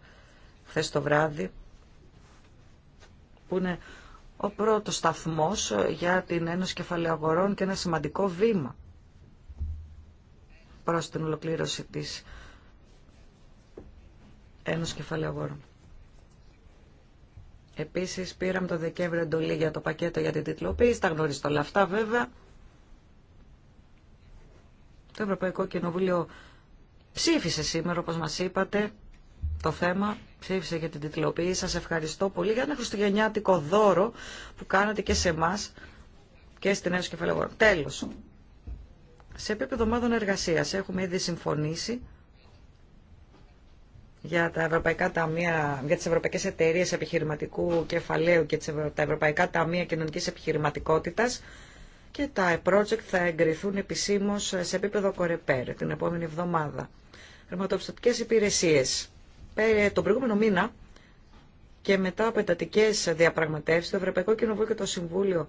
χθε το βράδυ, που είναι ο πρώτος σταθμό ε, για την Ένωση Κεφαλαίου Αγορών και ένα σημαντικό βήμα προς την ολοκλήρωση της Ένωσης Κεφαλαίου Επίσης πήραμε το Δεκέμβριο εντολή για το πακέτο για την τίτλοποίηση, τα γνωρίζετε όλα αυτά βέβαια. Το Ευρωπαϊκό Κοινοβούλιο ψήφισε σήμερα, όπως μας είπατε, το θέμα, ψήφισε για την τιτλοποίηση. Σας ευχαριστώ πολύ για ένα χριστουγεννιάτικο δώρο που κάνατε και σε εμά και στην Ένωση Κεφαλαίου Τέλος. Σε επίπεδο ομάδων εργασίας έχουμε ήδη συμφωνήσει για τα ευρωπαϊκά ταμεία, για τις ευρωπαϊκές εταιρείες επιχειρηματικού κεφαλαίου και τα ευρωπαϊκά ταμεία κοινωνικής επιχειρηματικότητας και τα project θα εγκριθούν επισήμως σε επίπεδο κορεπέρ την επόμενη εβδομάδα. Χρηματοπιστωτικές υπηρεσίες. Τον προηγούμενο μήνα και μετά από εντατικές διαπραγματεύσεις, το Ευρωπαϊκό Κοινοβούλιο και το Συμβούλιο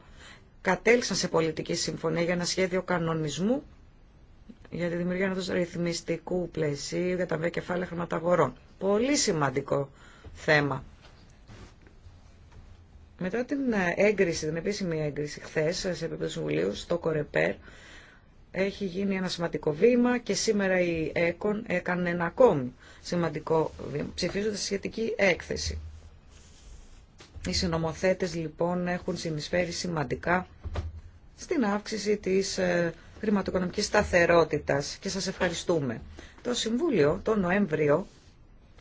κατέληξαν σε πολιτική συμφωνία για ένα σχέδιο κανονισμού για τη δημιουργία ενός ρυθμιστικού πλαισίου για τα κεφάλαια χρηματαγορών. Πολύ σημαντικό θέμα. Μετά την έγκριση, την επίσημη έγκριση χθε σε επίπεδο Συμβουλίου στο Κορεπέρ, έχει γίνει ένα σημαντικό βήμα και σήμερα η ΕΚΟΝ έκανε ένα ακόμη σημαντικό βήμα, ψηφίζοντας σχετική έκθεση. Οι συνομοθέτες λοιπόν έχουν συνεισφέρει σημαντικά στην αύξηση της ε, χρηματοοικονομική και σας ευχαριστούμε. Το Συμβούλιο το Νοέμβριο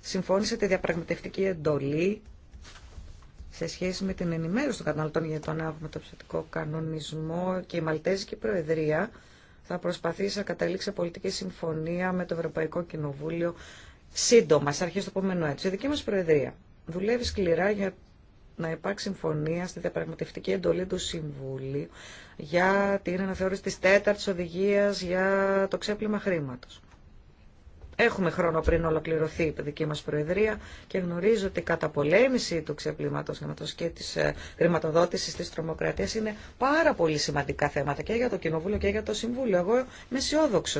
συμφώνησε τη διαπραγματευτική εντολή σε σχέση με την ενημέρωση των καταναλωτών για τον ψηφιακό κανονισμό και η Μαλτέζικη Προεδρία θα προσπαθήσει να καταλήξει πολιτική συμφωνία με το Ευρωπαϊκό Κοινοβούλιο σύντομα, σε αρχέ του επόμενου έτου. Η δική μα Προεδρία δουλεύει σκληρά για να υπάρξει συμφωνία στη διαπραγματευτική εντολή του Συμβούλου για την αναθεώρηση της τέταρτης οδηγίας για το ξέπλυμα χρήματος. Έχουμε χρόνο πριν ολοκληρωθεί η δική μας Προεδρία και γνωρίζω ότι η καταπολέμηση του ξεπλήματος χρήματος και της ε, χρηματοδότησης της τρομοκρατίας είναι πάρα πολύ σημαντικά θέματα και για το Κοινοβούλιο και για το Συμβούλιο. Εγώ είμαι αισιόδοξο.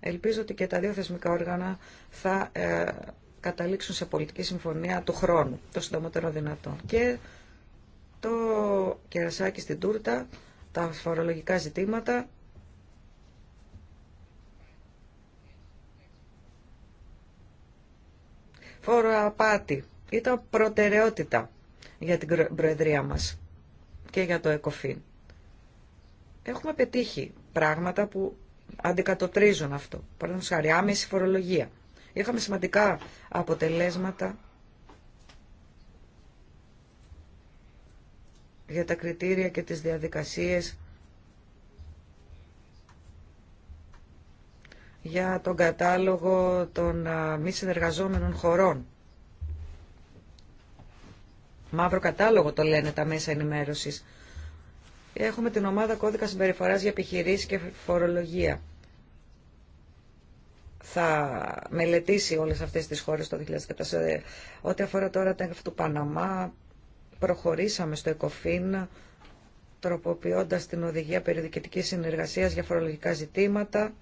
Ελπίζω ότι και τα δύο θεσμικά όργανα θα ε, καταλήξουν σε πολιτική συμφωνία του χρόνου, το συντομότερο δυνατό. Και το κερασάκι στην τούρτα, τα φορολογικά ζητήματα, Φοροαπάτη απάτη. Ήταν προτεραιότητα για την Προεδρία μας και για το ΕΚΟΦΗΝ. Έχουμε πετύχει πράγματα που αντικατοπτρίζουν αυτό. Παραδείγματος χάρη, άμεση φορολογία. Είχαμε σημαντικά αποτελέσματα για τα κριτήρια και τις διαδικασίες για τον κατάλογο των μη συνεργαζόμενων χωρών. Μαύρο κατάλογο το λένε τα μέσα ενημέρωσης. Έχουμε την ομάδα κώδικα συμπεριφοράς για επιχειρήσεις και φορολογία θα μελετήσει όλες αυτές τις χώρες το 2014. Ό,τι αφορά τώρα το έγγραφο του Παναμά, προχωρήσαμε στο ΕΚΟΦΗΝ τροποποιώντας την οδηγία περιδικητικής συνεργασίας για φορολογικά ζητήματα.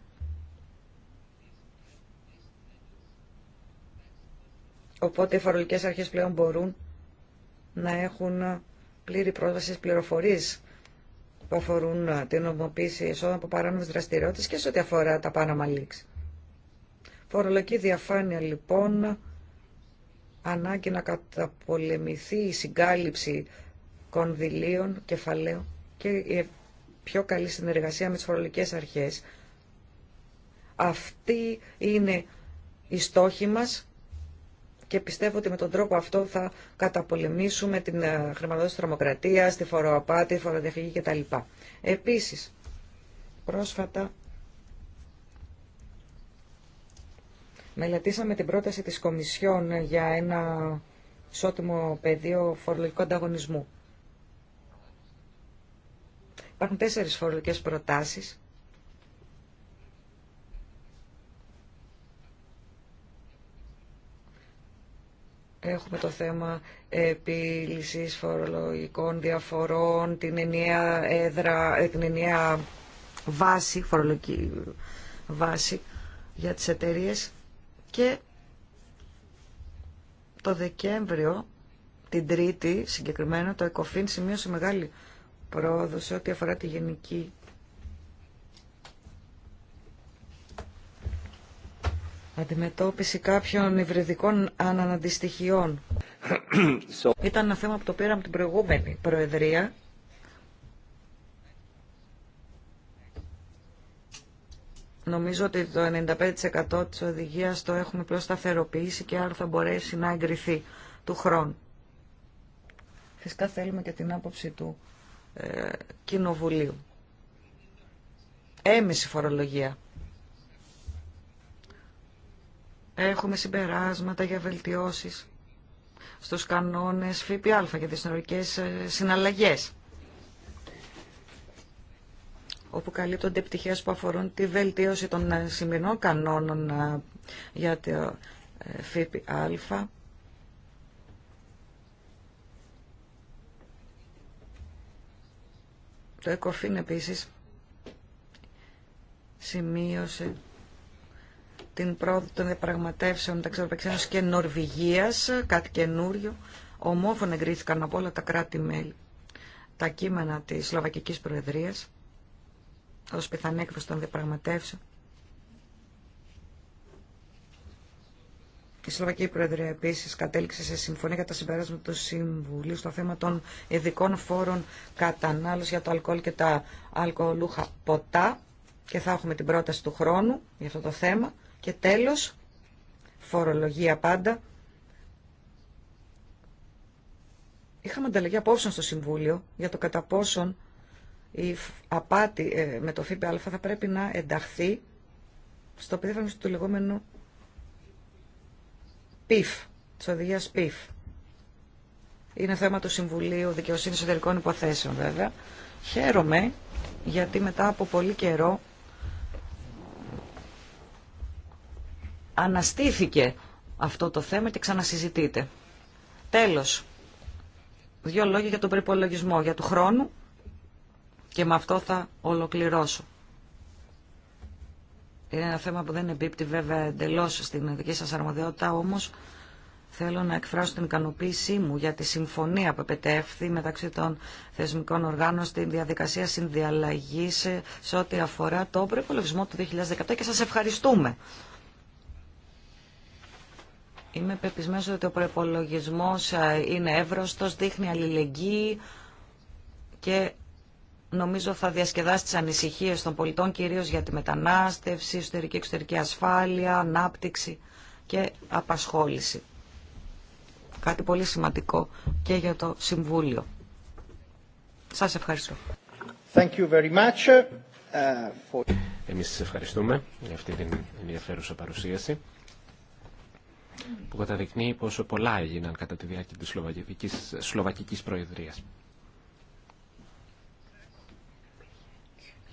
Οπότε οι φορολογικές αρχές πλέον μπορούν να έχουν πλήρη πρόσβαση στις πληροφορίες που αφορούν την ομοποίηση εσόδων από παράνομες δραστηριότητες και σε ό,τι αφορά τα Panama Leaks. Φορολογική διαφάνεια λοιπόν, ανάγκη να καταπολεμηθεί η συγκάλυψη κονδυλίων, κεφαλαίων και η πιο καλή συνεργασία με τις φορολογικές αρχές. Αυτή είναι η στόχη μας και πιστεύω ότι με τον τρόπο αυτό θα καταπολεμήσουμε την ε, χρηματοδότηση της τρομοκρατίας, τη φοροαπάτη, τη φοροδιαφυγή κτλ. Επίσης, πρόσφατα Μελετήσαμε την πρόταση της Κομισιόν για ένα ισότιμο πεδίο φορολογικού ανταγωνισμού. Υπάρχουν τέσσερις φορολογικές προτάσεις. Έχουμε το θέμα επίλυσης φορολογικών διαφορών, την ενιαία, έδρα, ε, την ενιαία βάση, φορολογική βάση για τις εταιρείες και το Δεκέμβριο, την Τρίτη συγκεκριμένα, το ΕΚΟΦΗΝ σημείωσε μεγάλη πρόοδο σε ό,τι αφορά τη γενική αντιμετώπιση κάποιων υβριδικών αναναντιστοιχειών. Ήταν ένα θέμα που το πήραμε την προηγούμενη Προεδρία Νομίζω ότι το 95% της οδηγίας το έχουμε πλέον σταθεροποιήσει και άρα θα μπορέσει να εγκριθεί του χρόνου. Φυσικά θέλουμε και την άποψη του ε, Κοινοβουλίου. Έμεση φορολογία. Έχουμε συμπεράσματα για βελτιώσεις στους κανόνες ΦΠΑ για τις ε, συναλλαγές όπου καλύπτονται πτυχές που αφορούν τη βελτίωση των ε, σημερινών κανόνων ε, για το ε, ΦΠΑ. Το ΕΚΟΦΗΝ επίσης σημείωσε την πρόοδο των διαπραγματεύσεων μεταξύ Ευρωπαϊκής και Νορβηγίας, κάτι καινούριο. Ομόφωνα εγκρίθηκαν από όλα τα κράτη-μέλη τα κείμενα της Σλοβακικής Προεδρίας ως πιθανή των διαπραγματεύσεων. Η Σλοβακή Προεδρία επίση κατέληξε σε συμφωνία για τα συμπεράσματα του Συμβουλίου στο θέμα των ειδικών φόρων κατανάλωση για το αλκοόλ και τα αλκοολούχα ποτά και θα έχουμε την πρόταση του χρόνου για αυτό το θέμα. Και τέλος, φορολογία πάντα. Είχαμε ανταλλαγή απόψεων στο Συμβούλιο για το κατά πόσον η απάτη ε, με το ΦΠΑ θα πρέπει να ενταχθεί στο πεδίο του λεγόμενου ΠΙΦ, τη οδηγία ΠΙΦ. Είναι θέμα του Συμβουλίου Δικαιοσύνη Εσωτερικών Υποθέσεων βέβαια. Χαίρομαι γιατί μετά από πολύ καιρό αναστήθηκε αυτό το θέμα και ξανασυζητείται. Τέλος, δύο λόγια για τον προπολογισμό, για του χρόνου και με αυτό θα ολοκληρώσω. Είναι ένα θέμα που δεν εμπίπτει βέβαια εντελώ στην δική σα αρμοδιότητα, όμως θέλω να εκφράσω την ικανοποίησή μου για τη συμφωνία που επετεύχθη μεταξύ των θεσμικών οργάνων στην διαδικασία συνδιαλλαγής σε ό,τι αφορά το προπολογισμό του 2017 και σας ευχαριστούμε. Είμαι πεπισμένο ότι ο προπολογισμό ε, είναι εύρωστος, δείχνει αλληλεγγύη και νομίζω θα διασκεδάσει τις ανησυχίες των πολιτών, κυρίως για τη μετανάστευση, εσωτερική εξωτερική ασφάλεια, ανάπτυξη και απασχόληση. Κάτι πολύ σημαντικό και για το Συμβούλιο. Σας ευχαριστώ. Thank you very much. Uh, for... Εμείς σας ευχαριστούμε για αυτή την ενδιαφέρουσα παρουσίαση που καταδεικνύει πόσο πολλά έγιναν κατά τη διάρκεια της Σλοβακικής, Σλοβακικής Προεδρίας.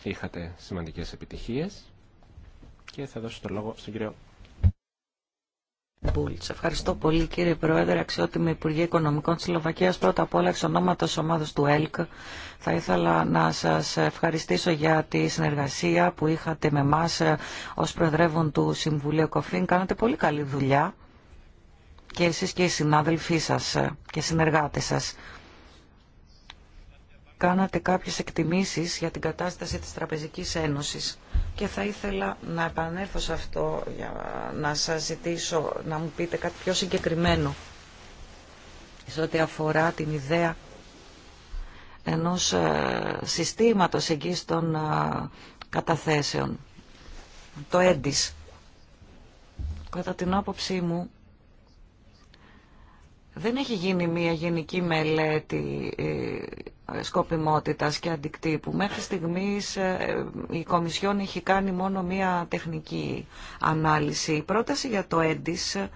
είχατε σημαντικές επιτυχίες και θα δώσω το λόγο στον κύριο Μπούλτς. Ευχαριστώ πολύ κύριε Πρόεδρε, αξιότιμη Υπουργή Οικονομικών της Σλοβακίας. Πρώτα απ' όλα εξ ονόματος ομάδος του ΕΛΚ θα ήθελα να σας ευχαριστήσω για τη συνεργασία που είχατε με μας ε, ως Προεδρεύων του Συμβουλίου Κοφίν. Κάνατε πολύ καλή δουλειά και εσείς και οι συνάδελφοί σας ε, και συνεργάτες σας κάνατε κάποιες εκτιμήσεις για την κατάσταση της Τραπεζικής Ένωσης και θα ήθελα να επανέλθω σε αυτό για να σας ζητήσω να μου πείτε κάτι πιο συγκεκριμένο σε ό,τι αφορά την ιδέα ενός ε, συστήματος εκεί των ε, καταθέσεων, το έντις. Κατά την άποψή μου, δεν έχει γίνει μια γενική μελέτη ε, σκοπιμότητας και αντικτύπου. Μέχρι στιγμής ε, η Κομισιόν έχει κάνει μόνο μία τεχνική ανάλυση. Η πρόταση για το έντις ε,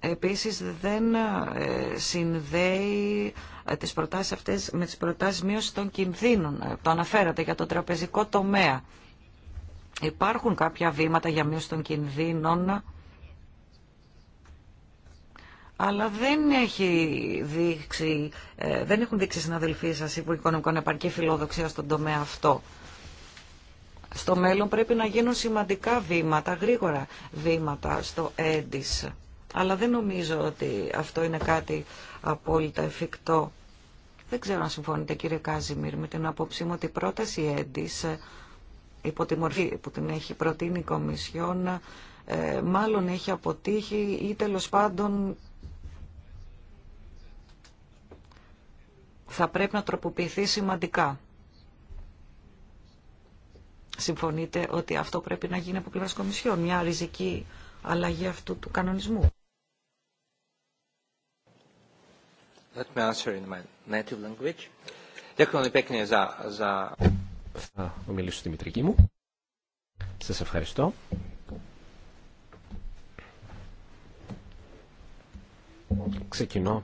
επίσης δεν ε, συνδέει τις προτάσεις αυτές με τις προτάσεις μείωση των κινδύνων. Το αναφέρατε για το τραπεζικό τομέα. Υπάρχουν κάποια βήματα για μείωση των κινδύνων αλλά δεν, έχει δείξει, ε, δεν έχουν δείξει συναδελφοί σας οι να επαρκή φιλοδοξία στον τομέα αυτό. Στο μέλλον πρέπει να γίνουν σημαντικά βήματα, γρήγορα βήματα στο έντις. Αλλά δεν νομίζω ότι αυτό είναι κάτι απόλυτα εφικτό. Δεν ξέρω αν συμφωνείτε κύριε Κάζιμιρ με την απόψη μου ότι η πρόταση έντις ε, υπό τη μορφή που την έχει προτείνει η Κομισιόν ε, μάλλον έχει αποτύχει ή τέλος πάντων θα πρέπει να τροποποιηθεί σημαντικά. Συμφωνείτε ότι αυτό πρέπει να γίνει από πλευρά Κομισιόν, μια ριζική αλλαγή αυτού του κανονισμού. Let me answer in my native language. Θα μιλήσω στη μητρική μου. Σας ευχαριστώ. Ξεκινώ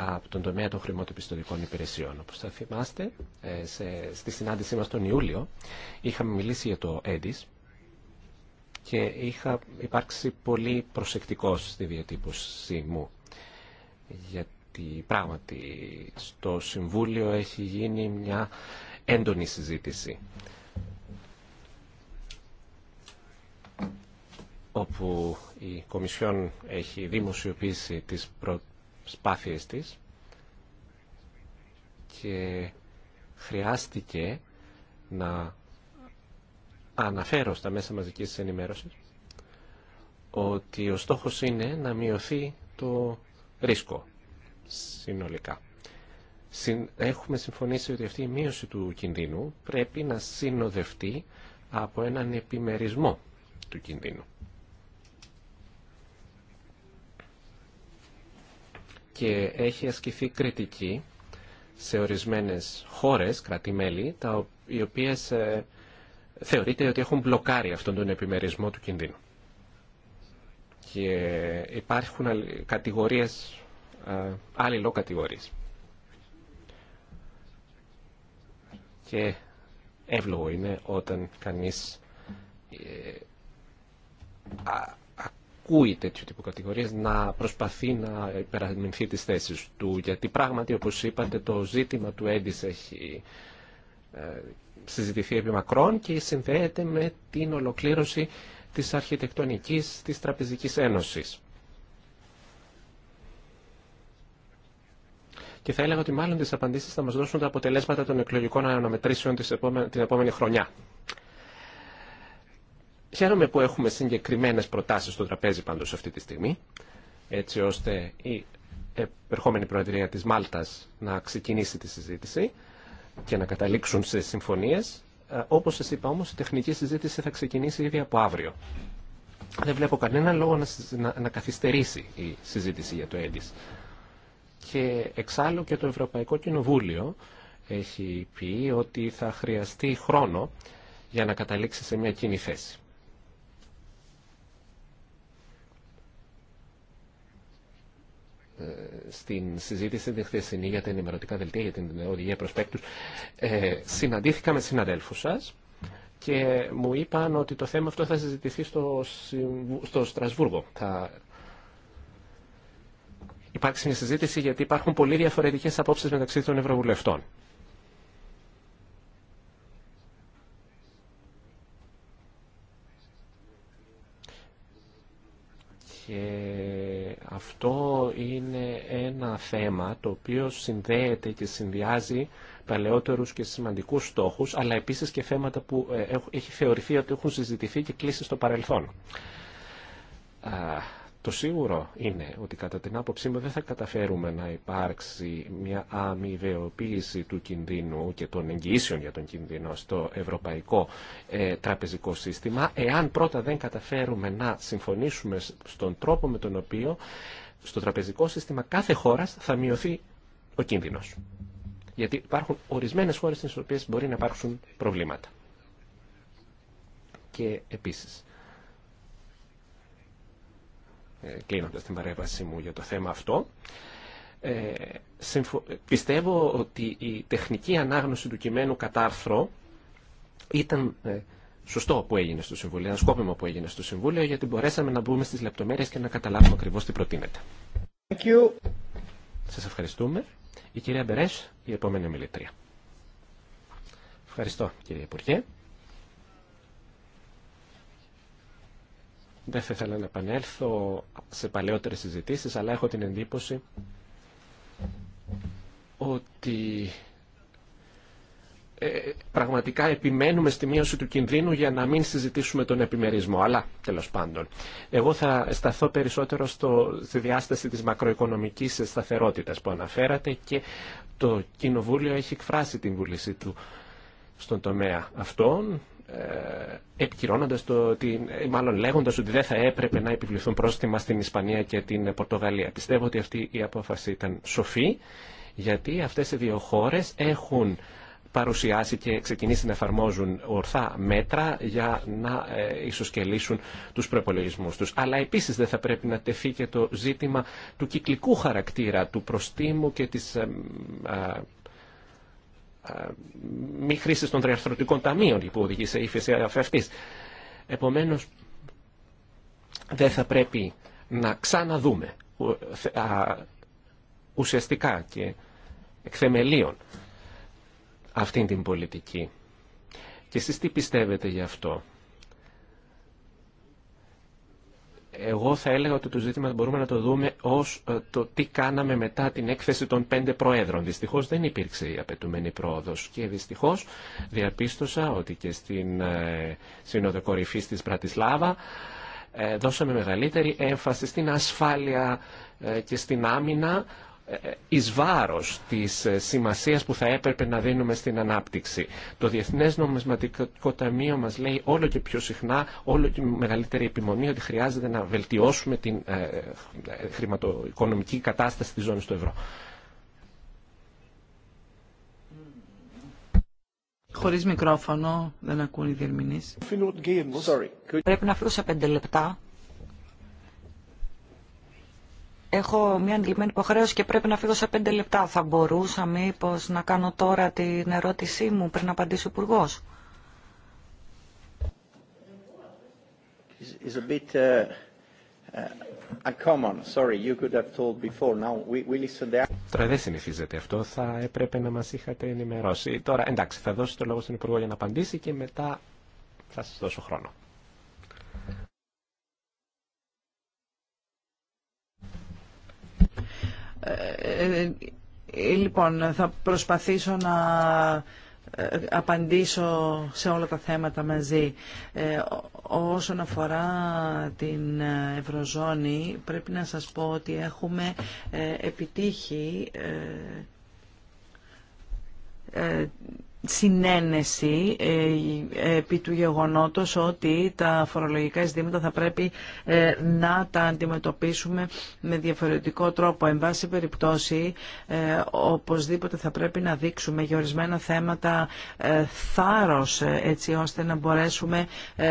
από τον τομέα των χρηματοπιστωτικών υπηρεσιών. Όπω θα θυμάστε, ε, στη συνάντησή μα τον Ιούλιο είχαμε μιλήσει για το ΕΔΙΣ και είχα υπάρξει πολύ προσεκτικό στη διατύπωσή μου γιατί πράγματι στο Συμβούλιο έχει γίνει μια έντονη συζήτηση όπου η Κομισιόν έχει δημοσιοποιήσει τις προ σπάθειες της και χρειάστηκε να αναφέρω στα μέσα μαζικής ενημέρωσης ότι ο στόχος είναι να μειωθεί το ρίσκο συνολικά. Έχουμε συμφωνήσει ότι αυτή η μείωση του κινδύνου πρέπει να συνοδευτεί από έναν επιμερισμό του κινδύνου. και έχει ασκηθεί κριτική σε ορισμένες χώρες, κρατημέλη, τα, οι οποίες ε, θεωρείται ότι έχουν μπλοκάρει αυτόν τον επιμερισμό του κινδύνου. Και υπάρχουν κατηγορίες, ε, λόγω κατηγορίες. Και εύλογο είναι όταν κανείς ε, ακούει τέτοιου τύπου κατηγορίε να προσπαθεί να υπεραμεινθεί τι θέσει του γιατί πράγματι όπω είπατε το ζήτημα του Έντι έχει ε, συζητηθεί επί μακρόν και συνδέεται με την ολοκλήρωση τη αρχιτεκτονική τη Τραπεζικής Ένωση. Και θα έλεγα ότι μάλλον τις απαντήσεις θα μας δώσουν τα αποτελέσματα των εκλογικών αναμετρήσεων την επόμενη χρονιά. Χαίρομαι που έχουμε συγκεκριμένες προτάσεις στο τραπέζι πάντως αυτή τη στιγμή, έτσι ώστε η επερχόμενη Προεδρία της Μάλτας να ξεκινήσει τη συζήτηση και να καταλήξουν σε συμφωνίες. Ε, όπως σας είπα όμως, η τεχνική συζήτηση θα ξεκινήσει ήδη από αύριο. Δεν βλέπω κανένα λόγο να καθυστερήσει η συζήτηση για το έντις. Και εξάλλου και το Ευρωπαϊκό Κοινοβούλιο έχει πει ότι θα χρειαστεί χρόνο για να καταλήξει σε μια κοινή θέση. Ε, στην συζήτηση την χθεσινή για τα ενημερωτικά δελτία, για την οδηγία προσπέκτους, ε, συναντήθηκα με συναδέλφου σας και μου είπαν ότι το θέμα αυτό θα συζητηθεί στο, στο Στρασβούργο. Θα υπάρξει μια συζήτηση γιατί υπάρχουν πολύ διαφορετικές απόψεις μεταξύ των Ευρωβουλευτών. Και αυτό είναι ένα θέμα το οποίο συνδέεται και συνδυάζει παλαιότερους και σημαντικούς στόχους, αλλά επίσης και θέματα που ε, έχει θεωρηθεί ότι έχουν συζητηθεί και κλείσει στο παρελθόν. Το σίγουρο είναι ότι κατά την άποψή μου δεν θα καταφέρουμε να υπάρξει μια αμοιβεοποίηση του κινδύνου και των εγγυήσεων για τον κινδύνο στο ευρωπαϊκό ε, τραπεζικό σύστημα, εάν πρώτα δεν καταφέρουμε να συμφωνήσουμε στον τρόπο με τον οποίο στο τραπεζικό σύστημα κάθε χώρας θα μειωθεί ο κίνδυνος. Γιατί υπάρχουν ορισμένες χώρες στις οποίες μπορεί να υπάρξουν προβλήματα. Και επίσης, ε, κλείνοντας την παρέμβαση μου για το θέμα αυτό. Ε, πιστεύω ότι η τεχνική ανάγνωση του κειμένου κατάρθρο ήταν ε, σωστό που έγινε στο Συμβούλιο, ένα σκόπιμο που έγινε στο Συμβούλιο, γιατί μπορέσαμε να μπούμε στις λεπτομέρειες και να καταλάβουμε ακριβώς τι προτείνεται. Thank Σας ευχαριστούμε. Η κυρία Μπερές, η επόμενη μιλητρία Ευχαριστώ κύριε Υπουργέ. Δεν θα ήθελα να επανέλθω σε παλαιότερες συζητήσεις, αλλά έχω την εντύπωση ότι ε, πραγματικά επιμένουμε στη μείωση του κινδύνου για να μην συζητήσουμε τον επιμερισμό. Αλλά, τέλος πάντων, εγώ θα σταθώ περισσότερο στο, στη διάσταση της μακροοικονομικής σταθερότητας που αναφέρατε και το Κοινοβούλιο έχει εκφράσει την βούλησή του στον τομέα αυτών. Ε, επικυρώνοντας το ότι, ε, μάλλον λέγοντας ότι δεν θα έπρεπε να επιβληθούν πρόστιμα στην Ισπανία και την Πορτογαλία. Πιστεύω ότι αυτή η απόφαση ήταν σοφή, γιατί αυτές οι δύο χώρες έχουν παρουσιάσει και ξεκινήσει να εφαρμόζουν ορθά μέτρα για να ε, ισοσκελίσουν τους προπολογισμούς τους. Αλλά επίσης δεν θα πρέπει να τεθεί και το ζήτημα του κυκλικού χαρακτήρα, του προστίμου και της ε, μη χρήση των τριαρθρωτικών ταμείων που οδηγεί σε ύφεση αυτή. Επομένως, δεν θα πρέπει να ξαναδούμε ουσιαστικά και εκθεμελίων αυτήν την πολιτική. Και εσείς τι πιστεύετε γι' αυτό. Εγώ θα έλεγα ότι το ζήτημα μπορούμε να το δούμε ως ε, το τι κάναμε μετά την έκθεση των πέντε προέδρων. Δυστυχώς δεν υπήρξε η απαιτούμενη πρόοδος και δυστυχώς διαπίστωσα ότι και στην ε, Σύνοδο Κορυφής της Πρατισλάβα ε, δώσαμε μεγαλύτερη έμφαση στην ασφάλεια και στην άμυνα εις βάρος της ε, σημασίας που θα έπρεπε να δίνουμε στην ανάπτυξη. Το Διεθνές Νομισματικό Ταμείο μας λέει όλο και πιο συχνά, όλο και μεγαλύτερη επιμονή ότι χρειάζεται να βελτιώσουμε την ε, ε, χρηματοοικονομική κατάσταση της ζώνης του ευρώ. Χωρίς μικρόφωνο, δεν ακούνε οι διερμηνείς. Πρέπει να φύγω σε πέντε λεπτά. Έχω μια αντιλημμένη υποχρέωση και πρέπει να φύγω σε πέντε λεπτά. Θα μπορούσα μήπω να κάνω τώρα την ερώτησή μου πριν να απαντήσει ο Υπουργό. Uh, uh, τώρα δεν συνηθίζεται αυτό. Θα έπρεπε να μας είχατε ενημερώσει. Τώρα εντάξει θα δώσω το λόγο στον Υπουργό για να απαντήσει και μετά θα σας δώσω χρόνο. Ε, ε, ε, λοιπόν, θα προσπαθήσω να απαντήσω σε όλα τα θέματα μαζί. Ε, όσον αφορά την Ευρωζώνη, πρέπει να σας πω ότι έχουμε επιτύχει συνένεση ε, επί του γεγονότος ότι τα φορολογικά εισδήματα θα πρέπει ε, να τα αντιμετωπίσουμε με διαφορετικό τρόπο. Εν πάση περιπτώσει, ε, οπωσδήποτε θα πρέπει να δείξουμε για ορισμένα θέματα θάρρος, έτσι ώστε να μπορέσουμε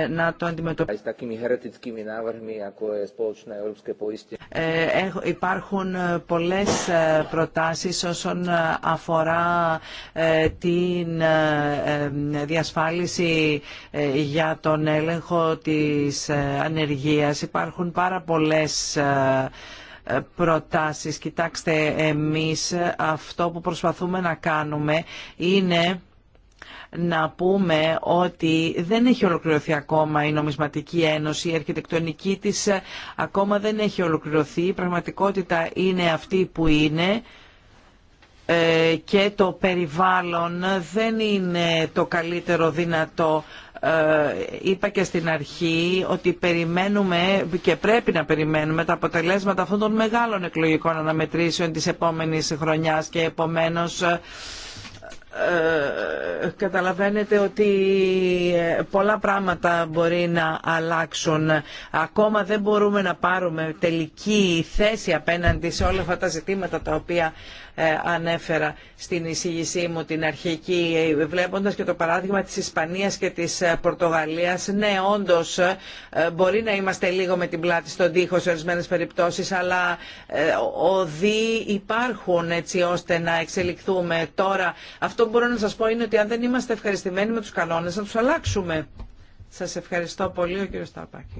να το αντιμετωπίσουμε. Υπάρχουν πολλές προτάσεις όσον αφορά την ε, ε, διασφάλιση ε, για τον έλεγχο της ανεργίας. Υπάρχουν πάρα πολλές προτάσεις. Κοιτάξτε, εμείς αυτό που προσπαθούμε να κάνουμε είναι να πούμε ότι δεν έχει ολοκληρωθεί ακόμα η νομισματική ένωση, η αρχιτεκτονική της ακόμα δεν έχει ολοκληρωθεί, η πραγματικότητα είναι αυτή που είναι ε, και το περιβάλλον δεν είναι το καλύτερο δυνατό ε, είπα και στην αρχή ότι περιμένουμε και πρέπει να περιμένουμε τα αποτελέσματα αυτών των μεγάλων εκλογικών αναμετρήσεων της επόμενης χρονιάς και επομένως ε, καταλαβαίνετε ότι πολλά πράγματα μπορεί να αλλάξουν. Ακόμα δεν μπορούμε να πάρουμε τελική θέση απέναντι σε όλα αυτά τα ζητήματα τα οποία ε, ανέφερα στην εισήγησή μου την αρχική, βλέποντας και το παράδειγμα της Ισπανίας και της ε, Πορτογαλίας. Ναι, όντως ε, μπορεί να είμαστε λίγο με την πλάτη στον τοίχο σε ορισμένε περιπτώσεις, αλλά οδοί υπάρχουν έτσι ώστε να εξελιχθούμε. Τώρα, αυτό που μπορώ να σας πω είναι ότι αν δεν είμαστε ευχαριστημένοι με τους κανόνες, να τους αλλάξουμε. Σας ευχαριστώ πολύ, ο κύριος Σταπάκη.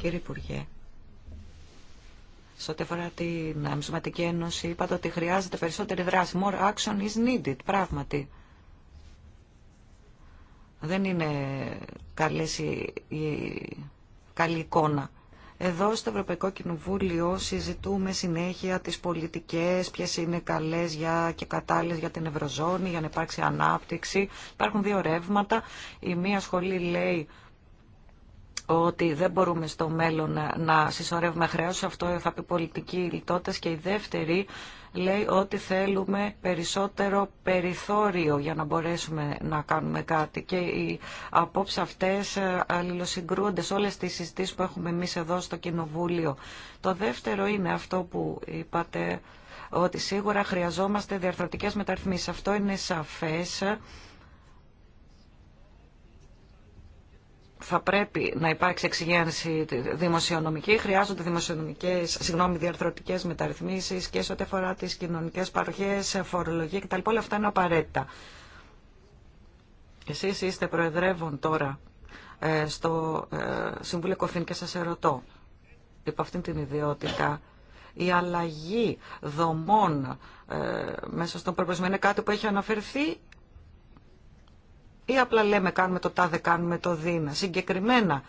Κύριε Υπουργέ, σε ό,τι αφορά την Αμισματική Ένωση, είπατε ότι χρειάζεται περισσότερη δράση. More action is needed, πράγματι. Δεν είναι καλές η, καλή εικόνα. Εδώ στο Ευρωπαϊκό Κοινοβούλιο συζητούμε συνέχεια τις πολιτικές, ποιες είναι καλές για και κατάλληλες για την Ευρωζώνη, για να υπάρξει ανάπτυξη. Υπάρχουν δύο ρεύματα. Η μία σχολή λέει ότι δεν μπορούμε στο μέλλον να συσσωρεύουμε χρέος, αυτό θα πει πολιτική λιτότητα και η δεύτερη λέει ότι θέλουμε περισσότερο περιθώριο για να μπορέσουμε να κάνουμε κάτι και οι απόψεις αυτές ε, αλληλοσυγκρούονται σε όλες τις συζητήσεις που έχουμε εμείς εδώ στο Κοινοβούλιο. Το δεύτερο είναι αυτό που είπατε ότι σίγουρα χρειαζόμαστε διαρθρωτικές μεταρρυθμίσεις. Αυτό είναι σαφές θα πρέπει να υπάρξει εξηγένση δημοσιονομική. Χρειάζονται δημοσιονομικές, συγγνώμη, διαρθρωτικές μεταρρυθμίσεις και σε ό,τι αφορά τι κοινωνικέ παροχέ, φορολογία κτλ. Όλα αυτά είναι απαραίτητα. Εσείς είστε προεδρεύων τώρα ε, στο ε, Συμβούλιο Κοφίν και σας ερωτώ υπό αυτήν την ιδιότητα η αλλαγή δομών ε, μέσα στον προπλασμό είναι κάτι που έχει αναφερθεί ή απλά λέμε κάνουμε το τάδε, κάνουμε το δίνα. Συγκεκριμένα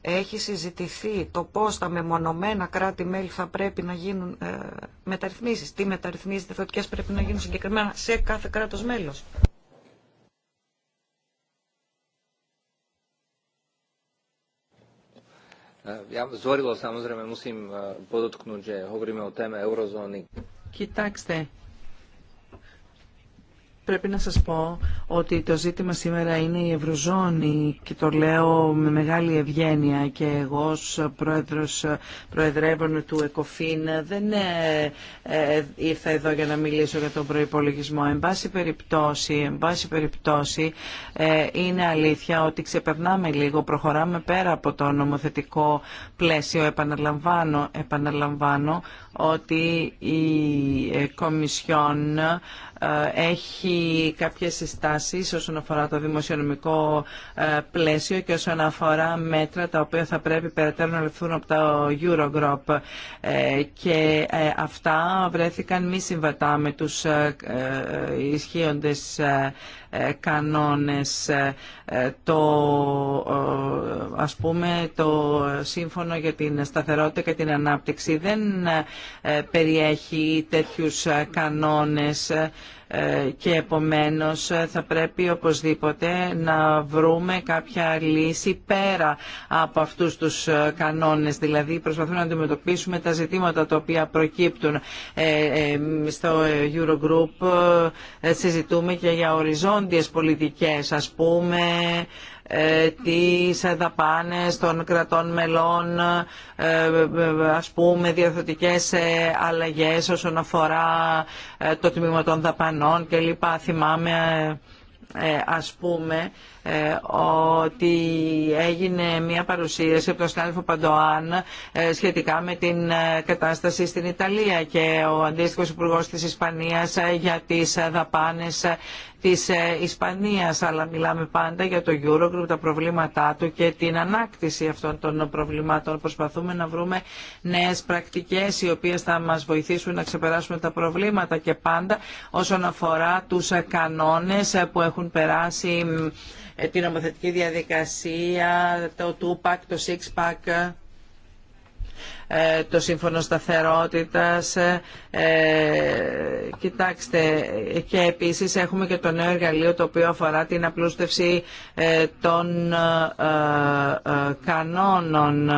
έχει συζητηθεί το πώς τα μεμονωμένα κράτη-μέλη θα πρέπει να γίνουν ε, μεταρρυθμίσεις. Τι μεταρρυθμίσεις διεθνωτικές πρέπει να γίνουν συγκεκριμένα σε κάθε κράτος μέλος. Ε, ε, Κοιτάξτε, Πρέπει να σας πω ότι το ζήτημα σήμερα είναι η Ευρωζώνη και το λέω με μεγάλη ευγένεια και εγώ ως πρόεδρος προεδρεύων του ΕΚΟΦΗΝ δεν ε, ε, ήρθα εδώ για να μιλήσω για τον προϋπολογισμό. Εν πάση περιπτώσει, ε, είναι αλήθεια ότι ξεπερνάμε λίγο, προχωράμε πέρα από το νομοθετικό πλαίσιο. Επαναλαμβάνω, επαναλαμβάνω ότι η ε, Κομισιόν ε, έχει έχει κάποιες συστάσεις όσον αφορά το δημοσιονομικό ε, πλαίσιο και όσον αφορά μέτρα τα οποία θα πρέπει περαιτέρω να ληφθούν από το Eurogroup ε, και ε, αυτά βρέθηκαν μη συμβατά με τους ισχύοντες κανόνες το ας πούμε το σύμφωνο για την σταθερότητα και την ανάπτυξη δεν περιέχει τέτοιους κανόνες και επομένως θα πρέπει οπωσδήποτε να βρούμε κάποια λύση πέρα από αυτούς τους ε, κανόνες. Δηλαδή προσπαθούμε να αντιμετωπίσουμε τα ζητήματα τα οποία προκύπτουν ε, ε, στο Eurogroup. Συζητούμε και για οριζόντιες πολιτικές, ας πούμε, ε, τις δαπάνες των κρατών μελών, ε, ας πούμε διαδοτικέ ε, αλλαγές όσον αφορά το τμήμα των δαπανών κλπ. Θυμάμαι ας πούμε ε, ότι έγινε μια παρουσίαση από τον συνάδελφο Παντοάν ε, σχετικά με την ε, κατάσταση στην Ιταλία και ο αντίστοιχος υπουργό της Ισπανίας για τις δαπάνες της Ισπανίας αλλά μιλάμε πάντα για το Eurogroup, τα προβλήματά του και την ανάκτηση αυτών των προβλημάτων. Προσπαθούμε να βρούμε νέες πρακτικές οι οποίες θα μας βοηθήσουν να ξεπεράσουμε τα προβλήματα και πάντα όσον αφορά τους κανόνες που έχουν περάσει ε, την νομοθετική διαδικασία, το 2 το 6-pack, ε, το σύμφωνο σταθερότητας. Ε, κοιτάξτε, και επίσης έχουμε και το νέο εργαλείο το οποίο αφορά την απλούστευση των κανόνων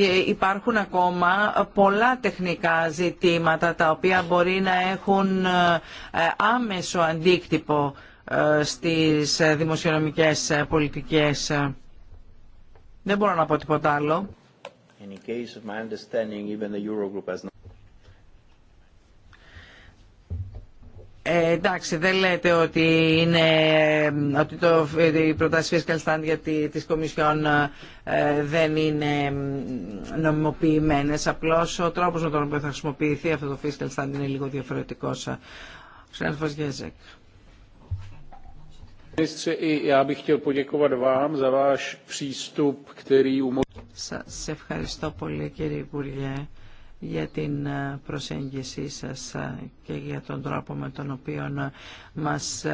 Ε, υπάρχουν ακόμα πολλά τεχνικά ζητήματα τα οποία μπορεί να έχουν ε, άμεσο αντίκτυπο ε, στις δημοσιονομικές πολιτικές. Δεν μπορώ να πω τίποτα άλλο. Ε, εντάξει, δεν λέτε ότι, είναι, ότι το, η προτάση fiscal stand για τη, της Κομισιόν ε, δεν είναι νομιμοποιημένες. Απλώς ο τρόπος με τον οποίο θα χρησιμοποιηθεί αυτό το fiscal stand είναι λίγο διαφορετικός. Συνάδελφος Γεζέκ. Σας ευχαριστώ πολύ κύριε Υπουργέ για την ε, προσέγγιση σας ε, και για τον τρόπο με τον οποίο ε, μας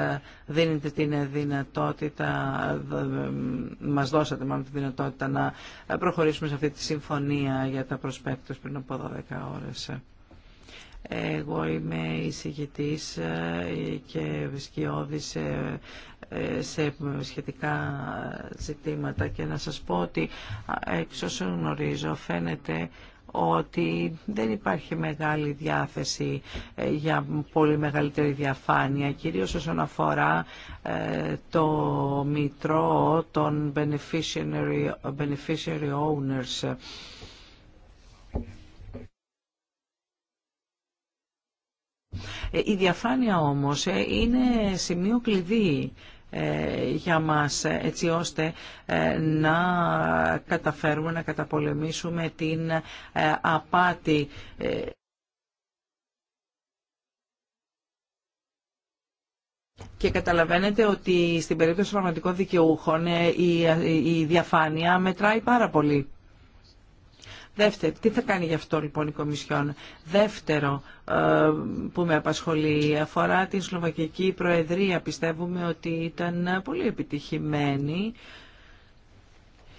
δίνετε την δυνατότητα, μας δώσατε μάλλον τη δυνατότητα να προχωρήσουμε σε αυτή τη συμφωνία για τα προσπέκτους πριν από 12 ώρες. Εγώ είμαι εισηγητής και βρισκιώδη σε, σε σχετικά ζητήματα και να σας πω ότι εξ όσων γνωρίζω φαίνεται ότι δεν υπάρχει μεγάλη διάθεση ε, για πολύ μεγαλύτερη διαφάνεια, κυρίως όσον αφορά ε, το μητρό των beneficiary, beneficiary owners. Ε, η διαφάνεια όμως είναι σημείο κλειδί ε, για μας ε, έτσι ώστε ε, να καταφέρουμε να καταπολεμήσουμε την απάτη. Και καταλαβαίνετε ότι στην περίπτωση πραγματικών δικαιούχων η διαφάνεια μετράει πάρα πολύ. Δεύτερο, τι θα κάνει γι' αυτό λοιπόν η Κομισιόν. Δεύτερο ε, που με απασχολεί αφορά την Σλοβακική Προεδρία. Πιστεύουμε ότι ήταν πολύ επιτυχημένη,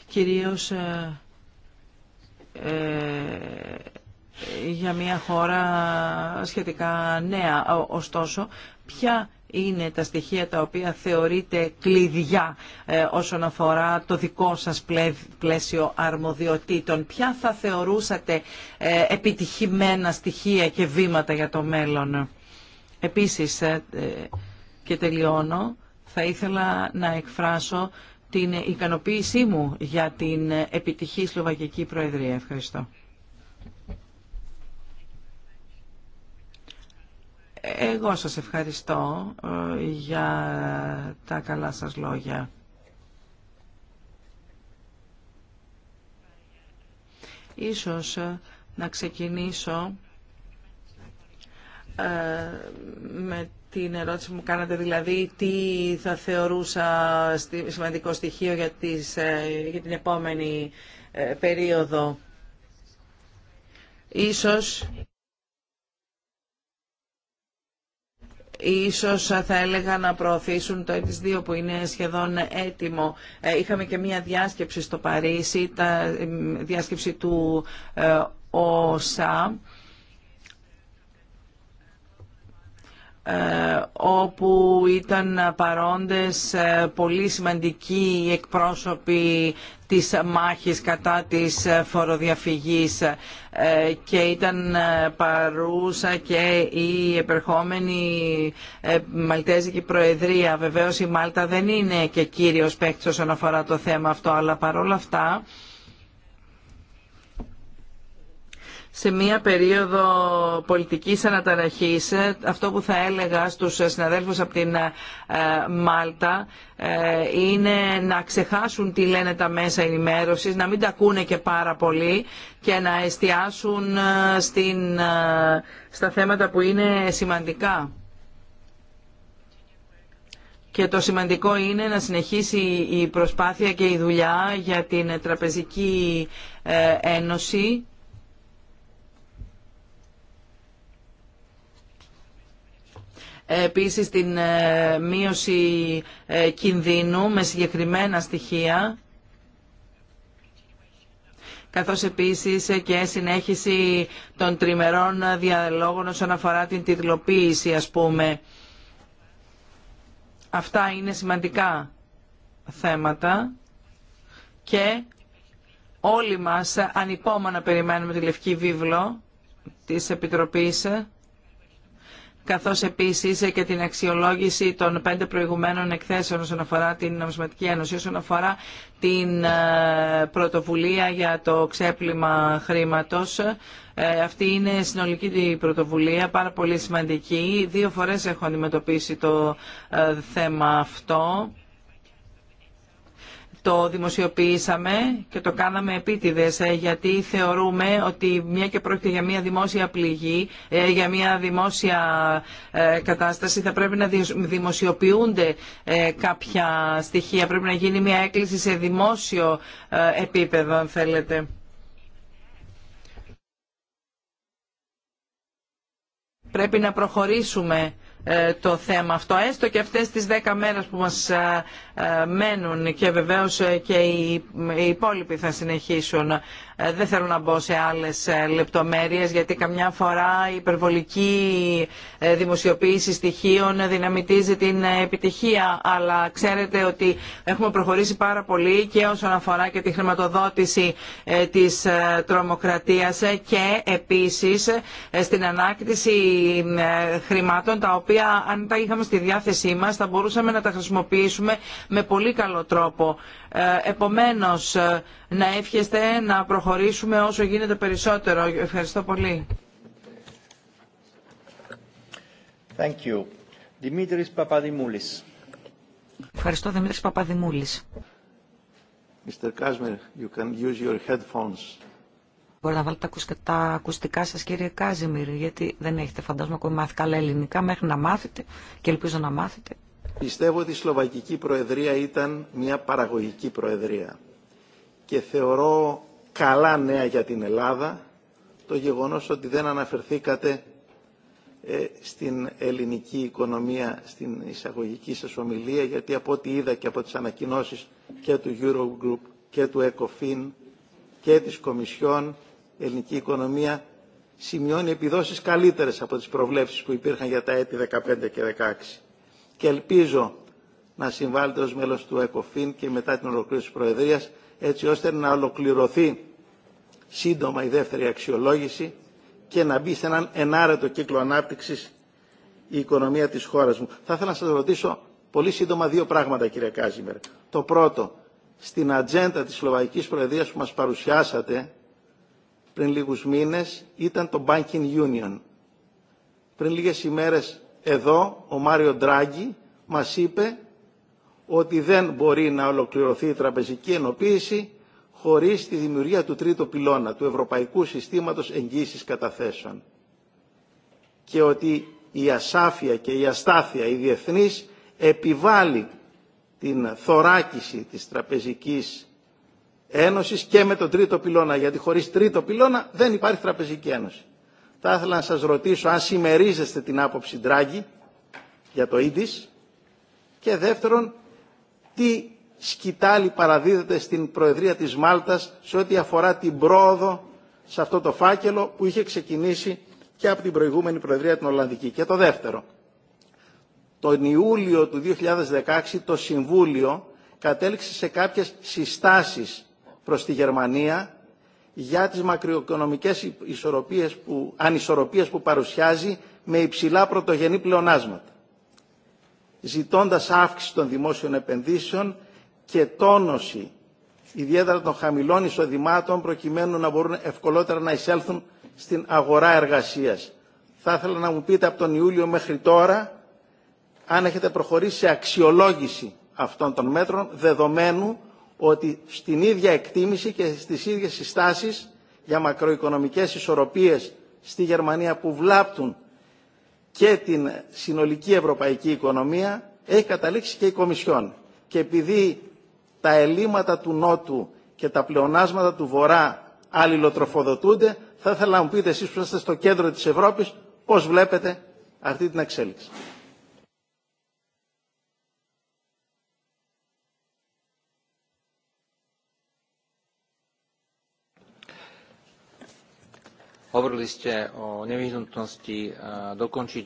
κυρίως ε, ε, για μια χώρα σχετικά νέα. Ωστόσο, ποια είναι τα στοιχεία τα οποία θεωρείτε κλειδιά ε, όσον αφορά το δικό σας πλαίσιο αρμοδιοτήτων. Ποια θα θεωρούσατε ε, επιτυχημένα στοιχεία και βήματα για το μέλλον. Επίσης, ε, και τελειώνω, θα ήθελα να εκφράσω την ικανοποίησή μου για την επιτυχή Σλοβακική Προεδρία. Ευχαριστώ. Εγώ σας ευχαριστώ ε, για τα καλά σας λόγια. Ίσως ε, να ξεκινήσω ε, με την ερώτηση που μου κάνατε, δηλαδή τι θα θεωρούσα σημαντικό στοιχείο για, τις, για την επόμενη περίοδο. Ίσως ίσως θα έλεγα να προωθήσουν το τις 2 που είναι σχεδόν έτοιμο. Ε, είχαμε και μία διάσκεψη στο Παρίσι, τα διάσκεψη του ε, ΟΣΑ Ε, όπου ήταν παρόντες ε, πολύ σημαντικοί εκπρόσωποι της μάχης κατά της ε, φοροδιαφυγής και ήταν παρούσα και η επερχόμενη Μαλτέζικη Προεδρία. Βεβαίως η Μάλτα δεν είναι και κύριος παίκτης όσον αφορά το θέμα αυτό, αλλά παρόλα αυτά σε μία περίοδο πολιτικής αναταραχής. Ε, αυτό που θα έλεγα στους συναδέλφους από την ε, Μάλτα ε, είναι να ξεχάσουν τι λένε τα μέσα ενημέρωσης, να μην τα ακούνε και πάρα πολύ και να εστιάσουν στην, στα θέματα που είναι σημαντικά. Και το σημαντικό είναι να συνεχίσει η προσπάθεια και η δουλειά για την Τραπεζική Ένωση επίσης την ε, μείωση ε, κινδύνου με συγκεκριμένα στοιχεία καθώς επίσης και συνέχιση των τριμερών διαλόγων όσον αφορά την τιτλοποίηση ας πούμε. Αυτά είναι σημαντικά θέματα και όλοι μας ανυπόμονα περιμένουμε τη Λευκή Βίβλο της Επιτροπής καθώς επίσης και την αξιολόγηση των πέντε προηγουμένων εκθέσεων όσον αφορά την Νομισματική Ένωση, όσον αφορά την ε, πρωτοβουλία για το ξέπλυμα χρήματος. Ε, αυτή είναι συνολική πρωτοβουλία, πάρα πολύ σημαντική. Δύο φορές έχω αντιμετωπίσει το ε, θέμα αυτό το δημοσιοποιήσαμε και το κάναμε επίτηδες ε, γιατί θεωρούμε ότι μια και πρόκειται για μια δημόσια πληγή, ε, για μια δημόσια ε, κατάσταση θα πρέπει να δημοσιοποιούνται κάποια στοιχεία. Πρέπει να γίνει μια έκκληση σε δημόσιο επίπεδο αν θέλετε. Πρέπει να προχωρήσουμε το θέμα αυτό, έστω και αυτές τις δέκα μέρες που μας ε, μένουν και βεβαίως ε, και οι υπόλοιποι θα συνεχίσουν. Ε, δεν θέλω να μπω σε άλλες λεπτομέρειες γιατί καμιά φορά η υπερβολική δημοσιοποίηση στοιχείων δυναμητίζει την επιτυχία αλλά ξέρετε ότι έχουμε προχωρήσει πάρα πολύ και όσον αφορά και τη χρηματοδότηση της τρομοκρατίας και επίσης στην ανάκτηση χρημάτων τα οποία αν τα είχαμε στη διάθεσή μας θα μπορούσαμε να τα χρησιμοποιήσουμε με πολύ καλό τρόπο. Ε, επομένως, ε, να εύχεστε να προχωρήσουμε όσο γίνεται περισσότερο. Ευχαριστώ πολύ. Thank Δημήτρης Παπαδημούλης. Ευχαριστώ, Δημήτρης Παπαδημούλης. Mr. you can use your headphones. Μπορείτε να βάλετε τα ακουστικά σας, κύριε Κάζιμιρ, γιατί δεν έχετε φαντάσμα ακόμη μάθει καλά ελληνικά μέχρι να μάθετε και ελπίζω να μάθετε. Πιστεύω ότι η Σλοβακική Προεδρία ήταν μια παραγωγική Προεδρία και θεωρώ καλά νέα για την Ελλάδα το γεγονός ότι δεν αναφερθήκατε ε, στην ελληνική οικονομία στην εισαγωγική σας ομιλία γιατί από ό,τι είδα και από τις ανακοινώσεις και του Eurogroup και του ECOFIN και της Κομισιόν ελληνική οικονομία σημειώνει επιδόσεις καλύτερες από τις προβλέψεις που υπήρχαν για τα έτη 15 και 16 και ελπίζω να συμβάλλετε ως μέλος του ΕΚΟΦΗΝ και μετά την ολοκλήρωση της Προεδρίας έτσι ώστε να ολοκληρωθεί σύντομα η δεύτερη αξιολόγηση και να μπει σε έναν ενάρετο κύκλο ανάπτυξης η οικονομία της χώρας μου. Θα ήθελα να σας ρωτήσω πολύ σύντομα δύο πράγματα κύριε Κάζιμερ. Το πρώτο, στην ατζέντα της Σλοβακικής Προεδρίας που μας παρουσιάσατε πριν λίγους μήνες ήταν το Banking Union. Πριν λίγες ημέρες εδώ ο Μάριο Ντράγκη μας είπε ότι δεν μπορεί να ολοκληρωθεί η τραπεζική ενοποίηση χωρίς τη δημιουργία του τρίτου πυλώνα, του Ευρωπαϊκού Συστήματος Εγγύησης Καταθέσεων. Και ότι η ασάφεια και η αστάθεια, η διεθνής, επιβάλλει την θωράκιση της τραπεζικής ένωσης και με τον τρίτο πυλώνα, γιατί χωρίς τρίτο πυλώνα δεν υπάρχει τραπεζική ένωση θα ήθελα να σας ρωτήσω αν συμμερίζεστε την άποψη Ντράγκη για το ΙΔΙΣ και δεύτερον τι σκητάλη παραδίδεται στην Προεδρία της Μάλτας σε ό,τι αφορά την πρόοδο σε αυτό το φάκελο που είχε ξεκινήσει και από την προηγούμενη Προεδρία την Ολλανδική. Και το δεύτερο, τον Ιούλιο του 2016 το Συμβούλιο κατέληξε σε κάποιες συστάσεις προς τη Γερμανία για τις μακροοικονομικές ισορροπίες που, ανισορροπίες που παρουσιάζει με υψηλά πρωτογενή πλεονάσματα, ζητώντας αύξηση των δημόσιων επενδύσεων και τόνωση ιδιαίτερα των χαμηλών εισοδημάτων προκειμένου να μπορούν ευκολότερα να εισέλθουν στην αγορά εργασίας. Θα ήθελα να μου πείτε από τον Ιούλιο μέχρι τώρα αν έχετε προχωρήσει σε αξιολόγηση αυτών των μέτρων δεδομένου ότι στην ίδια εκτίμηση και στις ίδιες συστάσεις για μακροοικονομικές ισορροπίες στη Γερμανία που βλάπτουν και την συνολική ευρωπαϊκή οικονομία έχει καταλήξει και η Κομισιόν. Και επειδή τα ελλείμματα του Νότου και τα πλεονάσματα του Βορρά αλληλοτροφοδοτούνται, θα ήθελα να μου πείτε εσείς που είστε στο κέντρο της Ευρώπης πώς βλέπετε αυτή την εξέλιξη. Hovorili ste o nevyhnutnosti e, dokončiť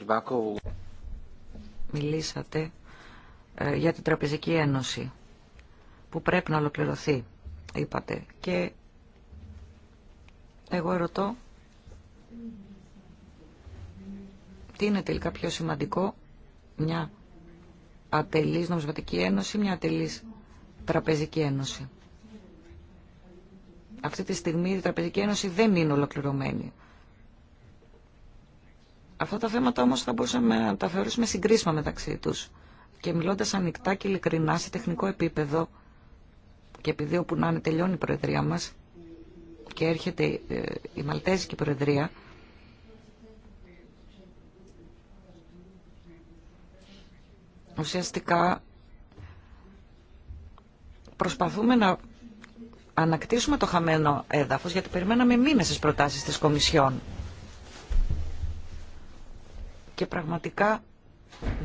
Μιλήσατε e, για την Τραπεζική Ένωση που πρέπει να ολοκληρωθεί, είπατε. Και εγώ ρωτώ τι είναι τελικά πιο σημαντικό μια ατελής νομισματική ένωση, μια ατελής τραπεζική ένωση. Αυτή τη στιγμή η Τραπεζική Ένωση δεν είναι ολοκληρωμένη. Αυτά τα θέματα όμως θα μπορούσαμε να τα θεωρήσουμε συγκρίσιμα μεταξύ τους. Και μιλώντας ανοιχτά και ειλικρινά σε τεχνικό επίπεδο, και επειδή όπου να είναι τελειώνει η Προεδρία μας και έρχεται ε, η Μαλτέζικη Προεδρία, ουσιαστικά προσπαθούμε να ανακτήσουμε το χαμένο έδαφος, γιατί περιμέναμε μήνες στις προτάσεις της Κομισιόν. Και πραγματικά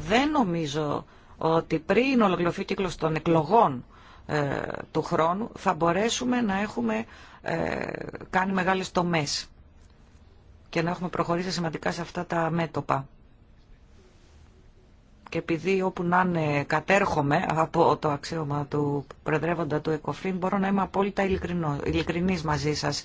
δεν νομίζω ότι πριν ολοκληρωθεί ο κύκλος των εκλογών ε, του χρόνου θα μπορέσουμε να έχουμε ε, κάνει μεγάλες τομές και να έχουμε προχωρήσει σημαντικά σε αυτά τα μέτωπα. Και επειδή όπου να είναι κατέρχομαι από το αξίωμα του προεδρεύοντα του ΕΚΟΦΗΝ, μπορώ να είμαι απόλυτα ειλικρινής μαζί σας.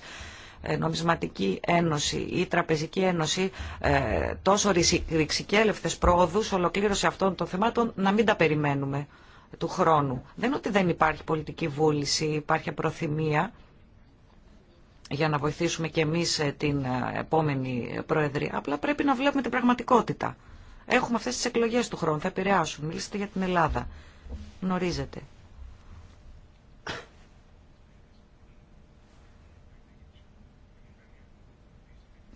Ε, νομισματική Ένωση ή Τραπεζική Ένωση ε, τόσο ρηξικέλευτες πρόοδους ολοκλήρωση αυτών των θεμάτων να μην τα περιμένουμε του χρόνου. Δεν ότι δεν υπάρχει πολιτική βούληση, υπάρχει προθυμία για να βοηθήσουμε και εμείς ε, την επόμενη Προεδρία. Απλά πρέπει να βλέπουμε την πραγματικότητα. Έχουμε αυτές τις εκλογές του χρόνου, θα επηρεάσουν. Μίλησετε για την Ελλάδα. Γνωρίζετε.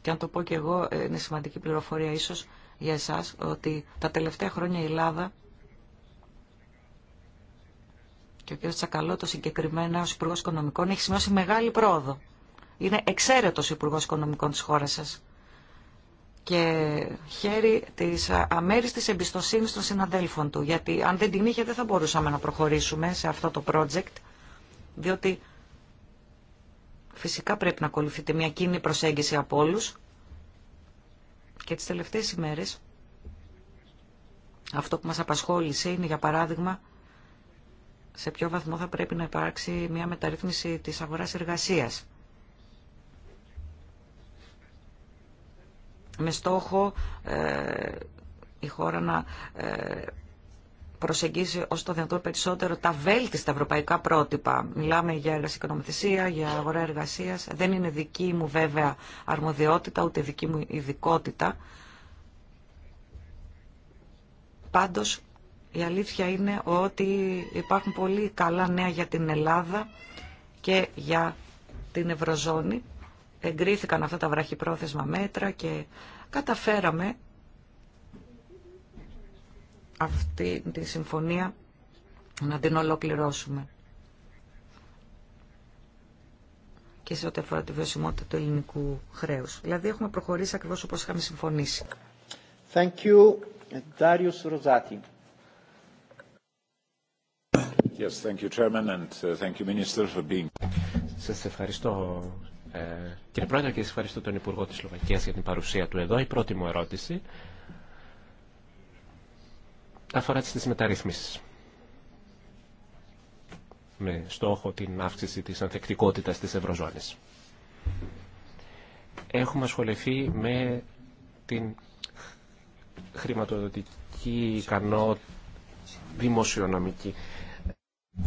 Και αν το πω και εγώ, ε, είναι σημαντική πληροφορία ίσως για εσάς, ότι τα τελευταία χρόνια η Ελλάδα και ο κ. Τσακαλώτος συγκεκριμένα ως Υπουργός Οικονομικών έχει σημειώσει μεγάλη πρόοδο. Είναι εξαίρετος ο Υπουργός Οικονομικών της χώρας σας και χέρι της αμέριστης εμπιστοσύνης των συναδέλφων του, γιατί αν δεν την είχε δεν θα μπορούσαμε να προχωρήσουμε σε αυτό το project, διότι φυσικά πρέπει να ακολουθείται μια κοινή προσέγγιση από όλου. Και τις τελευταίες ημέρες αυτό που μας απασχόλησε είναι για παράδειγμα σε ποιο βαθμό θα πρέπει να υπάρξει μια μεταρρύθμιση της αγοράς εργασίας. με στόχο ε, η χώρα να ε, προσεγγίσει όσο το δυνατόν περισσότερο τα βέλτιστα ευρωπαϊκά πρότυπα. Μιλάμε για εργασία, για αγορά εργασία. Δεν είναι δική μου βέβαια αρμοδιότητα, ούτε δική μου ειδικότητα. Πάντω, η αλήθεια είναι ότι υπάρχουν πολύ καλά νέα για την Ελλάδα και για την Ευρωζώνη εγκρίθηκαν αυτά τα βραχυπρόθεσμα μέτρα και καταφέραμε αυτή τη συμφωνία να την ολοκληρώσουμε. και σε ό,τι αφορά τη βιωσιμότητα του ελληνικού χρέους. Δηλαδή έχουμε προχωρήσει ακριβώς όπως είχαμε συμφωνήσει. Thank you, Darius Rosati. Yes, thank you, Chairman, and uh, thank you, Minister, for being. Σας ευχαριστώ, Κύριε Πρόεδρε, και ευχαριστώ τον Υπουργό της Σλοβακίας για την παρουσία του εδώ. Η πρώτη μου ερώτηση αφορά τις μεταρρυθμίσεις με στόχο την αύξηση της ανθεκτικότητας της Ευρωζώνης. Έχουμε ασχοληθεί με την χρηματοδοτική ικανό... δημοσιονομική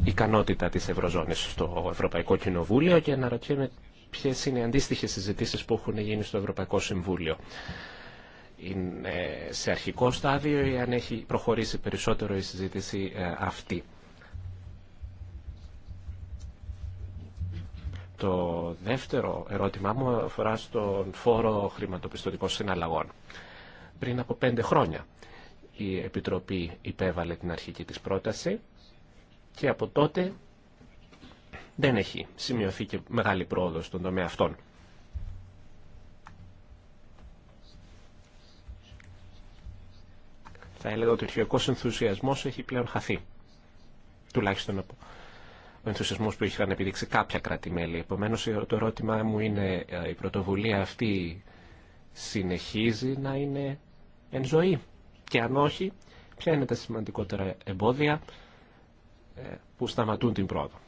ικανότητα της Ευρωζώνης στο Ευρωπαϊκό Κοινοβούλιο και αναρωτιέμαι Ποιε είναι οι αντίστοιχε συζητήσει που έχουν γίνει στο Ευρωπαϊκό Συμβούλιο. Είναι σε αρχικό στάδιο ή αν έχει προχωρήσει περισσότερο η συζήτηση ε, αυτή. Το δεύτερο ερώτημά μου αφορά στον φόρο χρηματοπιστωτικών συναλλαγών. Πριν από πέντε χρόνια η Επιτροπή υπέβαλε την αρχική της πρόταση και από τότε δεν έχει σημειωθεί και μεγάλη πρόοδο στον τομέα αυτών. Θα έλεγα ότι ο αρχαιοκός ενθουσιασμός έχει πλέον χαθεί. Τουλάχιστον από ο ενθουσιασμός που είχαν επιδείξει κάποια κράτη-μέλη. Επομένως το ερώτημά μου είναι ε, η πρωτοβουλία αυτή συνεχίζει να είναι εν ζωή. Και αν όχι, ποια είναι τα σημαντικότερα εμπόδια ε, που σταματούν την πρόοδο.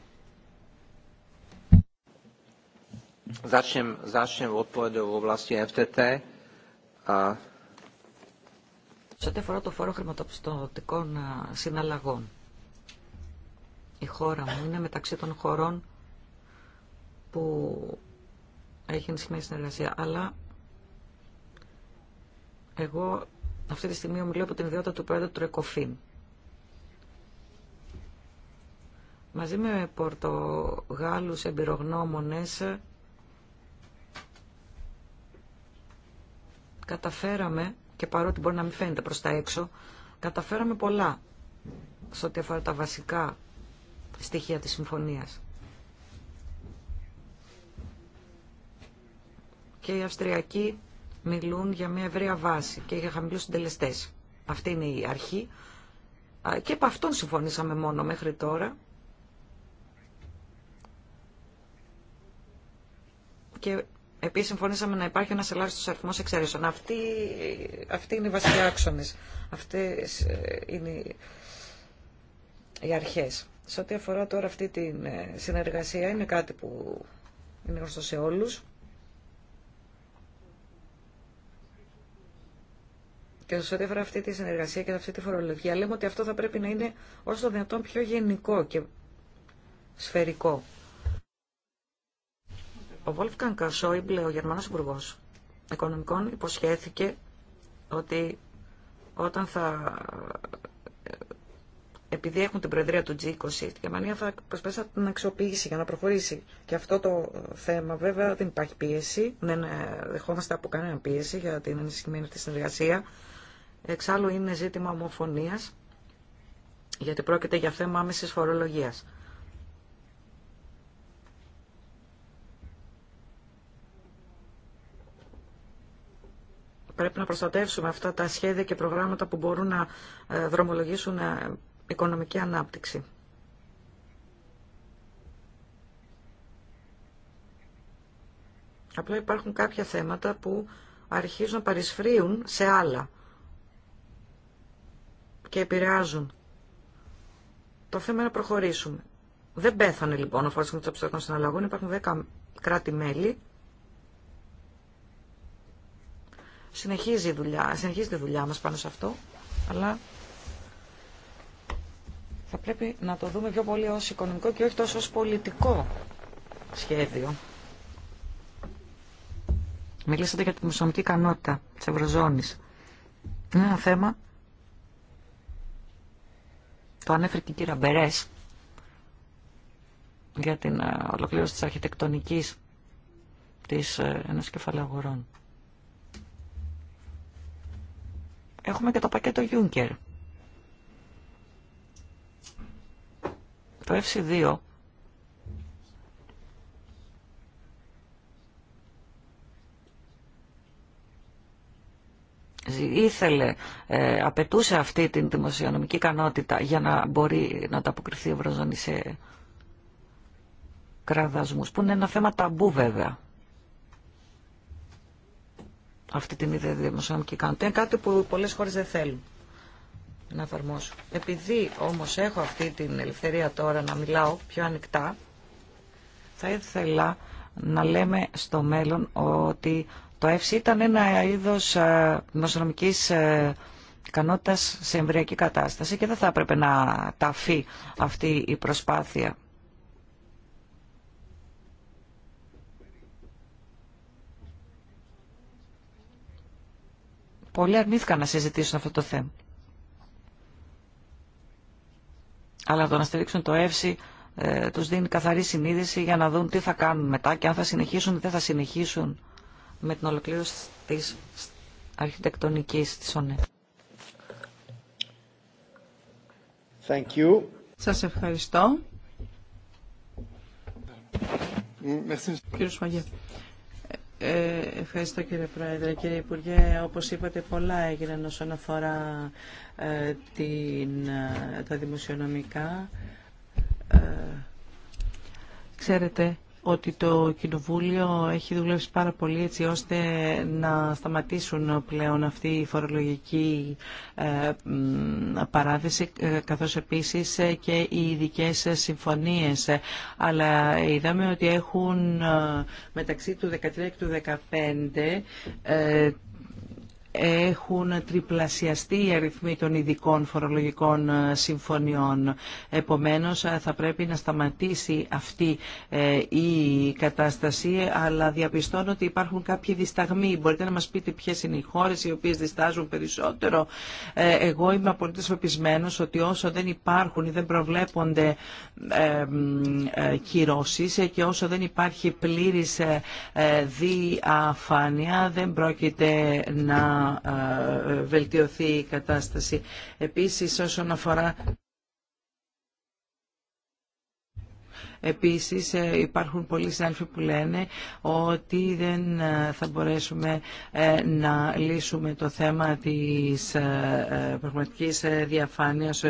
Začnem, začnem odpovedou v oblasti FTT. A... Σε ό,τι αφορά το φόρο χρηματοπιστωτικών συναλλαγών, η χώρα μου είναι μεταξύ των χωρών που έχει ενισχυμένη συνεργασία, αλλά εγώ αυτή τη στιγμή ομιλώ από την ιδιότητα του πρόεδρου του ΕΚΟΦΗΝ. Μαζί με Πορτογάλους εμπειρογνώμονες καταφέραμε, και παρότι μπορεί να μην φαίνεται προς τα έξω, καταφέραμε πολλά σε ό,τι αφορά τα βασικά στοιχεία της συμφωνίας. Και οι Αυστριακοί μιλούν για μια ευρεία βάση και για χαμηλούς συντελεστέ. Αυτή είναι η αρχή. Και από αυτόν συμφωνήσαμε μόνο μέχρι τώρα. Και Επίση συμφωνήσαμε να υπάρχει ένας ελάχιστος αριθμό εξαιρέσεων. Αυτοί, αυτοί είναι οι βασικοί άξονε. Αυτέ ε, είναι οι αρχές. Σε ό,τι αφορά τώρα αυτή τη ε, συνεργασία είναι κάτι που είναι γνωστό σε όλους. Και σε ό,τι αφορά αυτή τη συνεργασία και αυτή τη φορολογία λέμε ότι αυτό θα πρέπει να είναι όσο το δυνατόν πιο γενικό και σφαιρικό. Ο Βόλφκαν Κασόιμπλε, ο Γερμανός υπουργό Οικονομικών, υποσχέθηκε ότι όταν θα επειδή έχουν την προεδρία του G20, η Γερμανία θα προσπαθήσει να την αξιοποιήσει για να προχωρήσει. Και αυτό το θέμα βέβαια δεν υπάρχει πίεση, δεν ε, δεχόμαστε από κανένα πίεση για την ενισχυμένη αυτή συνεργασία. Εξάλλου είναι ζήτημα ομοφωνία γιατί πρόκειται για θέμα άμεσης φορολογίας. Πρέπει να προστατεύσουμε αυτά τα σχέδια και προγράμματα που μπορούν να ε, δρομολογήσουν ε, οικονομική ανάπτυξη. Απλά υπάρχουν κάποια θέματα που αρχίζουν να παρισφρίουν σε άλλα και επηρεάζουν. Το θέμα είναι να προχωρήσουμε. Δεν πέθανε λοιπόν ο φόρος των ψηφιακών συναλλαγών. Υπάρχουν 10 κράτη-μέλη Συνεχίζει η δουλειά, Συνεχίζει δουλειά μας πάνω σε αυτό, αλλά θα πρέπει να το δούμε πιο πολύ ως οικονομικό και όχι τόσο ως πολιτικό σχέδιο. Μιλήσατε για τη μουσομική ικανότητα της Ευρωζώνης. Είναι ένα θέμα, το ανέφερε και η κύρα Μπερές, για την ε, ολοκλήρωση της αρχιτεκτονικής της ε, ενός κεφαλαίου αγορών. Έχουμε και το πακέτο Juncker. Το FC2 ήθελε, ε, απαιτούσε αυτή την δημοσιονομική ικανότητα για να μπορεί να τα αποκριθεί η Ευρωζώνη σε κραδασμούς, που είναι ένα θέμα ταμπού βέβαια αυτή την ίδια δημοσιονομική ικανότητα. Είναι κάτι που πολλέ χώρε δεν θέλουν να εφαρμόσω. Επειδή όμως έχω αυτή την ελευθερία τώρα να μιλάω πιο ανοιχτά, θα ήθελα να λέμε στο μέλλον ότι το ΕΦΣΥ ήταν ένα είδος ε, δημοσιονομική ε, ικανότητα σε εμβριακή κατάσταση και δεν θα έπρεπε να ταφεί αυτή η προσπάθεια πολλοί αρνήθηκαν να συζητήσουν αυτό το θέμα. Αλλά το να στηρίξουν το ΕΦΣΥ ε, τους δίνει καθαρή συνείδηση για να δουν τι θα κάνουν μετά και αν θα συνεχίσουν ή δεν θα συνεχίσουν με την ολοκλήρωση της αρχιτεκτονικής της ΟΝΕ. Thank you. Σας ευχαριστώ. Κύριε ε, ευχαριστώ κύριε Πρόεδρε. Κύριε Υπουργέ, όπως είπατε πολλά έγιναν όσον αφορά ε, την, ε, τα δημοσιονομικά. Ξέρετε ότι το Κοινοβούλιο έχει δουλέψει πάρα πολύ έτσι ώστε να σταματήσουν πλέον αυτή η φορολογική ε, παράδειση ε, καθώς επίσης και οι ειδικέ συμφωνίες. Αλλά είδαμε ότι έχουν ε, μεταξύ του 2013 και του 2015 έχουν τριπλασιαστεί οι αριθμοί των ειδικών φορολογικών ε, συμφωνιών. Επομένως ε, θα πρέπει να σταματήσει αυτή ε, η κατάσταση, αλλά διαπιστώνω ότι υπάρχουν κάποιοι δισταγμοί. Μπορείτε να μας πείτε ποιες είναι οι χώρες οι οποίες διστάζουν περισσότερο. Εγώ είμαι απολύτως πεπισμένος ότι όσο δεν υπάρχουν ή δεν προβλέπονται κυρώσεις και όσο δεν υπάρχει πλήρης διαφάνεια δεν πρόκειται να ε, βελτιωθεί η κατάσταση. Επίσης όσον αφορά Επίσης ε, υπάρχουν πολλοί συνάδελφοι που λένε ότι δεν ε, θα μπορέσουμε ε, να λύσουμε το θέμα της πραγματικής διαφάνειας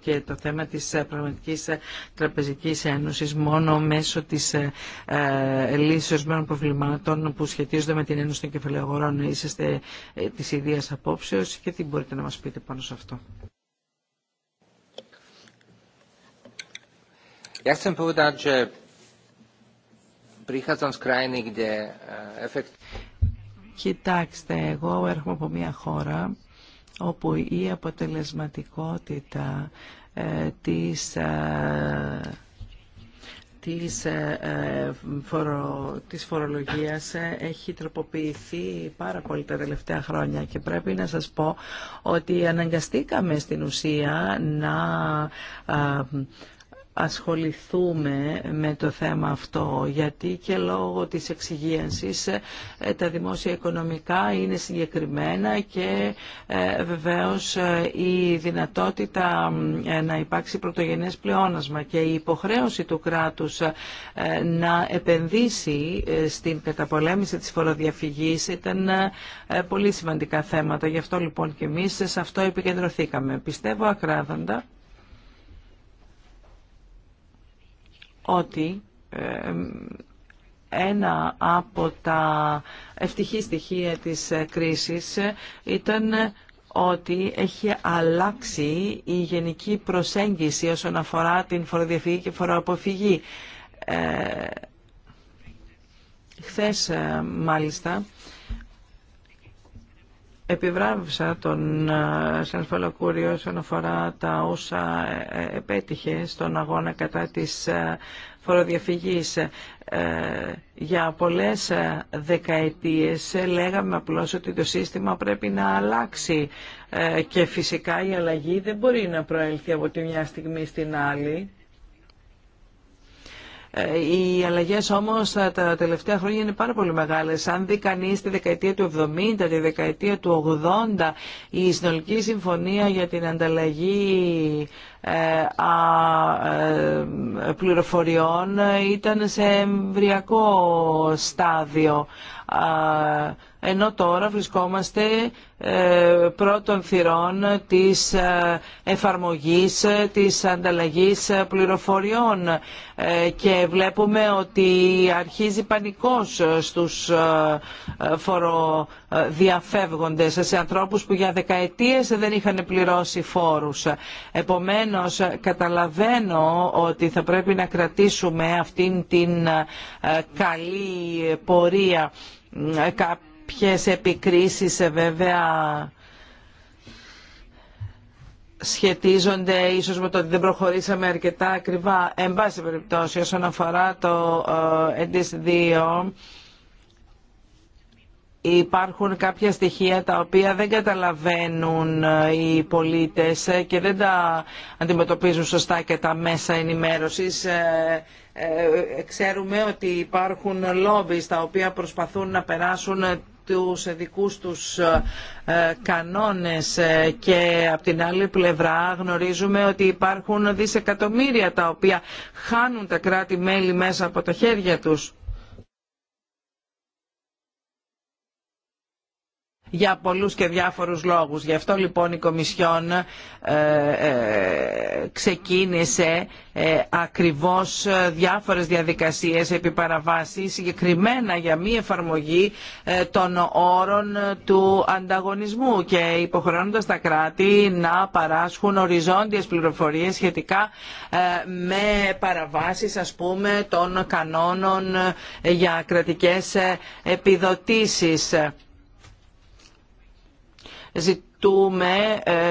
και το θέμα της πραγματικής τραπεζικής ένωσης μόνο μέσω της λύσης ορισμένων προβλημάτων που σχετίζονται με την Ένωση των Κεφαλαίων Αγορών. Είσαστε της ιδίας απόψεως και τι μπορείτε να μας πείτε πάνω σε αυτό. Ja chcem povedať, eh, Κοιτάξτε, εγώ έρχομαι από μια χώρα όπου η αποτελεσματικότητα ε, της ε, ε, της, φορολογίας ε, έχει τροποποιηθεί πάρα πολύ τα τελευταία χρόνια και πρέπει να σας πω ότι αναγκαστήκαμε στην ουσία να ασχοληθούμε με το θέμα αυτό, γιατί και λόγω της εξυγίανσης ε, τα δημόσια οικονομικά είναι συγκεκριμένα και ε, βεβαίως ε, η δυνατότητα να υπάρξει πρωτογενές πλεόνασμα και η υποχρέωση του κράτους να επενδύσει στην καταπολέμηση της φοροδιαφυγής ήταν πολύ σημαντικά θέματα. Γι' αυτό λοιπόν και εμείς σε αυτό επικεντρωθήκαμε. Πιστεύω ακράδαντα ότι ένα από τα ευτυχή στοιχεία της ε, κρίσης ε, ήταν ότι έχει αλλάξει η γενική προσέγγιση όσον αφορά την φοροδιαφυγή και φοροαποφυγή. Ε, ε μάλιστα επιβράβευσα τον ε, σαν Κούριο όσον αφορά τα όσα ε, ε, επέτυχε στον αγώνα κατά της φοροδιαφυγής. Για πολλές δεκαετίες λέγαμε απλώς ότι το σύστημα πρέπει να αλλάξει και φυσικά η αλλαγή δεν μπορεί να προέλθει από τη μια στιγμή στην άλλη. Ε, οι αλλαγέ όμως τα τελευταία χρόνια είναι πάρα πολύ μεγάλες. Αν δει κανεί τη δεκαετία του 70, τη δεκαετία του 80, η Συνολική Συμφωνία για την Ανταλλαγή ε, ε, πληροφοριών ήταν σε εμβριακό στάδιο ενώ τώρα βρισκόμαστε ε, πρώτων θυρών της εφαρμογής της ανταλλαγής πληροφοριών και βλέπουμε ότι αρχίζει πανικός στους φορο διαφεύγονται σε ανθρώπους που για δεκαετίες δεν είχαν πληρώσει φόρους. Επομένως, καταλαβαίνω ότι θα πρέπει να κρατήσουμε αυτήν την ε, καλή πορεία. Ε, κάποιες επικρίσεις ε, βέβαια σχετίζονται ίσως με το ότι δεν προχωρήσαμε αρκετά ακριβά. Εν πάση περιπτώσει, όσον αφορά το ε, υπάρχουν κάποια στοιχεία τα οποία δεν καταλαβαίνουν ε, οι πολίτες ε, και δεν τα αντιμετωπίζουν σωστά και τα μέσα ενημέρωσης. Ε, ξέρουμε ότι υπάρχουν λόμπι τα οποία προσπαθούν να περάσουν τους δικούς τους κανόνες και από την άλλη πλευρά γνωρίζουμε ότι υπάρχουν δισεκατομμύρια τα οποία χάνουν τα κράτη-μέλη μέσα από τα χέρια τους. για πολλούς και διάφορους λόγους. Γι' αυτό λοιπόν η Κομισιόν ε, ε, ξεκίνησε ε, ακριβώς ε, διάφορες διαδικασίες επί παραβάση συγκεκριμένα για μη εφαρμογή των όρων του ανταγωνισμού και υποχρεώνοντας τα κράτη να παράσχουν οριζόντιες πληροφορίες σχετικά με παραβάσεις ας πούμε των κανόνων για κρατικές επιδοτήσεις ζητούμε ε,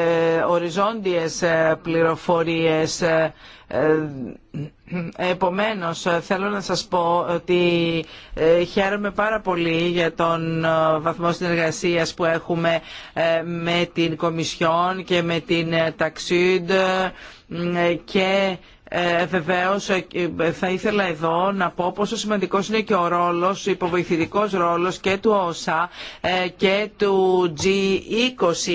οριζόντιες ε, πληροφορίες. Ε, επομένως, θέλω να σας πω ότι χαίρομαι πάρα πολύ για τον βαθμό συνεργασίας που έχουμε με την Κομισιόν και με την Ταξίδ και ε, Βεβαίω, ε, ε, θα ήθελα εδώ να πω πόσο σημαντικό είναι και ο ρόλος, ο υποβοηθητικό ρόλος και του ΩΣΑ και του G20.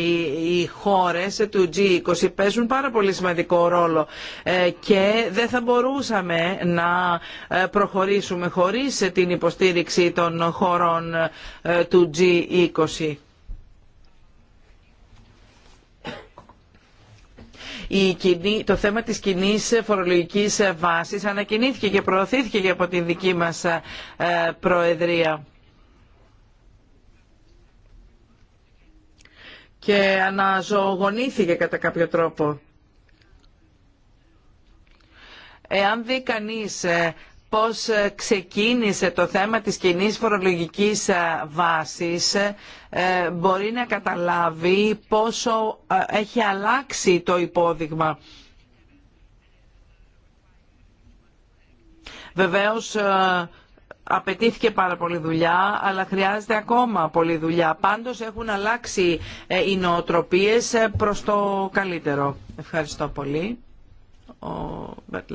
Οι χώρες του G20 παίζουν πάρα πολύ σημαντικό ρόλο και δεν θα μπορούσαμε να προχωρήσουμε χωρίς την υποστήριξη των χωρών του G20. το θέμα της κοινή φορολογικής βάσης ανακοινήθηκε και προωθήθηκε και από την δική μας ε, Προεδρία. Και αναζωογονήθηκε κατά κάποιο τρόπο. Εάν δει κανείς ε, πώς ε, ξεκίνησε το θέμα της κοινή φορολογικής ε, βάσης ε, μπορεί να καταλάβει πόσο έχει αλλάξει το υπόδειγμα. Βεβαίως απαιτήθηκε πάρα πολύ δουλειά, αλλά χρειάζεται ακόμα πολύ δουλειά. Πάντως έχουν αλλάξει οι νοοτροπίες προς το καλύτερο. Ευχαριστώ πολύ. Ο Μπερτ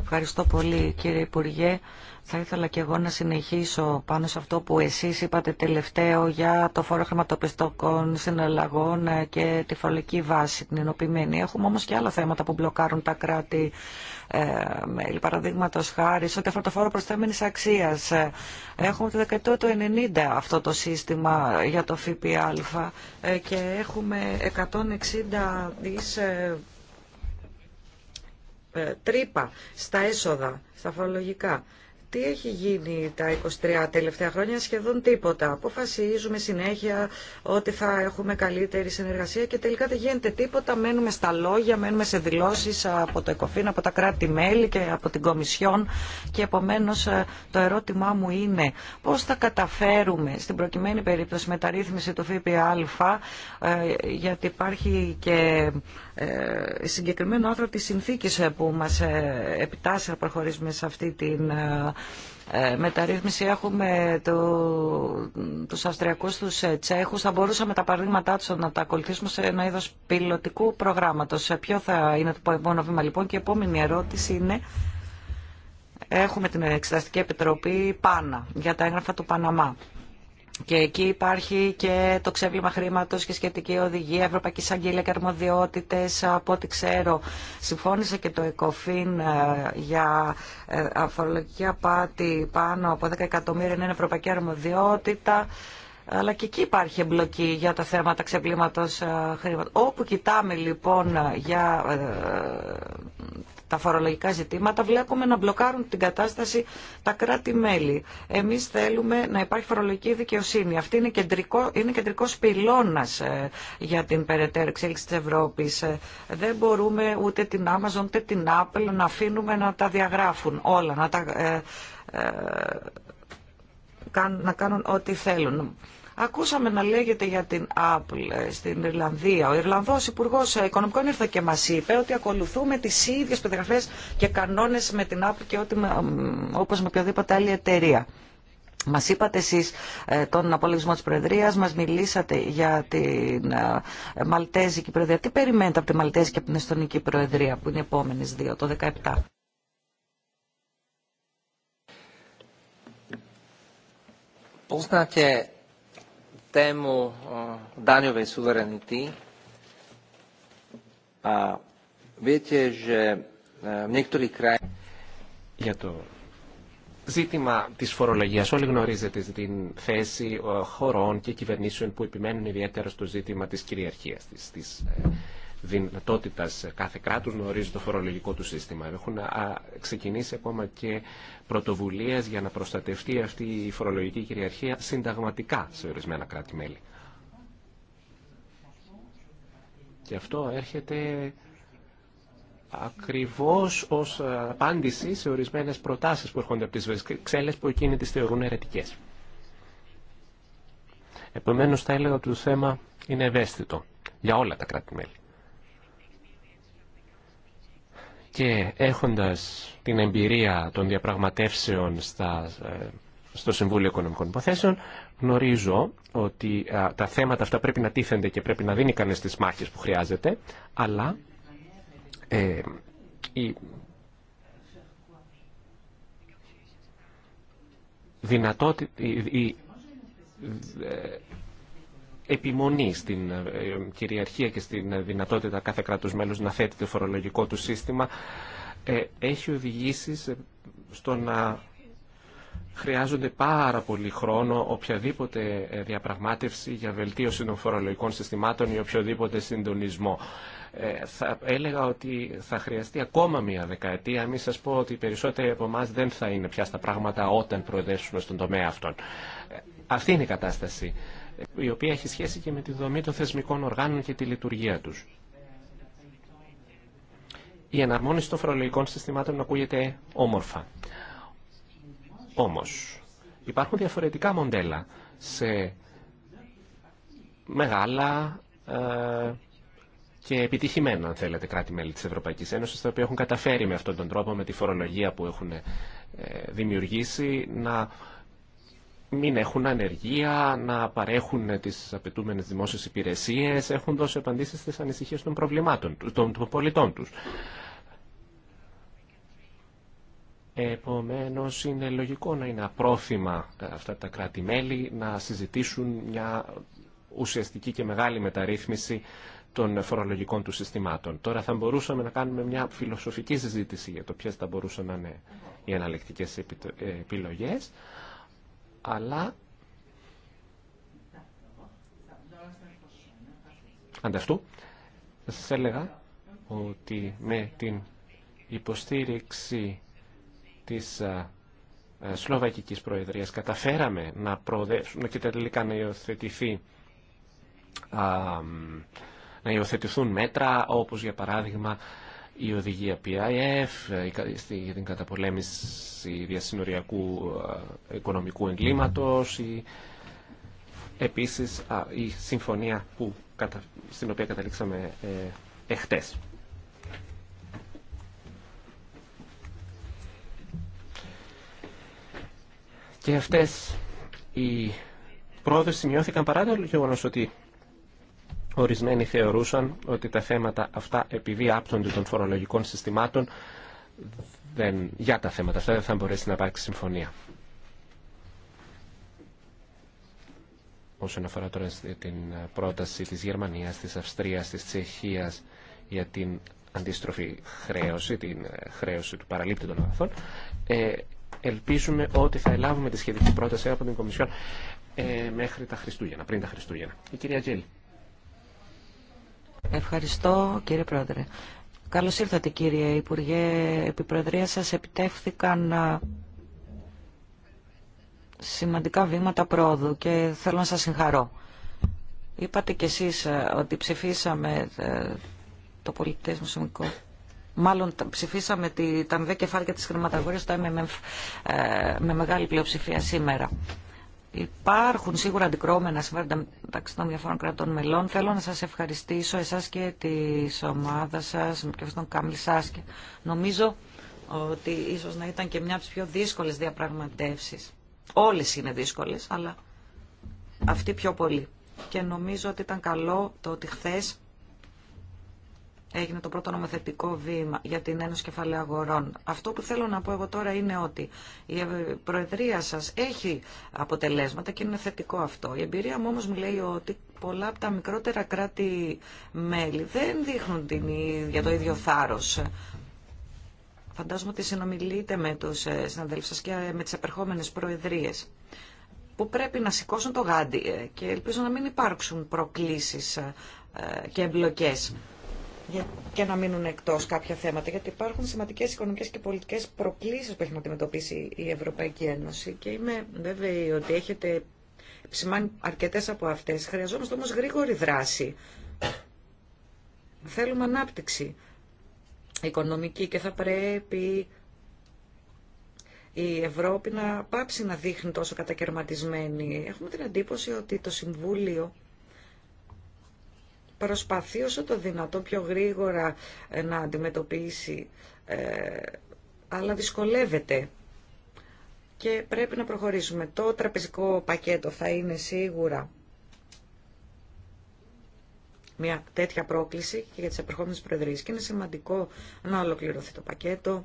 Ευχαριστώ πολύ κύριε Υπουργέ. Θα ήθελα και εγώ να συνεχίσω πάνω σε αυτό που εσείς είπατε τελευταίο για το φόρο χρηματοπιστωτικών συναλλαγών ε, και τη φορολογική βάση, την ενωπημένη. Έχουμε όμως και άλλα θέματα που μπλοκάρουν τα κράτη ε, παραδείγματο χάρη, σε ό,τι αφορά το φόρο προστέμενη αξία. Ε, έχουμε το δεκαετία του 90 αυτό το σύστημα για το ΦΠΑ ε, και έχουμε 160 δι ε, τρύπα στα έσοδα, στα φορολογικά. Τι έχει γίνει τα 23 τελευταία χρόνια, σχεδόν τίποτα. Αποφασίζουμε συνέχεια ότι θα έχουμε καλύτερη συνεργασία και τελικά δεν γίνεται τίποτα. Μένουμε στα λόγια, μένουμε σε δηλώσεις από το ΕΚΟΦΗΝ, από τα κράτη-μέλη και από την Κομισιόν. Και επομένως ε, το ερώτημά μου είναι πώς θα καταφέρουμε στην προκειμένη περίπτωση μεταρρύθμιση του ΦΠΑ, ε, γιατί υπάρχει και ε, συγκεκριμένο άρθρο της συνθήκης ε, που μας ε, επιτάσσει να προχωρήσουμε σε αυτή την μεταρρύθμιση. Έχουμε το, τους Αυστριακούς, τους Τσέχους. Θα μπορούσαμε τα παραδείγματά τους να τα ακολουθήσουμε σε ένα είδος πιλωτικού προγράμματος. Ποιο θα είναι το επόμενο βήμα λοιπόν και η επόμενη ερώτηση είναι έχουμε την Εξεταστική Επιτροπή Πάνα για τα έγγραφα του Παναμά. Και εκεί υπάρχει και το ξέβλημα χρήματο και σχετική οδηγία, Ευρωπαϊκή Αγγελία και αρμοδιότητε. Από ό,τι ξέρω, συμφώνησε και το ΕΚΟΦΗΝ ε, για ε, αφορολογική απάτη πάνω από 10 εκατομμύρια είναι ευρωπαϊκή αρμοδιότητα. Αλλά και εκεί υπάρχει εμπλοκή για τα θέματα ξεπλήματος ε, χρήματος. Όπου κοιτάμε λοιπόν για τα φορολογικά ζητήματα, βλέπουμε να μπλοκάρουν την κατάσταση τα κράτη-μέλη. Εμεί θέλουμε να υπάρχει φορολογική δικαιοσύνη. Αυτή είναι κεντρικό είναι κεντρικός πυλώνας ε, για την περαιτέρω εξέλιξη της Ευρώπης. Ε, δεν μπορούμε ούτε την Amazon ούτε την Apple να αφήνουμε να τα διαγράφουν όλα, να, τα, ε, να κάνουν ό,τι θέλουν. Ακούσαμε να λέγεται για την Apple ε, στην Ιρλανδία. Ο Ιρλανδό Υπουργό ε, Οικονομικών ήρθε και μα είπε ότι ακολουθούμε τι ίδιε περιγραφέ και κανόνε με την Apple και ό,τι, όπως με οποιαδήποτε άλλη εταιρεία. Μα είπατε εσεί ε, τον απολογισμό τη Προεδρία, μα μιλήσατε για την Μαλτέζικη Προεδρία. Τι περιμένετε από τη Μαλτέζικη και από την Εστονική Προεδρία, που είναι οι επόμενε δύο, το 2017. Poznáte temu daňovej suverenity. A viete, že e, v niektorých krajinách... Για το ζήτημα της φορολογίας. Όλοι γνωρίζετε την θέση χωρών και κυβερνήσεων που επιμένουν ιδιαίτερα στο ζήτημα της κυριαρχίας, της, της δυνατότητας κάθε κράτους να ορίζει το φορολογικό του σύστημα. Έχουν ξεκινήσει ακόμα και πρωτοβουλίας για να προστατευτεί αυτή η φορολογική κυριαρχία συνταγματικά σε ορισμένα κράτη-μέλη. Και αυτό έρχεται ακριβώς ως απάντηση σε ορισμένες προτάσεις που έρχονται από τις ξέλες που εκείνοι τις θεωρούν αιρετικές. Επομένως θα έλεγα ότι το θέμα είναι ευαίσθητο για όλα τα κράτη-μέλη. και έχοντας την εμπειρία των διαπραγματεύσεων στα, ε, στο Συμβούλιο Οικονομικών Υποθέσεων, γνωρίζω ότι ε, τα θέματα αυτά πρέπει να τίθενται και πρέπει να δίνει κανείς τις μάχες που χρειάζεται, αλλά ε, η δυνατότητα, επιμονή στην ε, κυριαρχία και στην ε, δυνατότητα κάθε κράτους μέλους να θέτει το φορολογικό του σύστημα ε, έχει οδηγήσει στο να χρειάζονται πάρα πολύ χρόνο οποιαδήποτε διαπραγμάτευση για βελτίωση των φορολογικών συστημάτων ή οποιοδήποτε συντονισμό. θα έλεγα ότι θα χρειαστεί ακόμα μία δεκαετία. Μην σας πω ότι οι περισσότεροι από εμά δεν θα είναι πια στα πράγματα όταν προοδεύσουμε στον τομέα αυτόν. Αυτή είναι η κατάσταση η οποία έχει σχέση και με τη δομή των θεσμικών οργάνων και τη λειτουργία τους. Η εναρμόνιση των φορολογικών συστημάτων ακούγεται όμορφα. Όμως, υπάρχουν διαφορετικά μοντέλα σε μεγάλα ε, και επιτυχημένα, αν θέλετε, κράτη-μέλη της Ευρωπαϊκής Ένωσης, τα οποία έχουν καταφέρει με αυτόν τον τρόπο, με τη φορολογία που έχουν ε, δημιουργήσει, να μην έχουν ανεργία, να παρέχουν τις απαιτούμενες δημόσιες υπηρεσίες, έχουν δώσει απαντήσεις στις ανησυχίες των προβλημάτων των πολιτών τους. Επομένως, είναι λογικό να είναι απρόθυμα αυτά τα κράτη-μέλη να συζητήσουν μια ουσιαστική και μεγάλη μεταρρύθμιση των φορολογικών του συστημάτων. Τώρα θα μπορούσαμε να κάνουμε μια φιλοσοφική συζήτηση για το ποιες θα μπορούσαν να είναι οι αναλεκτικές ε, επιλογές αλλά ανταυτού θα σας έλεγα ότι με την υποστήριξη της ε, ε, Σλοβακικής Προεδρίας καταφέραμε να προοδεύσουμε και τελικά να υιοθετηθεί να υιοθετηθούν μέτρα όπως για παράδειγμα η οδηγία PIF για την καταπολέμηση διασυνοριακού ε, οικονομικού εγκλήματος η, επίσης η συμφωνία που, στην οποία καταλήξαμε ε, εχθές. Και αυτές οι πρόοδες σημειώθηκαν παρά το γεγονός ότι Ορισμένοι θεωρούσαν ότι τα θέματα αυτά επειδή άπτονται των φορολογικών συστημάτων δεν, για τα θέματα αυτά δεν θα μπορέσει να υπάρξει συμφωνία. Όσον αφορά τώρα την πρόταση της Γερμανίας, της Αυστρίας, της Τσεχίας για την αντίστροφη χρέωση, την ε, χρέωση του παραλήπτη των αγαθών, ε, ελπίζουμε ότι θα ελάβουμε τη σχετική πρόταση από την Κομισιόν ε, μέχρι τα Χριστούγεννα, πριν τα Χριστούγεννα. Η κυρία Τζέλη. Ευχαριστώ κύριε Πρόεδρε. Καλώς ήρθατε κύριε Υπουργέ. Επί Προεδρία σας επιτεύχθηκαν σημαντικά βήματα πρόοδου και θέλω να σας συγχαρώ. Είπατε κι εσείς ότι ψηφίσαμε ε, το πολιτισμό σημικό. Μάλλον ψηφίσαμε τα μηδέ κεφάλια της χρηματαγορίας, το MMF, ε, με μεγάλη πλειοψηφία σήμερα. Υπάρχουν σίγουρα αντικρώμενα συμφέροντα μεταξύ των διαφόρων κρατών μελών. Θέλω να σας ευχαριστήσω εσάς και τη ομάδα σας, με και τον Κάμιλ Σάσκε. Νομίζω ότι ίσως να ήταν και μια από τις πιο δύσκολες διαπραγματεύσεις. Όλες είναι δύσκολες, αλλά αυτή πιο πολύ. Και νομίζω ότι ήταν καλό το ότι χθες έγινε το πρώτο νομοθετικό βήμα για την Ένωση Κεφαλαίου Αγορών. Αυτό που θέλω να πω εγώ τώρα είναι ότι η Προεδρία σας έχει αποτελέσματα και είναι θετικό αυτό. Η εμπειρία μου όμως μου λέει ότι πολλά από τα μικρότερα κράτη-μέλη δεν δείχνουν την, για το ίδιο θάρρος. Φαντάζομαι ότι συνομιλείτε με τους ε, συναδέλφους σας και ε, με τις επερχόμενες προεδρίες που πρέπει να σηκώσουν το γάντι ε, και ελπίζω να μην υπάρξουν προκλήσεις και εμπλοκές και να μείνουν εκτός κάποια θέματα, γιατί υπάρχουν σημαντικές οικονομικές και πολιτικές προκλήσεις που έχει να αντιμετωπίσει η Ευρωπαϊκή Ένωση και είμαι βέβαιη ότι έχετε επισημάνει αρκετές από αυτές. Χρειαζόμαστε όμω γρήγορη δράση. Θέλουμε ανάπτυξη οικονομική και θα πρέπει η Ευρώπη να πάψει να δείχνει τόσο κατακαιρματισμένη. Έχουμε την εντύπωση ότι το Συμβούλιο προσπαθεί όσο το δυνατό πιο γρήγορα ε, να αντιμετωπίσει, ε, αλλά δυσκολεύεται και πρέπει να προχωρήσουμε. Το τραπεζικό πακέτο θα είναι σίγουρα μια τέτοια πρόκληση και για τις επερχόμενες προεδρίες και είναι σημαντικό να ολοκληρωθεί το πακέτο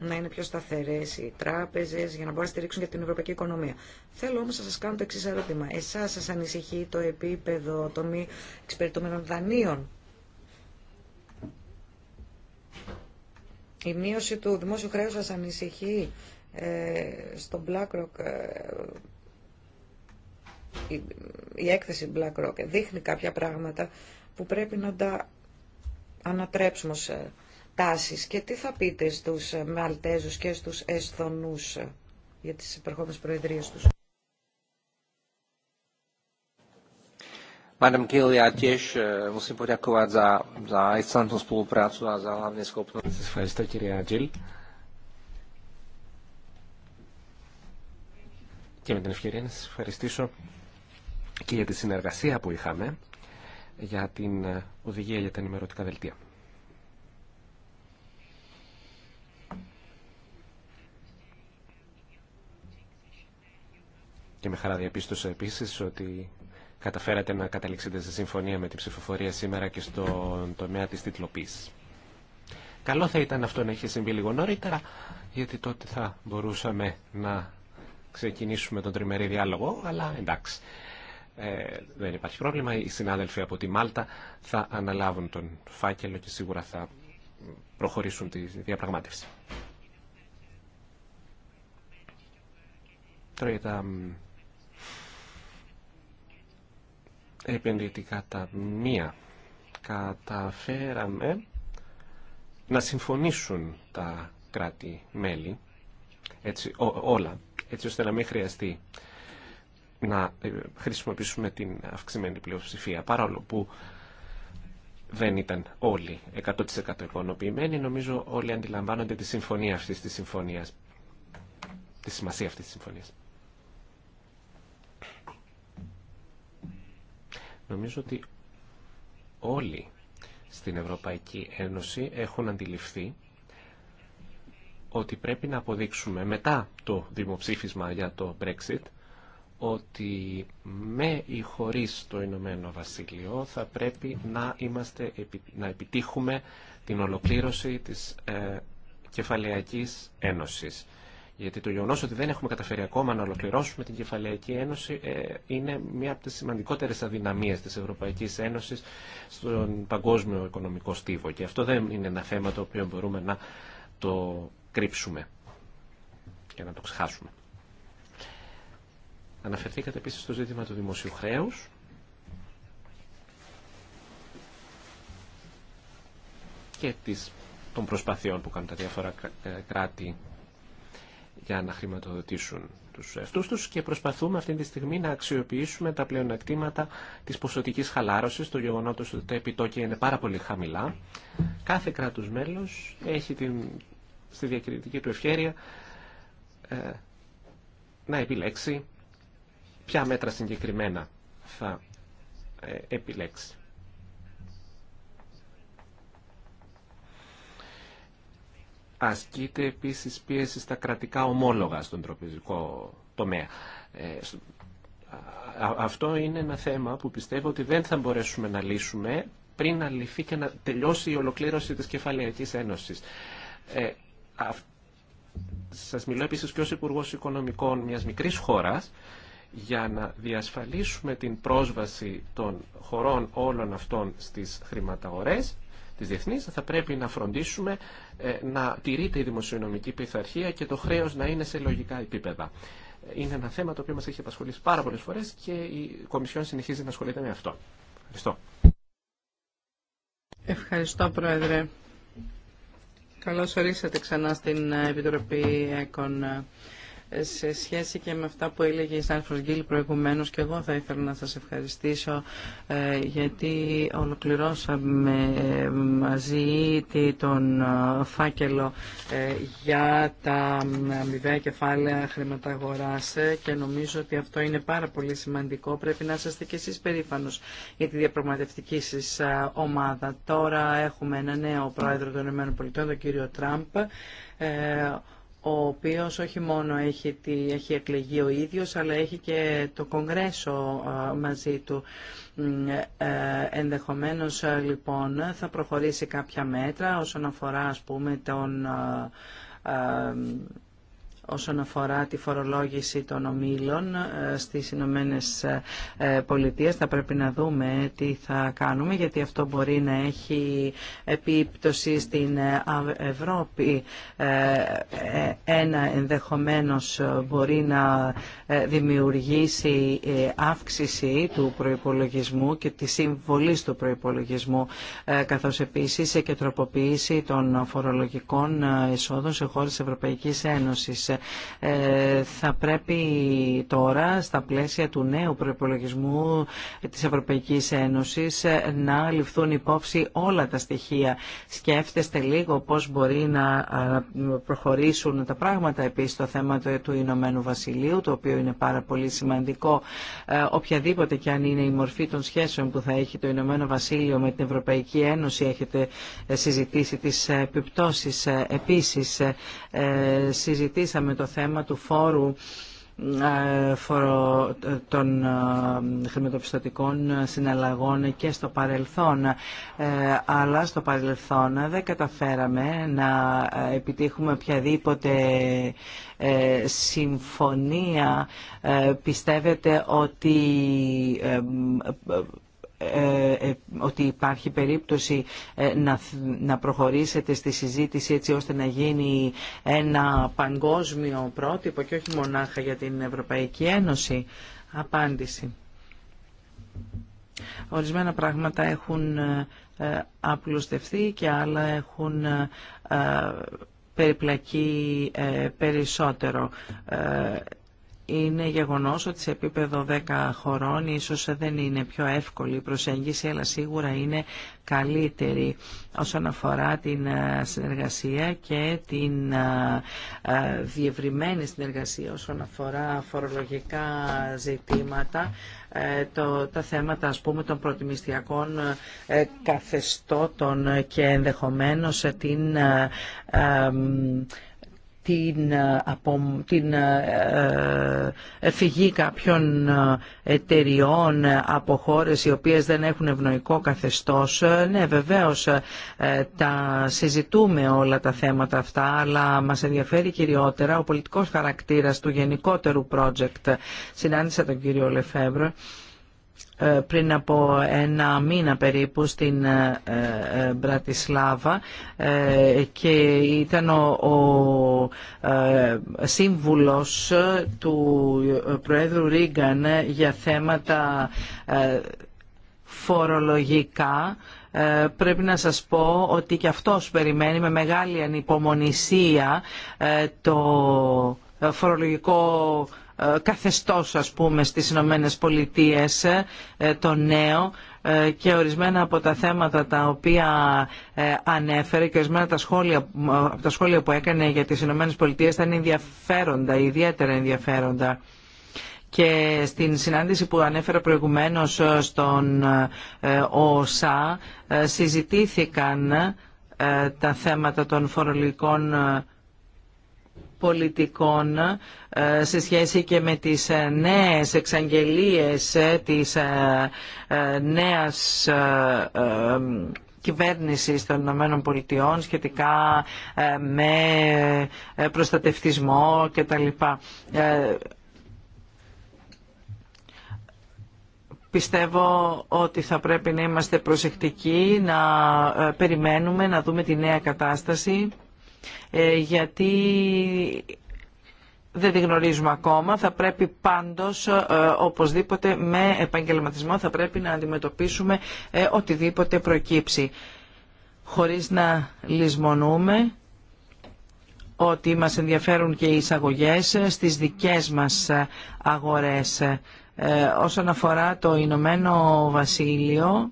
να είναι πιο σταθερέ οι τράπεζε για να μπορούν να στηρίξουν για την ευρωπαϊκή οικονομία. Θέλω όμω να σα κάνω το εξή ερώτημα. Εσά σα ανησυχεί το επίπεδο των μη εξυπηρετούμενων δανείων. Η μείωση του δημόσιου χρέου σα ανησυχεί ε, στο BlackRock. Ε, η, έκθεση BlackRock δείχνει κάποια πράγματα που πρέπει να τα ανατρέψουμε σε τάσεις και τι θα πείτε στους Μαλτέζους και στους Εσθονούς για τις υπερχόμενες προεδρίες τους. Madam ja tiež eh, musím poďakovať za, za excelentnú spoluprácu a za hlavne schopnosť. Ευχαριστώ, κυρία Άτζιλ. Και με την ευκαιρία να σας ευχαριστήσω και για τη συνεργασία που είχαμε για την ε, οδηγία για τα ενημερωτικά δελτία. Και με χαρά διαπίστωσα επίσης ότι καταφέρατε να καταλήξετε σε συμφωνία με την ψηφοφορία σήμερα και στον τομέα της τίτλοποίηση. Καλό θα ήταν αυτό να είχε συμβεί λίγο νωρίτερα, γιατί τότε θα μπορούσαμε να ξεκινήσουμε τον τριμερή διάλογο, αλλά εντάξει. Ε, δεν υπάρχει πρόβλημα. Οι συνάδελφοι από τη Μάλτα θα αναλάβουν τον φάκελο και σίγουρα θα προχωρήσουν τη διαπραγμάτευση. Τώρα επενδυτικά μία Καταφέραμε να συμφωνήσουν τα κράτη-μέλη, έτσι, όλα, έτσι ώστε να μην χρειαστεί να ε, χρησιμοποιήσουμε την αυξημένη πλειοψηφία, παρόλο που δεν ήταν όλοι 100% εικονοποιημένοι, Νομίζω όλοι αντιλαμβάνονται τη συμφωνία αυτής της συμφωνίας, τη σημασία αυτής της συμφωνίας. Νομίζω ότι όλοι στην Ευρωπαϊκή Ένωση έχουν αντιληφθεί ότι πρέπει να αποδείξουμε μετά το δημοψήφισμα για το Brexit ότι με ή χωρίς το Ηνωμένο Βασίλειο θα πρέπει να, είμαστε, να επιτύχουμε την ολοκλήρωση της ε, Κεφαλαιακής Ένωσης. Γιατί το γεγονό ότι δεν έχουμε καταφέρει ακόμα να ολοκληρώσουμε την Κεφαλαϊκή Ένωση ε, είναι μία από τι σημαντικότερε αδυναμίε τη Ευρωπαϊκή Ένωση στον παγκόσμιο οικονομικό στίβο. Και αυτό δεν είναι ένα θέμα το οποίο μπορούμε να το κρύψουμε και να το ξεχάσουμε. Αναφερθήκατε επίση στο ζήτημα του δημοσίου χρέους. και των προσπαθειών που κάνουν τα διάφορα ε, κράτη για να χρηματοδοτήσουν τους εαυτού του. και προσπαθούμε αυτή τη στιγμή να αξιοποιήσουμε τα πλεονεκτήματα της ποσοτική χαλάρωσης, το γεγονότος ότι τα επιτόκια είναι πάρα πολύ χαμηλά. Κάθε κράτο μέλος έχει την, στη διακριτική του ευχέρεια ε, να επιλέξει ποια μέτρα συγκεκριμένα θα ε, επιλέξει. ασκείται επίσης πίεση στα κρατικά ομόλογα στον τροπικό τομέα. Ε, αυτό είναι ένα θέμα που πιστεύω ότι δεν θα μπορέσουμε να λύσουμε πριν να λυθεί και να τελειώσει η ολοκλήρωση της Κεφαλαϊκής Ένωσης. Ε, σας μιλώ επίσης και ως υπουργό Οικονομικών μιας μικρής χώρας για να διασφαλίσουμε την πρόσβαση των χωρών όλων αυτών στις χρηματαγορές, της διεθνής θα πρέπει να φροντίσουμε ε, να τηρείται η δημοσιονομική πειθαρχία και το χρέος να είναι σε λογικά επίπεδα. Είναι ένα θέμα το οποίο μας έχει απασχολήσει πάρα πολλές φορές και η Κομισιόν συνεχίζει να ασχολείται με αυτό. Ευχαριστώ. Ευχαριστώ, Πρόεδρε. Καλώς ορίσατε ξανά στην ε, Επιτροπή ΕΚΟΝ σε σχέση και με αυτά που έλεγε η Σάρφος Γκίλ προηγουμένως και εγώ θα ήθελα να σας ευχαριστήσω ε, γιατί ολοκληρώσαμε ε, μαζί τον ε, φάκελο για τα αμοιβαία κεφάλαια χρηματαγοράς και νομίζω ότι αυτό είναι πάρα πολύ σημαντικό. Πρέπει να είστε και εσείς περήφανος για τη διαπραγματευτική σας ομάδα. Τώρα έχουμε ένα νέο πρόεδρο των ΗΠΑ, τον κύριο Τραμπ, ο οποίος όχι μόνο έχει, έχει εκλεγεί ο ίδιος, αλλά έχει και το Κογκρέσο μαζί του. Ε, ενδεχομένως, λοιπόν, θα προχωρήσει κάποια μέτρα όσον αφορά, ας πούμε, τον όσον αφορά τη φορολόγηση των ομίλων ε, στις Ηνωμένε ε, ε, Πολιτείες. Θα πρέπει να δούμε τι θα κάνουμε γιατί αυτό μπορεί να έχει επίπτωση στην Ευρώπη. Ένα ενδεχομένως μπορεί να δημιουργήσει αύξηση του προϋπολογισμού και τη συμβολή του προϋπολογισμού καθώς επίσης και τροποποίηση των φορολογικών εισόδων σε χώρες Ευρωπαϊκής Ένωσης. Ε, θα πρέπει τώρα στα πλαίσια του νέου προπολογισμού της Ευρωπαϊκής Ένωσης ε, να ληφθούν υπόψη όλα τα στοιχεία. Σκέφτεστε λίγο πώς μπορεί να προχωρήσουν τα πράγματα επίσης το θέμα του Ηνωμένου Βασιλείου, το οποίο είναι πάρα πολύ σημαντικό ε, οποιαδήποτε και αν είναι η μορφή των σχέσεων που θα έχει το Ηνωμένο Βασίλειο με την Ευρωπαϊκή Ένωση έχετε συζητήσει τις επιπτώσεις επίσης συζητήσαμε με το θέμα του φόρου ε, ε, των ε, χρηματοπιστωτικών συναλλαγών και στο παρελθόν. Αλλά στο παρελθόν δεν καταφέραμε να επιτύχουμε οποιαδήποτε συμφωνία. Πιστεύετε ότι ε, ε, ότι υπάρχει περίπτωση ε, να προχωρήσετε στη συζήτηση έτσι ώστε να γίνει ένα παγκόσμιο πρότυπο και όχι μονάχα για την Ευρωπαϊκή Ένωση. Απάντηση. Ορισμένα πράγματα έχουν απλουστευτεί και άλλα έχουν περιπλακεί περισσότερο είναι γεγονός ότι σε επίπεδο 10 χωρών ίσως δεν είναι πιο εύκολη η προσέγγιση, αλλά σίγουρα είναι καλύτερη όσον αφορά την ε, συνεργασία και την ε, ε, διευρυμένη συνεργασία όσον αφορά φορολογικά ζητήματα, το, τα θέματα ας πούμε των προτιμιστιακών καθεστώτων και ενδεχομένως την την, ε, από, την ε, ε, φυγή κάποιων εταιριών από χώρες οι οποίες δεν έχουν ευνοϊκό καθεστώς. Ναι, βεβαίως τα συζητούμε όλα τα θέματα αυτά, αλλά μας ενδιαφέρει κυριότερα ο πολιτικός χαρακτήρας του γενικότερου project. Συνάντησα τον κύριο Λεφέβρο ε, πριν από ένα μήνα περίπου στην ε, ε, Μπρατισλάβα και ήταν ο σύμβουλος του Προέδρου Ρίγκαν για θέματα φορολογικά πρέπει να σας πω ότι και αυτός περιμένει με μεγάλη ανυπομονησία το φορολογικό ε, καθεστώς ας πούμε στις Ηνωμένε Πολιτείες ε, το νέο ε, και ορισμένα από τα θέματα τα οποία ανέφερε και ορισμένα τα σχόλια, από τα σχόλια που έκανε για τις Ηνωμένε Πολιτείες ήταν ενδιαφέροντα, ιδιαίτερα ενδιαφέροντα και στην συνάντηση που ανέφερα προηγουμένως στον ΟΣΑ συζητήθηκαν τα θέματα των φορολογικών πολιτικών ε, σε σχέση και με τις ε, νέες εξαγγελίες ε, της νέας κυβέρνηση των Ηνωμένων Πολιτειών σχετικά με προστατευτισμό κτλ. Πιστεύω ότι θα πρέπει να είμαστε προσεκτικοί, να περιμένουμε, να δούμε τη νέα κατάσταση. Ε, γιατί δεν τη γνωρίζουμε ακόμα. Θα πρέπει πάντως, ε, οπωσδήποτε, με επαγγελματισμό θα πρέπει να αντιμετωπίσουμε ε, οτιδήποτε προκύψει. Χωρίς να λησμονούμε ότι μας ενδιαφέρουν και οι εισαγωγές στις δικές μας αγορές. Όσον αφορά το Ηνωμένο Βασίλειο,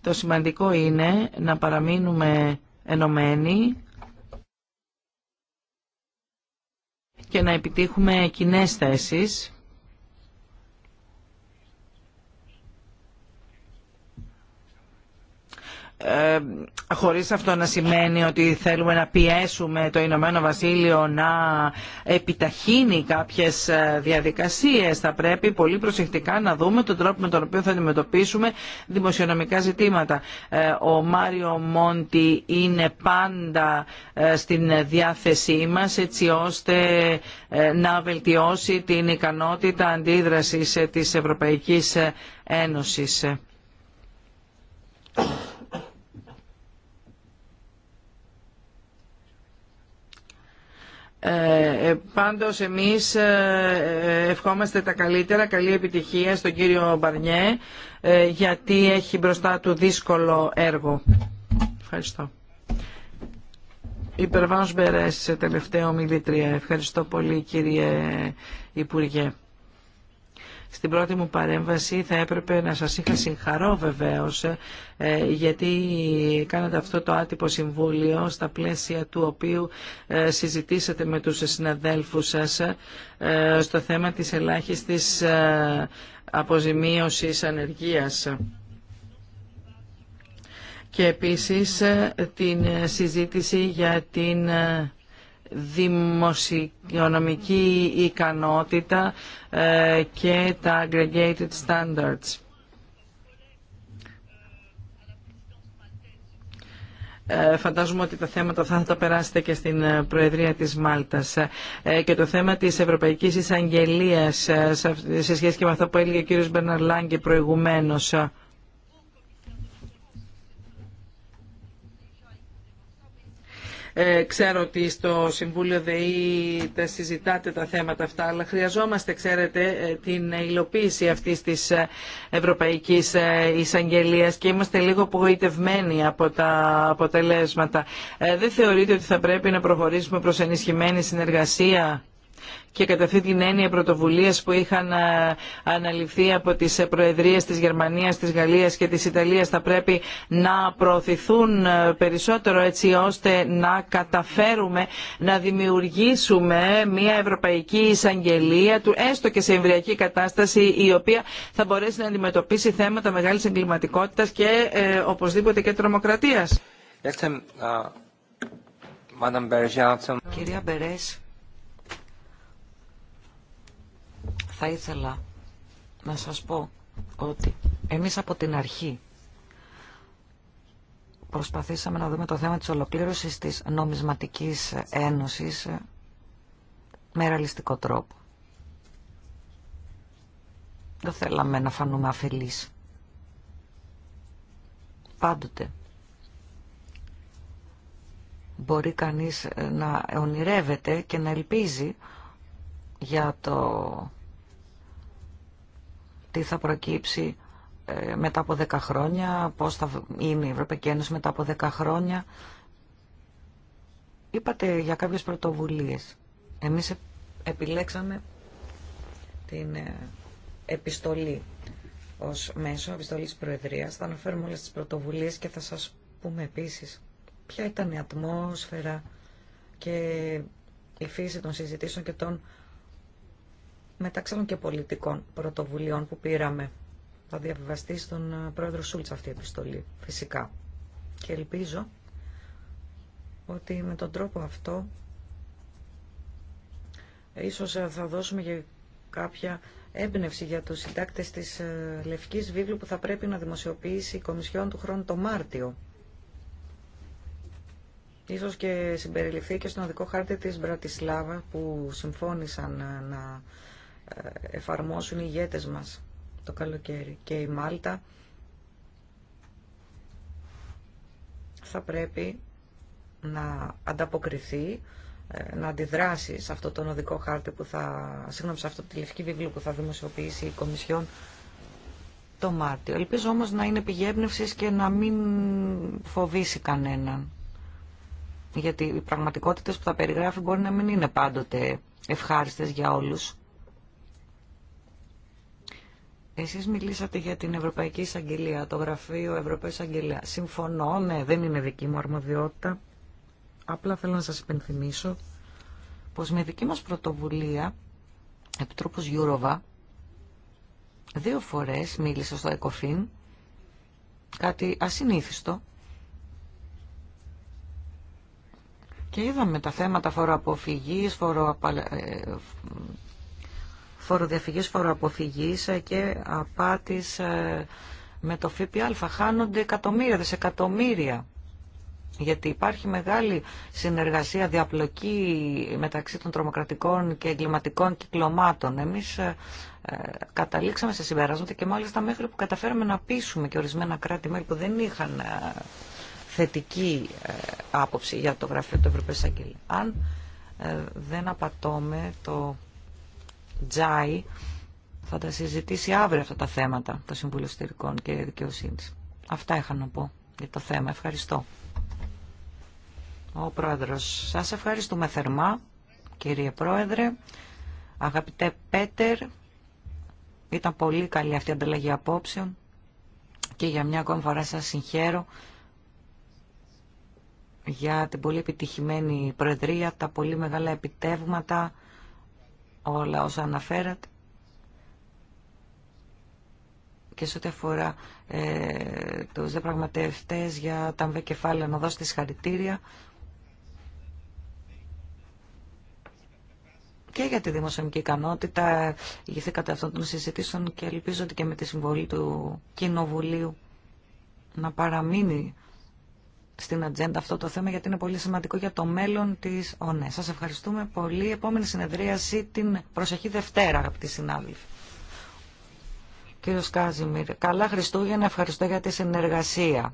το σημαντικό είναι να παραμείνουμε ενωμένοι και να επιτύχουμε κοινέ θέσεις Ε, χωρίς αυτό να σημαίνει ότι θέλουμε να πιέσουμε το Ηνωμένο Βασίλειο να επιταχύνει κάποιες ε, διαδικασίες. Θα πρέπει πολύ προσεκτικά να δούμε τον τρόπο με τον οποίο θα αντιμετωπίσουμε δημοσιονομικά ζητήματα. Ε, ο Μάριο Μόντι είναι πάντα στην διάθεσή μας έτσι ώστε να βελτιώσει την ικανότητα αντίδρασης της Ευρωπαϊκής Ένωσης. Ε, ε, πάντως εμείς ε, ε, ευχόμαστε τα καλύτερα, καλή επιτυχία στον κύριο Μπαρνιέ γιατί έχει μπροστά του δύσκολο έργο. Ευχαριστώ. Υπερβάνος Μπερές, τελευταία ομιλήτρια. Ευχαριστώ πολύ κύριε Υπουργέ. Στην πρώτη μου παρέμβαση θα έπρεπε να σας είχα συγχαρώ βεβαίως ε, γιατί κάνατε αυτό το άτυπο συμβούλιο στα πλαίσια του οποίου ε, συζητήσατε με τους συναδέλφους σας ε, στο θέμα της ελάχιστης αποζημίωσης ανεργίας και επίσης την συζήτηση για την δημοσιονομική ικανότητα ε, και τα aggregated standards. Ε, φαντάζομαι ότι τα θέματα αυτά θα τα περάσετε και στην ε, Προεδρία της Μάλτας. Και το θέμα της Ευρωπαϊκής Εισαγγελίας σε σχέση και με αυτό που έλεγε ο κ. Μπερναρλάνγκη Λάγκε προηγουμένως. Ε, ξέρω ότι στο Συμβούλιο ΔΕΗ τα συζητάτε τα θέματα αυτά, αλλά χρειαζόμαστε, ξέρετε, ε, την υλοποίηση αυτής της ε, Ευρωπαϊκής Εισαγγελίας και είμαστε λίγο απογοητευμένοι από τα αποτελέσματα. δεν θεωρείτε ότι θα πρέπει να προχωρήσουμε προς ενισχυμένη συνεργασία και κατά αυτή την έννοια πρωτοβουλίες που είχαν ε, αναλυφθεί από τις ε, προεδρίες της Γερμανίας, της Γαλλίας και της Ιταλίας θα πρέπει να προωθηθούν ε, περισσότερο έτσι ώστε να καταφέρουμε να δημιουργήσουμε μια ευρωπαϊκή εισαγγελία του έστω και σε εμβριακή κατάσταση η οποία θα μπορέσει να αντιμετωπίσει θέματα μεγάλης εγκληματικότητας και οπωσδήποτε και τρομοκρατίας. Um, uh, Κυρία Θα ήθελα να σας πω ότι εμείς από την αρχή προσπαθήσαμε να δούμε το θέμα της ολοκλήρωσης της νομισματικής ένωσης με ραλιστικό τρόπο. Δεν θέλαμε να φανούμε αφελείς. Πάντοτε μπορεί κανείς να ονειρεύεται και να ελπίζει για το τι θα προκύψει ε, μετά από 10 χρόνια, πώς θα είναι η Ευρωπαϊκή Ένωση μετά από 10 χρόνια. Είπατε για κάποιες πρωτοβουλίες. Εμείς επιλέξαμε την ε, επιστολή ως μέσο, επιστολή της Προεδρίας. Θα αναφέρουμε όλες τις πρωτοβουλίες και θα σας πούμε επίσης ποια ήταν η ατμόσφαιρα και η φύση των συζητήσεων και των μεταξύ των και πολιτικών πρωτοβουλειών που πήραμε. Θα διαβιβαστεί στον ε, πρόεδρο Σούλτς αυτή η επιστολή, φυσικά. Και ελπίζω ότι με τον τρόπο αυτό ίσως ε, θα δώσουμε και κάποια έμπνευση για τους συντάκτες της ε, Λευκής Βίβλου που θα πρέπει να δημοσιοποιήσει η Κομισιόν του χρόνου το Μάρτιο. Ίσως και συμπεριληφθεί και στον οδικό χάρτη της Μπρατισλάβα που συμφώνησαν να εφαρμόσουν οι ηγέτες μας το καλοκαίρι. Και η Μάλτα θα πρέπει να ανταποκριθεί, ε, να αντιδράσει σε αυτό το οδικό χάρτη που θα, συγγνώμη, σε αυτό τη λευκή βιβλίο που θα δημοσιοποιήσει η Κομισιόν το Μάρτιο. Ελπίζω όμως να είναι πηγή και να μην φοβήσει κανέναν. Γιατί οι πραγματικότητες που θα περιγράφει μπορεί να μην είναι πάντοτε ευχάριστες για όλους. Εσείς μιλήσατε για την Ευρωπαϊκή Εισαγγελία, το Γραφείο Ευρωπαϊκή Εισαγγελία. Συμφωνώ, ναι, δεν είναι δική μου αρμοδιότητα. Απλά θέλω να σας υπενθυμίσω πως με δική μας πρωτοβουλία, Επιτρόπος Γιούροβα, δύο φορές μίλησα στο ΕΚΟΦΗΝ, κάτι ασυνήθιστο, και είδαμε τα θέματα φοροαποφυγής, φοροαπα... Ε, φοροδιαφυγής, φοροαποφυγής ε, και απάτης ε, με το ΦΠΑ. Χάνονται εκατομμύρια, δισεκατομμύρια. Γιατί υπάρχει μεγάλη συνεργασία, διαπλοκή μεταξύ των τρομοκρατικών και εγκληματικών κυκλωμάτων. Εμείς ε, καταλήξαμε σε συμπεράσματα και μάλιστα μέχρι που καταφέραμε να πείσουμε και ορισμένα κράτη-μέλη που δεν είχαν θετική άποψη για το γραφείο του Ευρωπαϊκού Αγγελίου. Αν δεν απατώμε το Τζάι θα τα συζητήσει αύριο αυτά τα θέματα το Συμβούλιο Εσωτερικών και Δικαιοσύνη. Αυτά είχα να πω για το θέμα. Ευχαριστώ. Ο Πρόεδρος, σας ευχαριστούμε θερμά, κύριε Πρόεδρε. Αγαπητέ Πέτερ, ήταν πολύ καλή αυτή η ανταλλαγή απόψεων και για μια ακόμη φορά σας συγχαίρω για την πολύ επιτυχημένη Προεδρία, τα πολύ μεγάλα επιτεύγματα όλα όσα αναφέρατε και σε ό,τι αφορά ε, τους για τα ΜΒ κεφάλαια να δώσετε συγχαρητήρια και για τη δημοσιονομική ικανότητα ηγηθήκατε αυτών των συζητήσεων και ελπίζω ότι και με τη συμβολή του Κοινοβουλίου να παραμείνει στην ατζέντα αυτό το θέμα γιατί είναι πολύ σημαντικό για το μέλλον της ΟΝΕ. Σας ευχαριστούμε πολύ. Επόμενη συνεδρίαση την προσεχή Δευτέρα, αγαπητοί συνάδελφοι. Κύριος Κάζιμιρ, καλά Χριστούγεννα, ευχαριστώ για τη συνεργασία.